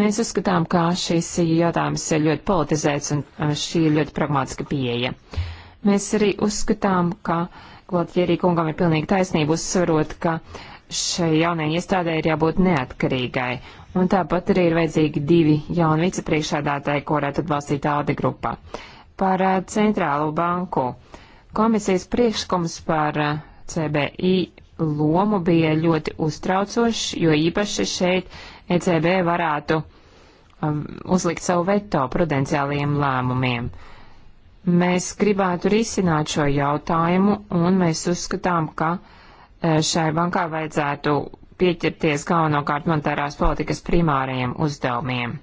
S2: Mēs uzskatām, ka šis jautājums ir ļoti politizēts un šī ir ļoti pragmātiska pieeja. Mēs arī uzskatām, ka Glotjerī kungam ir pilnīgi taisnība uzsverot, ka šai jaunai iestādē ir jābūt neatkarīgai. Un tāpat arī ir vajadzīgi divi jauni vicepriekšādātāji, ko varētu atbalstīt ALDE grupā. Par centrālo banku. Komisijas priekšlikums par CBI lomu bija ļoti uztraucošs, jo īpaši šeit ECB varētu um, uzlikt savu veto prudenciāliem lēmumiem. Mēs gribētu risināt šo jautājumu, un mēs uzskatām, ka e, šai bankai vajadzētu pieķerties galvenokārt monetārās politikas primārajiem uzdevumiem.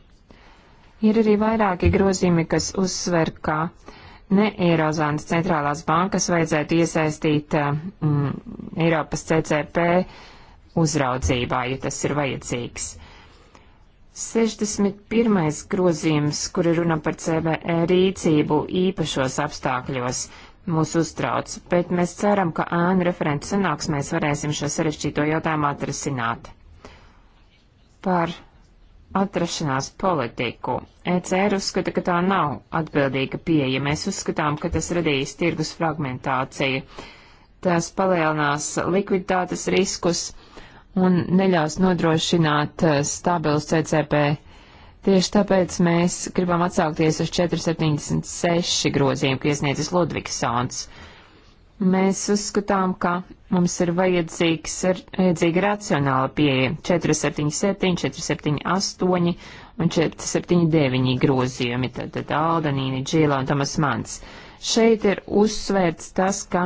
S2: Ir arī vairāki grozījumi, kas uzsver, ka uh, ne Eirozonas centrālās bankas vajadzētu iesaistīt eh, mm, Eiropas CCP uzraudzībā, ja tas ir vajadzīgs. 61. grozījums, kur ir runa par CBE rīcību īpašos apstākļos, mūs uztrauc, bet mēs ceram, ka ēnu referentu sanāksmēs varēsim šo sarežģīto jautājumu atrasināt. Par atrašanās politiku. ECR uzskata, ka tā nav atbildīga pieeja. Mēs uzskatām, ka tas radīs tirgus fragmentāciju. Tas palielinās likviditātes riskus un neļaus nodrošināt eh, stabilus CCP. Tieši tāpēc mēs gribam atsaukties uz 476 grozījumu, ko iesniedzis Ludvigsons. Sons Mēs uzskatām, ka mums ir vajadzīgs, ir vajadzīga racionāla pieeja 477, 478 un 479 grozījumi, tad, tad Aldanīni, Džīla un Tomas Mans. Šeit ir uzsvērts tas, ka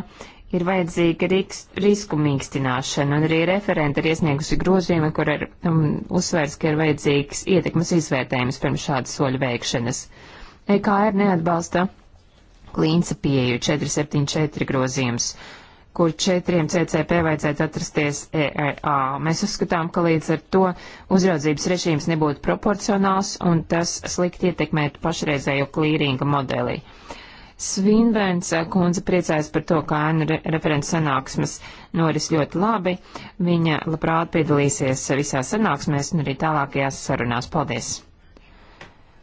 S2: ir vajadzīga riks, risku mīkstināšana, un arī referenta ir iesniegusi grozījumi, kur ir um, uzsvērts, ka ir vajadzīgs ietekmes izvērtējums pirms šāda soļa veikšanas. EKR neatbalsta klīnca pieeju 474 grozījums, kur četriem CCP vajadzētu atrasties EEA. Mēs uzskatām, ka līdz ar to uzraudzības režīms nebūtu proporcionāls un tas slikti ietekmētu pašreizējo klīringa modeli. Svinbērns eh, kundze priecājas par to, ka ēnu re referents sanāksmes noris ļoti labi. Viņa labprāt piedalīsies visās sanāksmēs un arī tālākajās sarunās. Paldies!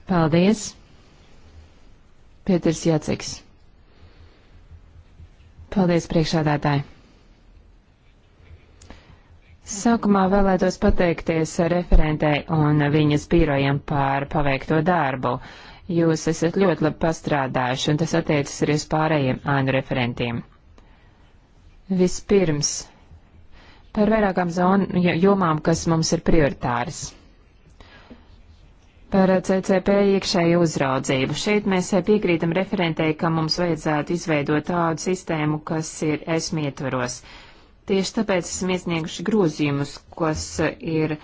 S2: Paldies! Pēters Jāceks. Paldies, priekšādātāji! Sākumā vēlētos pateikties referentei un viņas pīrojam par paveikto darbu. Jūs esat ļoti labi pastrādājuši, un tas attiecas arī uz pārējiem ānu referentiem. Vispirms, par vairākām zonu, jomām, kas mums ir prioritāras. Par CCP iekšēju uzraudzību. Šeit mēs piekrītam referentei, ka mums vajadzētu izveidot tādu sistēmu, kas ir esmu ietveros. Tieši tāpēc esam iesnieguši grozījumus, kas ir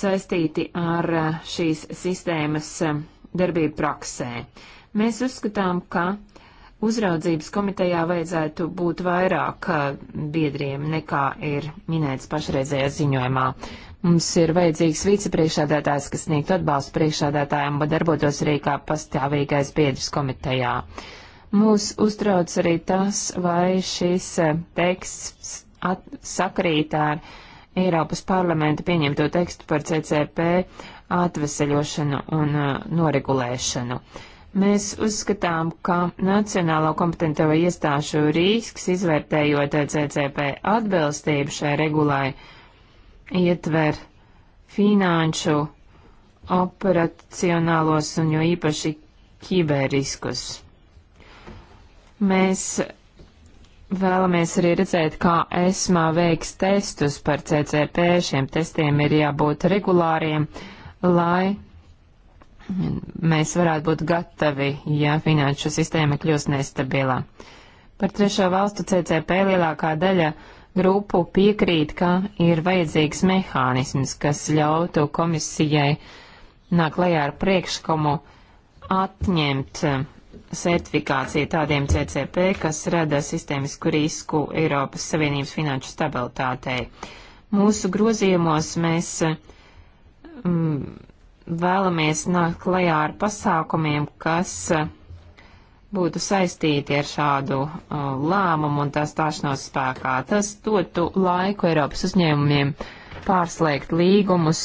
S2: saistīti ar šīs sistēmas darbību praksē. Mēs uzskatām, ka uzraudzības komitejā vajadzētu būt vairāk biedriem nekā ir minēts pašreizējā ziņojumā. Mums ir vajadzīgs vicepriekšādātājs, kas sniegtu atbalstu priekšādātājiem, bet darbotos arī kā pastāvīgais biedrs komitejā. Mūs uztrauc arī tas, vai šis eh, teksts sakrīt ar Eiropas parlamenta pieņemto tekstu par CCP atveseļošanu un eh, noregulēšanu. Mēs uzskatām, ka Nacionālo kompetentīvo iestāšu risks, izvērtējot eh, CCP atbilstību šai regulai, ietver finanšu, operacionālos un jo īpaši kiberriskus. Mēs vēlamies arī redzēt, kā ESMA veiks testus par CCP. Šiem testiem ir jābūt regulāriem, lai mēs varētu būt gatavi, ja finanšu sistēma kļūs nestabilā. Par trešo valstu CCP lielākā daļa uh, grupu piekrīt, ka ir vajadzīgs mehānisms, kas ļautu komisijai nāk lejā ar priekšlikumu atņemt certifikāciju tādiem CCP, kas rada sistēmisku risku Eiropas Savienības finanšu stabilitātei. Mūsu grozījumos mēs mm, vēlamies nākt klajā ar pasākumiem, kas uh, būtu saistīti ar šādu uh, lēmumu un tā stāšanos spēkā. Tas dotu laiku Eiropas uzņēmumiem pārslēgt līgumus,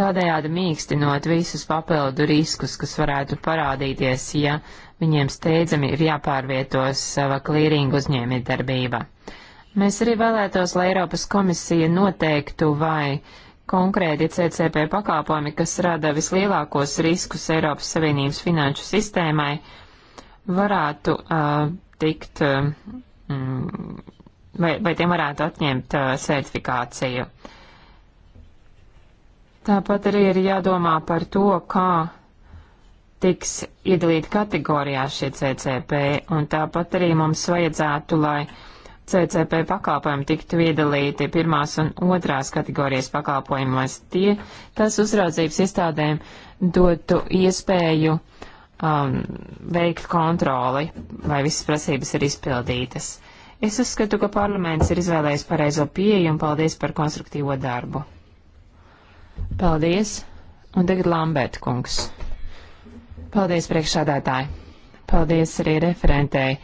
S2: tādējādi mīkstinot visus papildu riskus, kas varētu parādīties, ja viņiem steidzami ir jāpārvietos sava klīringa uzņēmējdarbība. Mēs arī vēlētos, lai Eiropas komisija noteiktu vai konkrēti CCP pakāpojumi, kas rada vislielākos riskus Eiropas Savienības finanšu sistēmai, uh, varētu uh, tikt, mm, vai, vai tiem varētu atņemt uh, certifikāciju. Tāpat arī ir jādomā par to, kā tiks iedalīti kategorijā šie CCP, un tāpat arī mums vajadzētu, lai CCP pakalpojumi tiktu iedalīti pirmās un otrās kategorijas pakalpojumos. Tie tas uzraudzības iestādēm dotu iespēju uh, um, veikt kontroli, vai visas prasības ir izpildītas. Es uzskatu, ka parlaments ir izvēlējis pareizo pieeju un paldies par konstruktīvo darbu. Paldies, un tagad Lambert kungs. Paldies priekšādātāji. Paldies arī referentēji.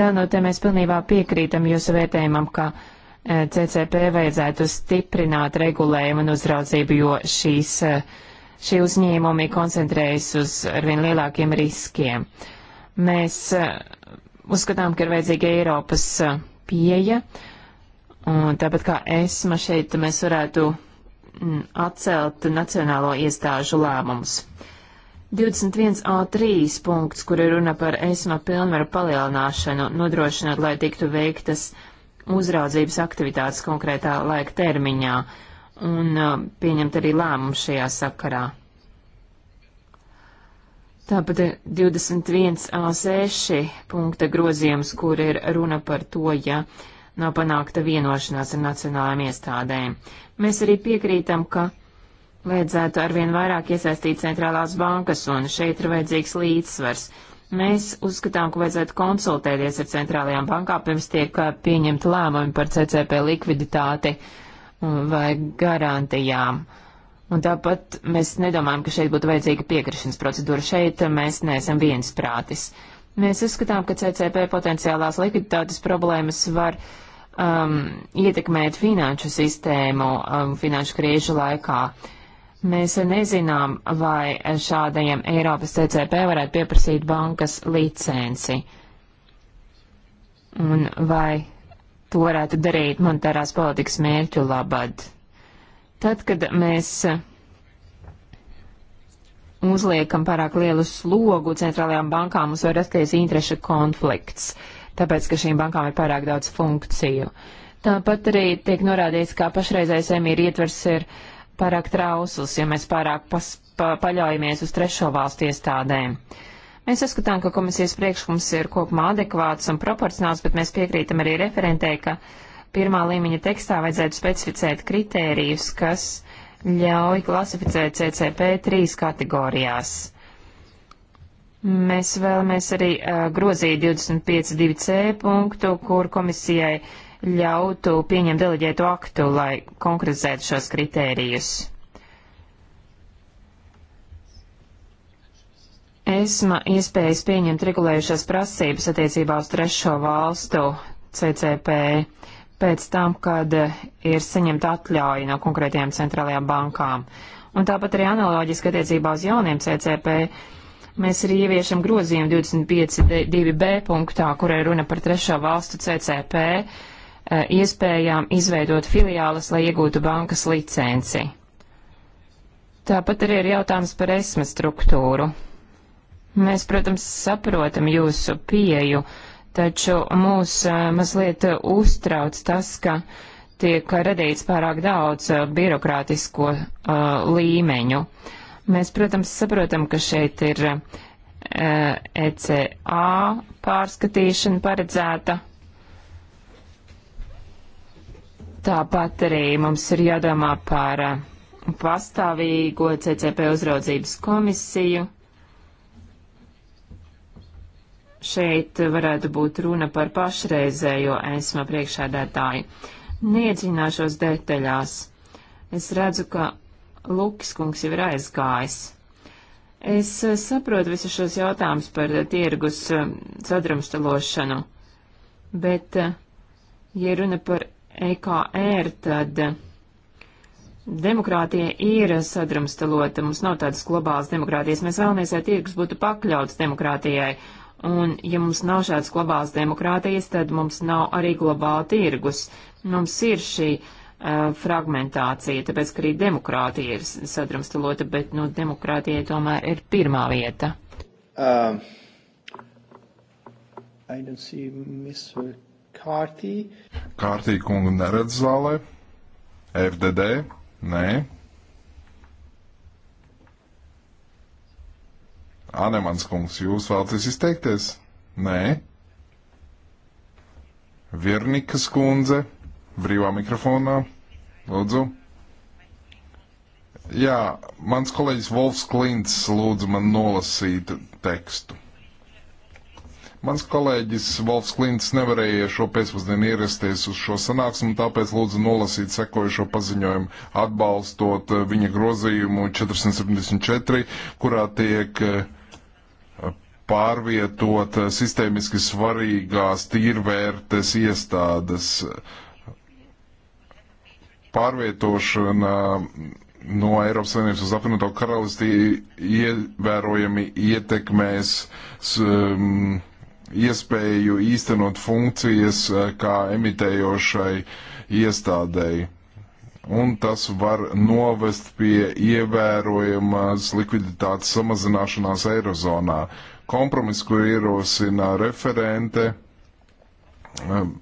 S2: Danute, mēs pilnībā piekrītam jūsu vērtējumam, ka eh, CCP vajadzētu stiprināt regulējumu un uzraudzību, jo šīs uh, šie uzņēmumi koncentrējas uz arvien lielākiem riskiem. Mēs eh, uzskatām, ka ir vajadzīga Eiropas eh, pieeja, un tāpat kā ESMA šeit mēs varētu mm, atcelt nacionālo iestāžu lēmumus. 21a3 punkts, kur ir runa par ESMA pilnvaru palielināšanu, nodrošinot, lai tiktu veiktas uzraudzības aktivitātes konkrētā laika termiņā. Uh, un uh, pieņemt arī lēmumu šajā sakarā. Tāpat 21A6 punkta grozījums, kur ir runa par to, ja nav panākta vienošanās ar nacionālām iestādēm. Mēs arī piekrītam, ka vajadzētu arvien vairāk iesaistīt centrālās bankas, un šeit ir vajadzīgs līdzsvars. Mēs uzskatām, ka vajadzētu konsultēties ar centrālajām bankām, pirms tiek uh, pieņemta lēmumi par CCP likviditāti. Uh, vai garantijām. Un tāpat mēs nedomājam, ka šeit būtu vajadzīga piekrišanas procedūra. Šeit mēs neesam viensprātis. Mēs uzskatām, ka CCP potenciālās likviditātes problēmas var um, ietekmēt finanšu sistēmu um, finanšu krīžu laikā. Mēs nezinām, vai šādajiem Eiropas CCP varētu pieprasīt bankas licenci. Un vai to varētu darīt monetārās politikas mērķu labad. Tad, kad mēs eh, uzliekam pārāk lielu slogu centrālajām bankām, mums var rasties interešu konflikts, tāpēc, ka šīm bankām ir pārāk daudz funkciju. Tāpat arī tiek norādīts, ka pašreizējais emīra ietvers ir pārāk trausls, ja mēs pārāk pas, pa, paļaujamies uz trešo valstu iestādēm. Uh, Mēs uzskatām, ka komisijas priekšlikums ir kopumā adekvāts un proporcionāls, bet mēs piekrītam arī referentē, ka pirmā līmeņa tekstā vajadzētu specificēt kritērijus, kas ļauj klasificēt CCP trīs kategorijās. Mēs vēlamies arī uh, grozīt 25.2c punktu, kur komisijai ļautu pieņemt deleģētu aktu, lai konkretizētu šos kritērijus. ESMA iespējas pieņemt regulējušās prasības attiecībā uz trešo valstu CCP pēc tam, kad ir saņemta atļauja no konkrētajām centrālajām bankām. Un tāpat arī analoģiski attiecībā uz jauniem CCP mēs arī ieviešam grozījumu 25.2b punktā, kurai runa par trešo valstu CCP eh, iespējām izveidot filiālas, lai iegūtu bankas licenci. Tāpat arī ir jautājums par esmas struktūru. Mēs, protams, saprotam jūsu pieju, taču mūs mazliet uztrauc tas, ka tiek radīts pārāk daudz birokrātisko uh, līmeņu. Mēs, protams, saprotam, ka šeit ir uh, ECA pārskatīšana paredzēta. Tāpat arī mums ir jādomā par uh, pastāvīgo CCP uzraudzības komisiju. Šeit varētu būt runa par pašreizējo ESMA priekšādētāju. Niedzināšos detaļās. Es redzu, ka Lukas kungs jau ir aizgājis. Es eh, saprotu visus šos jautājumus par eh, tirgus eh, sadrumstalošanu, bet, ja runa par EKR, tad demokrātija ir sadrumstalota, mums nav tādas globālas demokrātijas, mēs vēlamies, lai tirgus būtu pakļauts demokrātijai Un, ja mums nav šādas globālas demokrātijas, tad mums nav arī globāla tirgus. Mums ir šī uh, fragmentācija, tāpēc, ka arī demokrātija ir sadrumstalota, bet, nu, demokrātija tomēr ir pirmā vieta.
S4: Uh,
S1: um,
S4: Kārtī kungu neredz zālē. FDD? Nē. Anemans kungs, jūs vēlaties izteikties? Nē. Virnikas kundze, brīvā mikrofonā, lūdzu. Jā, mans kolēģis Volfs Klints lūdzu man nolasīt tekstu. Mans kolēģis Volfs Klints nevarēja šo pēcpusdienu ierasties uz šo sanāksmu, tāpēc lūdzu nolasīt sekojušo paziņojumu atbalstot uh, viņa grozījumu 474, kurā tiek uh, pārvietot eh, sistēmiski svarīgās tīrvērtes iestādes. Pārvietošana mm, no Eiropas Savienības uz apvienoto karalisti ievērojami ietekmēs um, iespēju īstenot funkcijas eh, kā emitējošai iestādēji. Un tas var novest pie ievērojamas likviditātes samazināšanās Eirozonā. Uh, Kompromiss, ko ierosina referente, um,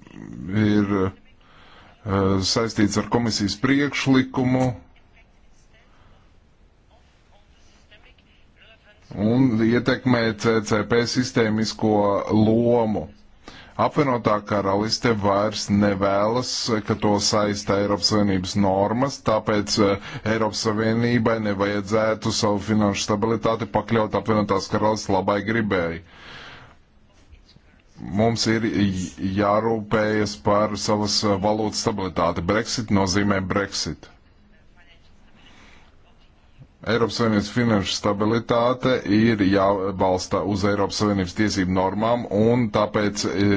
S4: ir uh, saistīts ar komisijas priekšlikumu un ietekmē CCP sistēmisko lomu. Apvienotā karaliste vairs nevēlas, ka to saista Eiropas Savienības normas, tāpēc eh, Eiropas Savienībai nevajadzētu savu finanšu stabilitāti pakļaut apvienotās karalistes labai gribēji. Mums ir jārūpējas par savas eh, valūtas stabilitāti. Brexit nozīmē Brexit. Eiropas Savienības finanšu stabilitāte ir jābalsta uz Eiropas Savienības tiesību normām, un tāpēc e,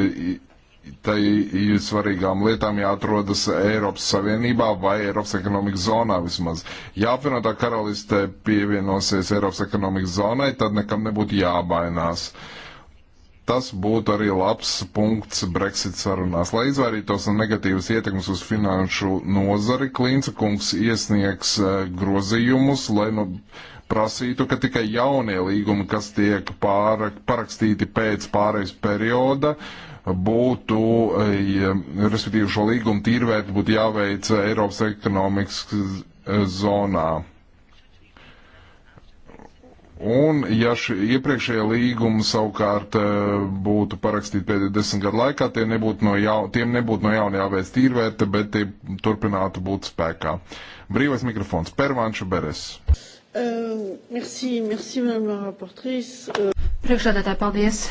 S4: tai ir svarīgām lietām jāatrodas Eiropas Savienībā vai Eiropas ekonomikas zonā vismaz. Ja apvienotā karaliste pievienosies Eiropas ekonomikas zonai, tad nekam nebūtu jābainās. Uh, Tas būtu arī labs punkts Brexit sarunās. Lai izvairītos no negatīvas ietekmes uz finanšu nozari, Klīnca kungs iesniegs e, grozījumus, lai nu, prasītu, ka tikai jaunie līgumi, kas tiek pār, parakstīti pēc pārejas perioda, būtu, e, respektīvi šo līgumu tīrvērtību būtu jāveic Eiropas ekonomikas e, zonā. Un, ja šī iepriekšējā līguma savukārt eh, būtu parakstīta pēdējo desmit gadu laikā, tie nebūtu no jau, tiem nebūtu no jauna jāveic tīrvērta, bet tie turpinātu būt spēkā. Brīvais mikrofons. Pervanša Beres.
S5: Uh, merci, merci, eh, Priekšādātāji, paldies.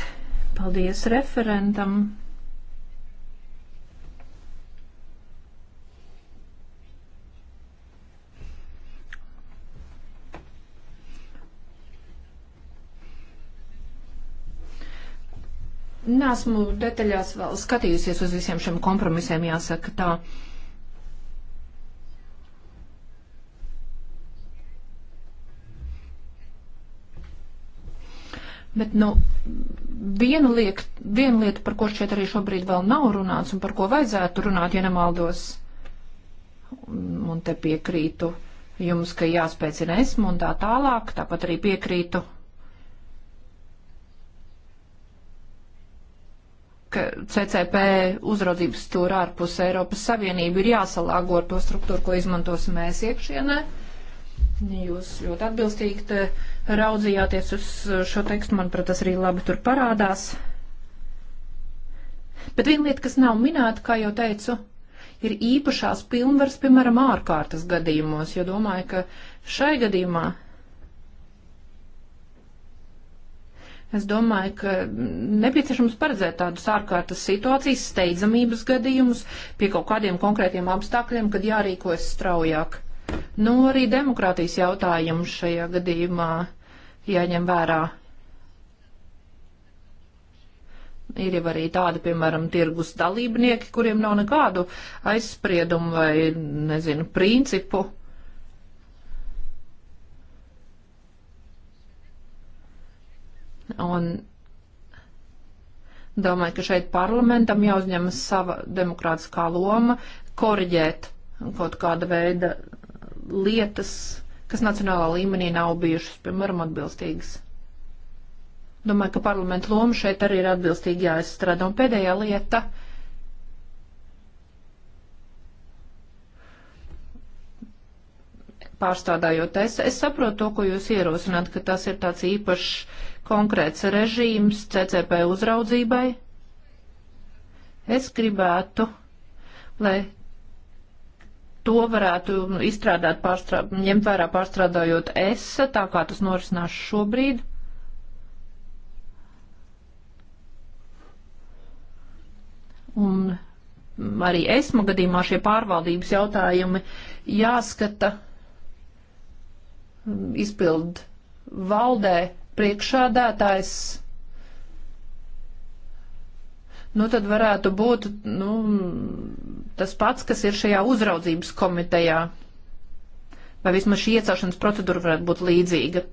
S5: Paldies referentam Nesmu detaļās vēl skatījusies uz visiem šiem kompromisiem, jāsaka tā. Bet, nu, viena, liek, viena lieta, par ko šeit arī šobrīd vēl nav runāts un par ko vajadzētu runāt, ja nemaldos, un te piekrītu jums, ka jāspēcina esmu un tā tālāk, tāpat arī piekrītu ka CCP uzraudzības stūra ārpus Eiropas Savienību ir jāsalāgo ar to struktūru, ko izmantosim mēs iekšienē. Jūs ļoti atbilstīgi te raudzījāties uz šo tekstu, manuprāt, tas arī labi tur parādās. Bet viena lieta, kas nav minēta, kā jau teicu, ir īpašās pilnvaras, piemēram, ārkārtas gadījumos, jo domāju, ka šai gadījumā Es domāju, ka nepieciešams paredzēt tādus ārkārtas situācijas, steidzamības gadījumus pie kaut kādiem konkrētiem apstākļiem, kad jārīkojas straujāk. Nu, arī demokrātijas jautājumu šajā gadījumā jāņem vērā. Ir jau arī tādi, piemēram, tirgus dalībnieki, kuriem nav nekādu aizspriedumu vai, nezinu, principu Un domāju, ka šeit parlamentam jāuzņemas sava demokrātiskā loma koriģēt kaut kāda veida lietas, kas nacionālā līmenī nav bijušas, piemēram, atbilstīgas. Domāju, ka parlamenta loma šeit arī ir atbilstīgi jāizstrādā. Un pēdējā lieta. Pārstādājot, es, es saprotu to, ko jūs ierosināt, ka tas ir tāds īpašs konkrēts režīms CCP uzraudzībai. Es gribētu, lai to varētu izstrādāt, pārstrā, ņemt vērā pārstrādājot ESA, tā kā tas norisinās šobrīd. Un arī esmu gadījumā šie pārvaldības jautājumi jāskata izpild valdē priekšādātājs nu, tad varētu būt nu, tas pats, kas ir šajā uzraudzības komitejā. Vai vismaz šī iecelšanas procedūra varētu būt līdzīga?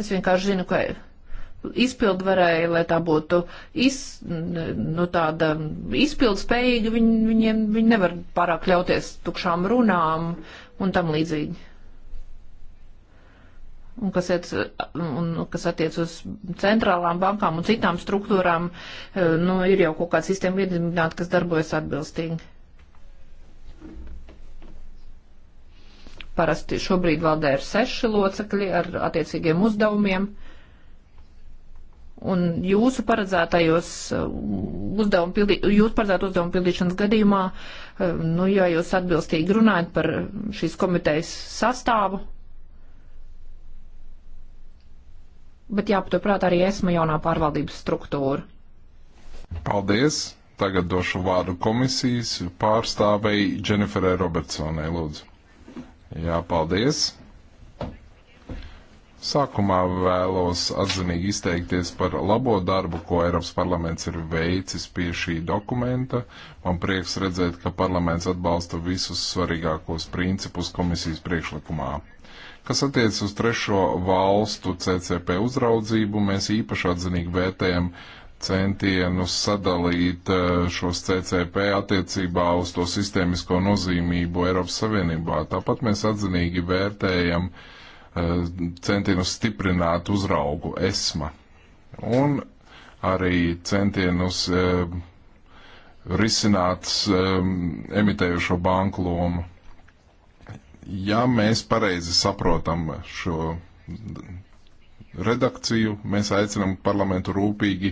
S5: Es vienkārši zinu, ka izpildu varēja, lai tā būtu iz, nu, tāda izpildu spējīga, viņ, viņiem viņi nevar pārāk ļauties tukšām runām un tam līdzīgi un kas, iet, un kas attiec uz centrālām bankām un citām struktūrām, e, nu, ir jau kaut kāda sistēma iedibināta, kas darbojas atbilstīgi. Parasti šobrīd valdē ir seši locekļi ar attiecīgiem uzdevumiem. Un jūsu paredzētajos e, uzdevumu, pildī, jūsu paredzētu uzdevumu pildīšanas gadījumā, e, nu, ja jūs atbilstīgi runājat par šīs komitejas sastāvu, bet jāpaturprāt arī esmu jaunā pārvaldības struktūra.
S4: Paldies! Tagad došu vārdu komisijas pārstāvei Dženiferē Robertsonai, lūdzu. Jā, paldies! Sākumā vēlos atzinīgi izteikties par labo darbu, ko Eiropas parlaments ir veicis pie šī dokumenta. Man prieks redzēt, ka parlaments atbalsta visus svarīgākos principus komisijas priekšlikumā. Kas attiec uz trešo valstu CCP uzraudzību, mēs īpaši atzinīgi vērtējam centienus sadalīt eh, šos CCP attiecībā uz to sistēmisko nozīmību Eiropas Savienībā. Tāpat mēs atzinīgi vērtējam uh, Eh, centienus stiprināt uzraugu esma un arī centienus eh, risināt eh, emitējušo banku lomu. Ja mēs pareizi saprotam šo redakciju, mēs aicinām parlamentu rūpīgi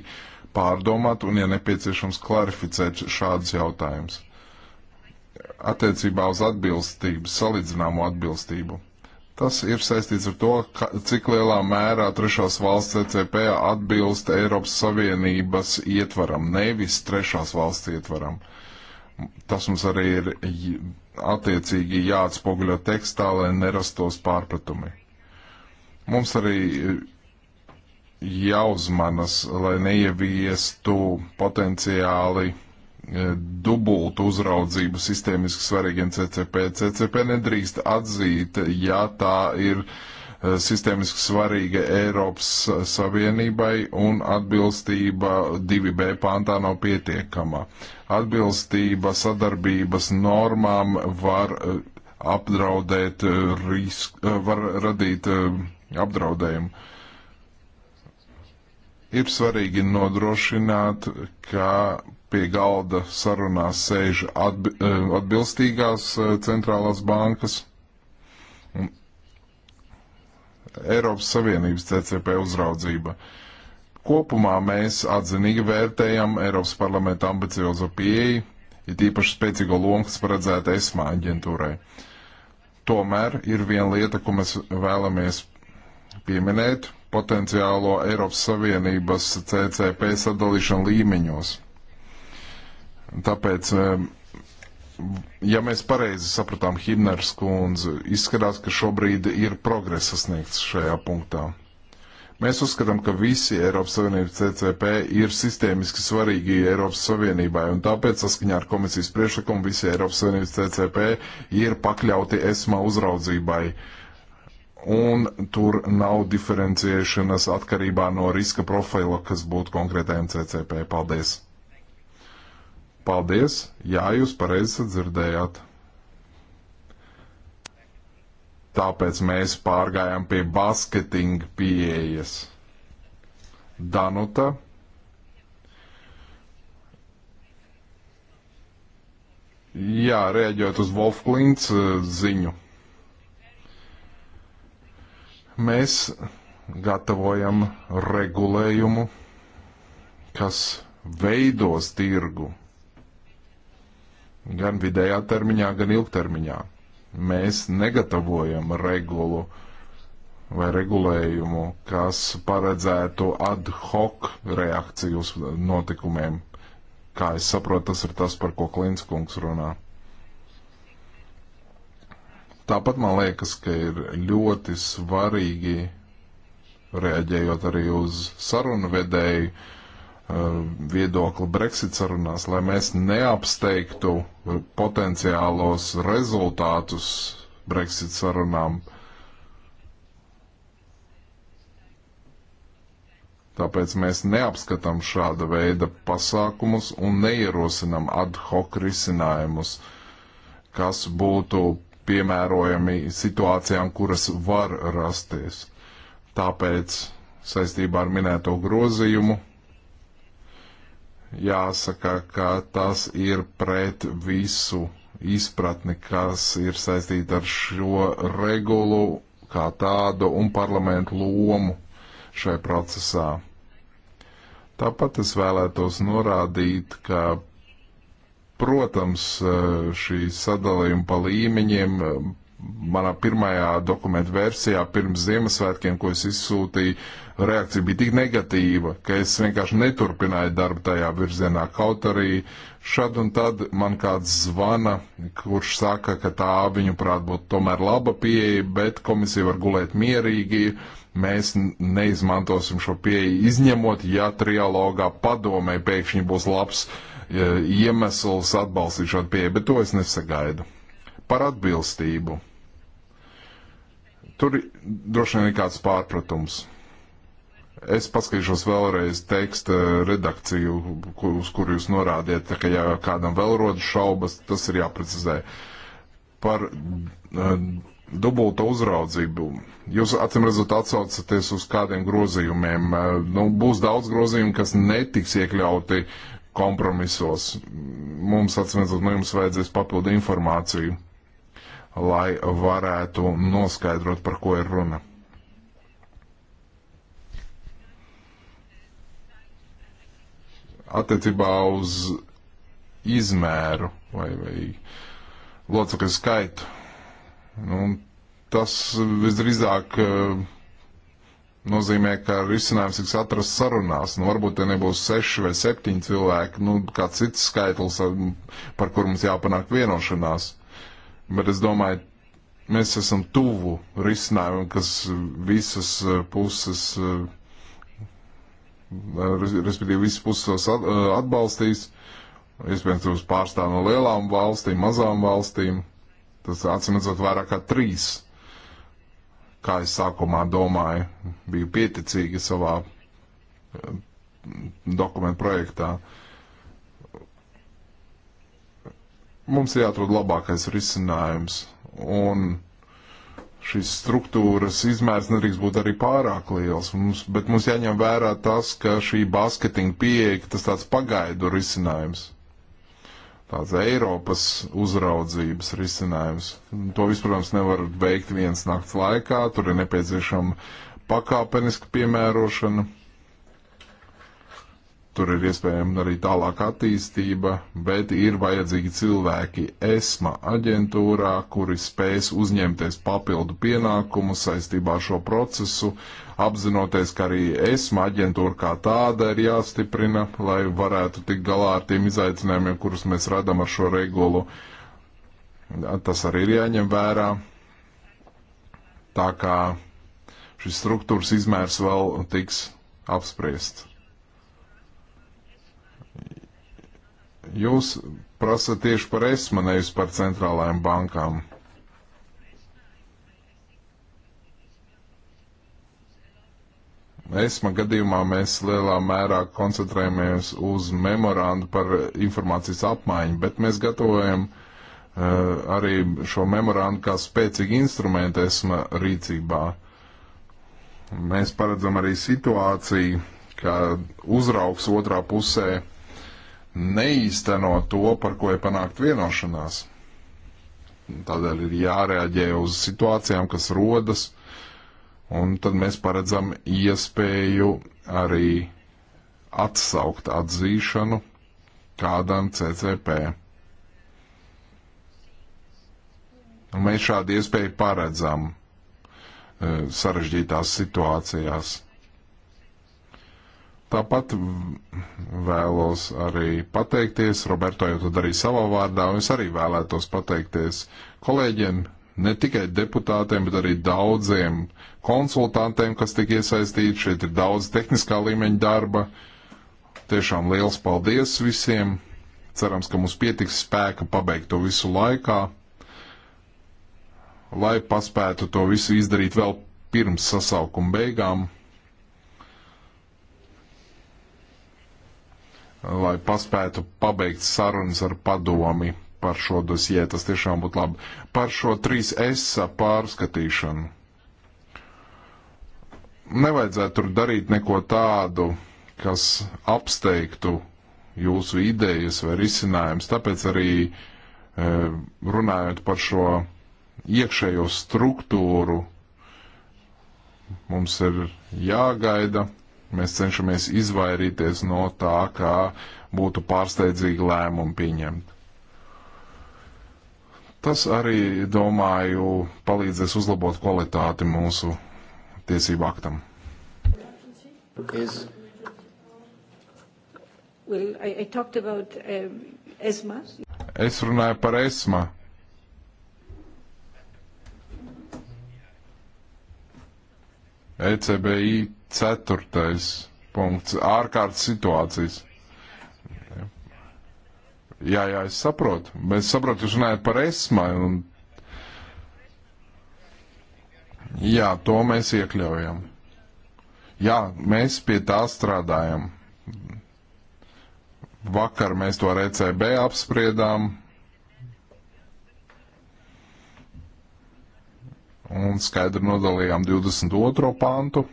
S4: pārdomāt un, ja nepieciešams, klarificēt šādus jautājumus. Attiecībā uz atbilstību, salīdzināmo atbilstību. Tas ir saistīts ar to, ka, cik lielā mērā trešās valsts CCP atbilst Eiropas Savienības ietvaram, nevis trešās valsts ietvaram. Tas mums arī ir attiecīgi jāatspoguļo tekstā, lai nerastos pārpratumi. Mums arī jāuzmanas, lai neieviestu potenciāli E, dubultu uzraudzību sistēmiski svarīgiem CCP. CCP nedrīkst atzīt, ja tā ir e, sistēmiski svarīga Eiropas Savienībai un atbilstība 2B pantā nav pietiekama. Atbilstība sadarbības normām var e, apdraudēt risku, var radīt apdraudējumu ir svarīgi nodrošināt, ka pie galda sarunās sēž atbi eh, atbilstīgās eh, centrālās bankas. Un Eiropas Savienības CCP uzraudzība. Kopumā mēs atzinīgi vērtējam Eiropas parlamenta ambiciozo pieeju, it īpaši spēcīgo lomu, kas paredzēta ESMA aģentūrai. Tomēr ir viena lieta, ko mēs vēlamies pieminēt - potenciālo Eiropas Savienības CCP sadalīšanu līmeņos. Tāpēc, ehm, ja mēs pareizi sapratām Himners kundzi, izskatās, ka šobrīd ir progress sasniegts šajā punktā. Mēs uzskatām, ka visi Eiropas Savienības CCP ir sistēmiski svarīgi Eiropas Savienībai, un tāpēc saskaņā ar komisijas priekšlikumu visi Eiropas Savienības CCP ir pakļauti ESMA uzraudzībai. Un tur nav diferenciēšanas atkarībā no riska profila, kas būtu konkrētajam CCP. Paldies! Paldies! Jā, jūs pareizi sadzirdējāt. Tāpēc mēs pārgājām pie basketinga pieejas. Danuta. Jā, rēģot uz Wolfklints eh, ziņu. Mēs gatavojam regulējumu, kas veidos tirgu gan vidējā termiņā, gan ilgtermiņā. Mēs negatavojam regulu vai regulējumu, kas paredzētu ad hoc reakciju uz notikumiem. Kā es saprotu, tas ir tas, par ko Klinskungs runā. Tāpat man liekas, ka ir ļoti svarīgi, reaģējot arī uz sarunu vedēju, uh, Uh, viedokli Brexit sarunās, lai mēs neapsteigtu uh, potenciālos rezultātus Brexit sarunām. Tāpēc mēs neapskatām šāda veida pasākumus un neierosinam ad hoc risinājumus, kas būtu piemērojami situācijām, kuras var rasties. Tāpēc saistībā ar minēto grozījumu jāsaka, ka tas ir pret visu izpratni, kas ir saistīta ar šo regulu kā tādu un parlamentu lomu šai procesā. Tāpat es vēlētos norādīt, ka Protams, šī sadalījuma pa līmeņiem manā pirmajā dokumentu versijā pirms Ziemassvētkiem, ko es izsūtīju, reakcija bija tik negatīva, ka es vienkārši neturpināju darbu tajā virzienā. Kaut arī šad un tad man kāds zvana, kurš saka, ka tā viņuprāt būtu tomēr laba pieeja, bet komisija var gulēt mierīgi. Mēs neizmantosim šo pieeju, izņemot, ja trialogā padomē pēkšņi būs labs e, iemesls atbalstīt šādu pieeju, bet to es nesagaidu. Par atbilstību. Tur droši vien ir kāds pārpratums. Es paskatīšos vēlreiz teksta redakciju, uz kuru jūs norādiet, tā ka ja kādam vēl rodas šaubas, tas ir jāprecizē. Par eh, dubulta uzraudzību. Jūs acīm redzot atsaucaties uz kādiem grozījumiem. Eh, nu, būs daudz grozījumu, kas netiks iekļauti kompromisos. Mums acīm redzot, nu jums vajadzēs papildu informāciju lai varētu noskaidrot, par ko ir runa. Attiecībā uz izmēru vai, vai locekļu skaitu. Nu, tas visdrīzāk eh, nozīmē, ka risinājums tiks atrasts sarunās. Nu, varbūt te nebūs seši vai septiņi cilvēki, nu, kā cits skaitlis, par kur mums jāpanāk vienošanās bet es domāju, mēs esam tuvu risinājumam, kas visas eh, puses, eh, respektīvi visas puses eh, atbalstīs, iespējams, tos pārstāv no lielām valstīm, mazām valstīm, tas atsimedzot vairāk kā trīs, kā es sākumā domāju, biju pieticīgi savā dokumentu projektā. Uh, Mums ir jāatrod labākais risinājums, un šīs struktūras izmērs nedrīkst būt arī pārāk liels, mums, bet mums jāņem vērā tas, ka šī basketinga pieeja, tas tāds pagaidu risinājums, tāds Eiropas uzraudzības risinājums. To vispār, protams, nevar veikt viens nakts laikā, tur ir nepieciešama pakāpeniska piemērošana tur ir iespējama arī tālāka attīstība, bet ir vajadzīgi cilvēki ESMA aģentūrā, kuri spēs uzņemties papildu pienākumus saistībā ar šo procesu, apzinoties, ka arī ESMA aģentūra kā tāda ir jāstiprina, lai varētu tikt galā ar tiem izaicinājumiem, kurus mēs radam ar šo regulu. Tas arī ir jāņem vērā. Tā kā šis struktūras izmērs vēl tiks apspriests. Jūs prasat tieši par ESMA, nevis par centrālajām bankām. ESMA gadījumā mēs lielā mērā koncentrējamies uz memorandu par informācijas apmaiņu, bet mēs gatavojam uh, arī šo memorandu kā spēcīgu instrumentu ESMA rīcībā. Mēs paredzam arī situāciju, ka uzraugs otrā pusē uh, neīsteno to, par ko ir panākt vienošanās. Tādēļ ir jārēģē uz situācijām, kas rodas, un tad mēs paredzam iespēju arī atsaukt atzīšanu kādam CCP. Un mēs šādu iespēju paredzam eh, sarežģītās situācijās. Tāpat vēlos arī pateikties, Roberto jau to darīja savā vārdā, un es arī vēlētos pateikties kolēģiem, ne tikai deputātiem, bet arī daudziem konsultantiem, kas tik iesaistīti. Šeit ir daudz tehniskā līmeņa darba. Tiešām liels paldies visiem. Cerams, ka mums pietiks spēka pabeigt to visu laikā, lai paspētu to visu izdarīt vēl pirms sasaukuma beigām lai paspētu pabeigt sarunas ar padomi par šo dosie. Tas tiešām būtu labi. Par šo 3S pārskatīšanu. Nevajadzētu tur darīt neko tādu, kas apsteigtu jūsu idejas vai risinājums. Tāpēc arī e, runājot par šo iekšējo struktūru, mums ir jāgaida Mēs cenšamies izvairīties no tā, kā būtu pārsteidzīgi lēmumi pieņemt. Tas arī, domāju, palīdzēs uzlabot kvalitāti mūsu tiesību aktam.
S3: Is...
S5: Well, I, I talked about um, ESMA.
S4: Es runāju par ESMA. ECBI Ceturtais punkts - ārkārtas situācijas. Jā, jā, es saprotu. Mēs saprotu, jūs runājat par esmai un. Jā, to mēs iekļaujam. Jā, mēs pie tā strādājam. Vakar mēs to ar ECB apspriedām. Un skaidri nodalījām 22. pantu.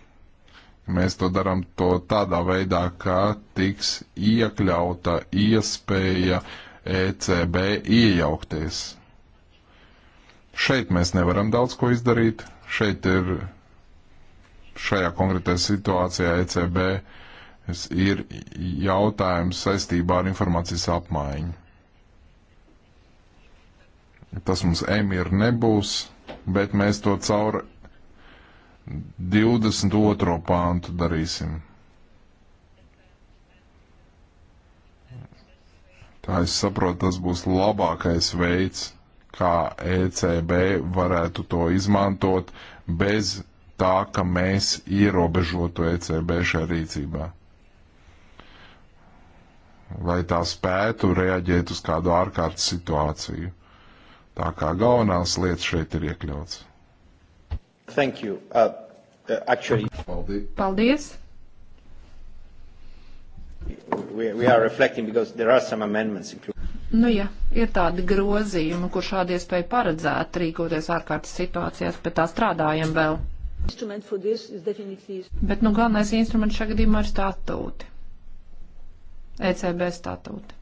S4: Mēs to darām to tādā veidā, ka tiks iekļauta iespēja ECB iejaukties. Šeit mēs nevaram daudz ko izdarīt. Šeit ir šajā konkrētajā situācijā ECB ir jautājums saistībā ar informācijas apmaiņu. Tas mums emir nebūs, bet mēs to caur 22. pāntu darīsim. Tā es saprotu, tas būs labākais veids, kā ECB varētu to izmantot bez tā, ka mēs ierobežotu ECB šajā rīcībā. Lai tā spētu reaģēt uz kādu ārkārtas situāciju. Tā kā galvenās lietas šeit ir iekļauts.
S1: Thank you. Uh, uh, actually. Paldies. Paldies. We, we are reflecting because there are some amendments included.
S5: Nu, ja ir tādi grozījumi, kur šādi iespēja paredzēt rīkoties ārkārtas situācijās, bet tā strādājam vēl. Bet, nu, galvenais instruments šajā gadījumā ir statūti. ECB statūti.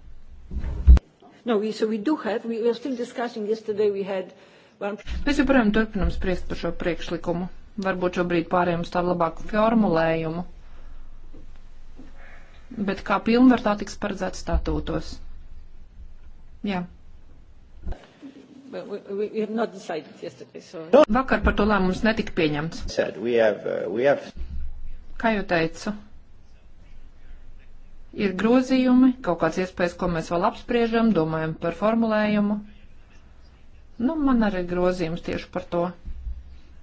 S5: No, we, so we do have, we were still discussing yesterday, we had uh, Mēs joprojām turpinam spriest par šo priekšlikumu. Varbūt šobrīd pārējām uz tādu labāku formulējumu. Bet kā pilnvar tā tiks paredzēt statūtos? Jā. So... Vakar par to lēmums netika pieņemts.
S1: Said, we have, uh, we have...
S5: Kā jau teicu, ir grozījumi, kaut kāds iespējas, ko mēs vēl apspriežam, domājam par formulējumu. Nu, man arī grozījums tieši par to.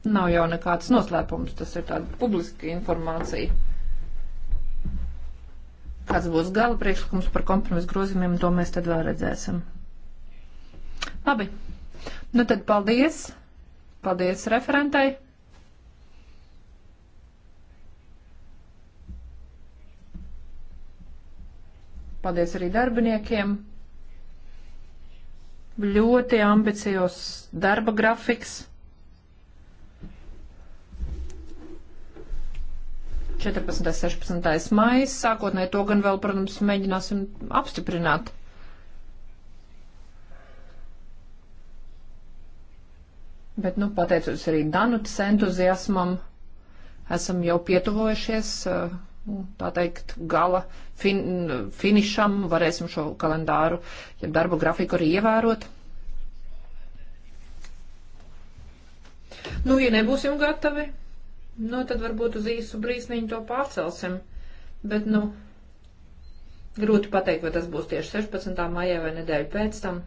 S5: Nav jau nekāds noslēpums, tas ir tāda publiska informācija. Kāds būs gala priekšlikums par kompromisu grozījumiem, to mēs tad vēl redzēsim. Labi, nu tad paldies. Paldies referentai. Paldies arī darbiniekiem ļoti ambiciozs darba grafiks. 14. 16. maijas, sākotnēji to gan vēl, protams, mēģināsim apstiprināt. Bet, nu, pateicoties arī Danutas entuziasmam, esam jau pietuvojušies uh, tā teikt, gala fin, finišam, varēsim šo kalendāru, ja darbu grafiku arī ievērot. Nu, ja nebūsim gatavi, nu, tad varbūt uz īsu brīsniņu to pārcelsim, bet, nu, grūti pateikt, vai tas būs tieši 16. maijā vai nedēļu pēc tam.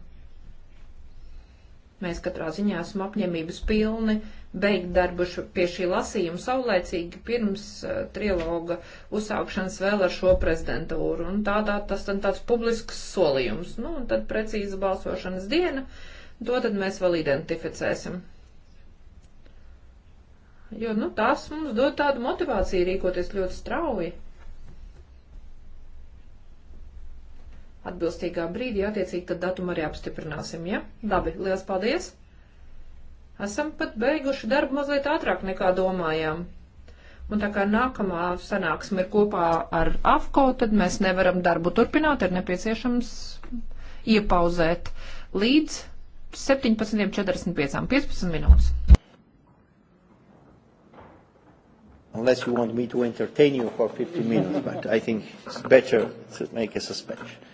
S5: Mēs katrā ziņā esam apņemības pilni beigt darbu pie šī lasījuma saulēcīgi pirms uh, triloga uzsākšanas vēl ar šo prezidentūru. Un tādā tas tad tāds publisks solījums. Nu, un tad precīza balsošanas diena, to tad mēs vēl identificēsim. Jo, nu, tās mums dod tādu motivāciju rīkoties ļoti strauji. Atbilstīgā brīdī, attiecīgi, tad datumu arī apstiprināsim, ja? Labi, liels paldies! Esam pat beiguši darbu mazliet ātrāk nekā domājām. Un tā kā nākamā sanāksme ir kopā ar AFCO, tad mēs nevaram darbu turpināt, ir nepieciešams iepauzēt līdz 17.45, 15 minūtes.
S1: Unless you want me to entertain you for 15 minutes, but I think it's better to make a suspension.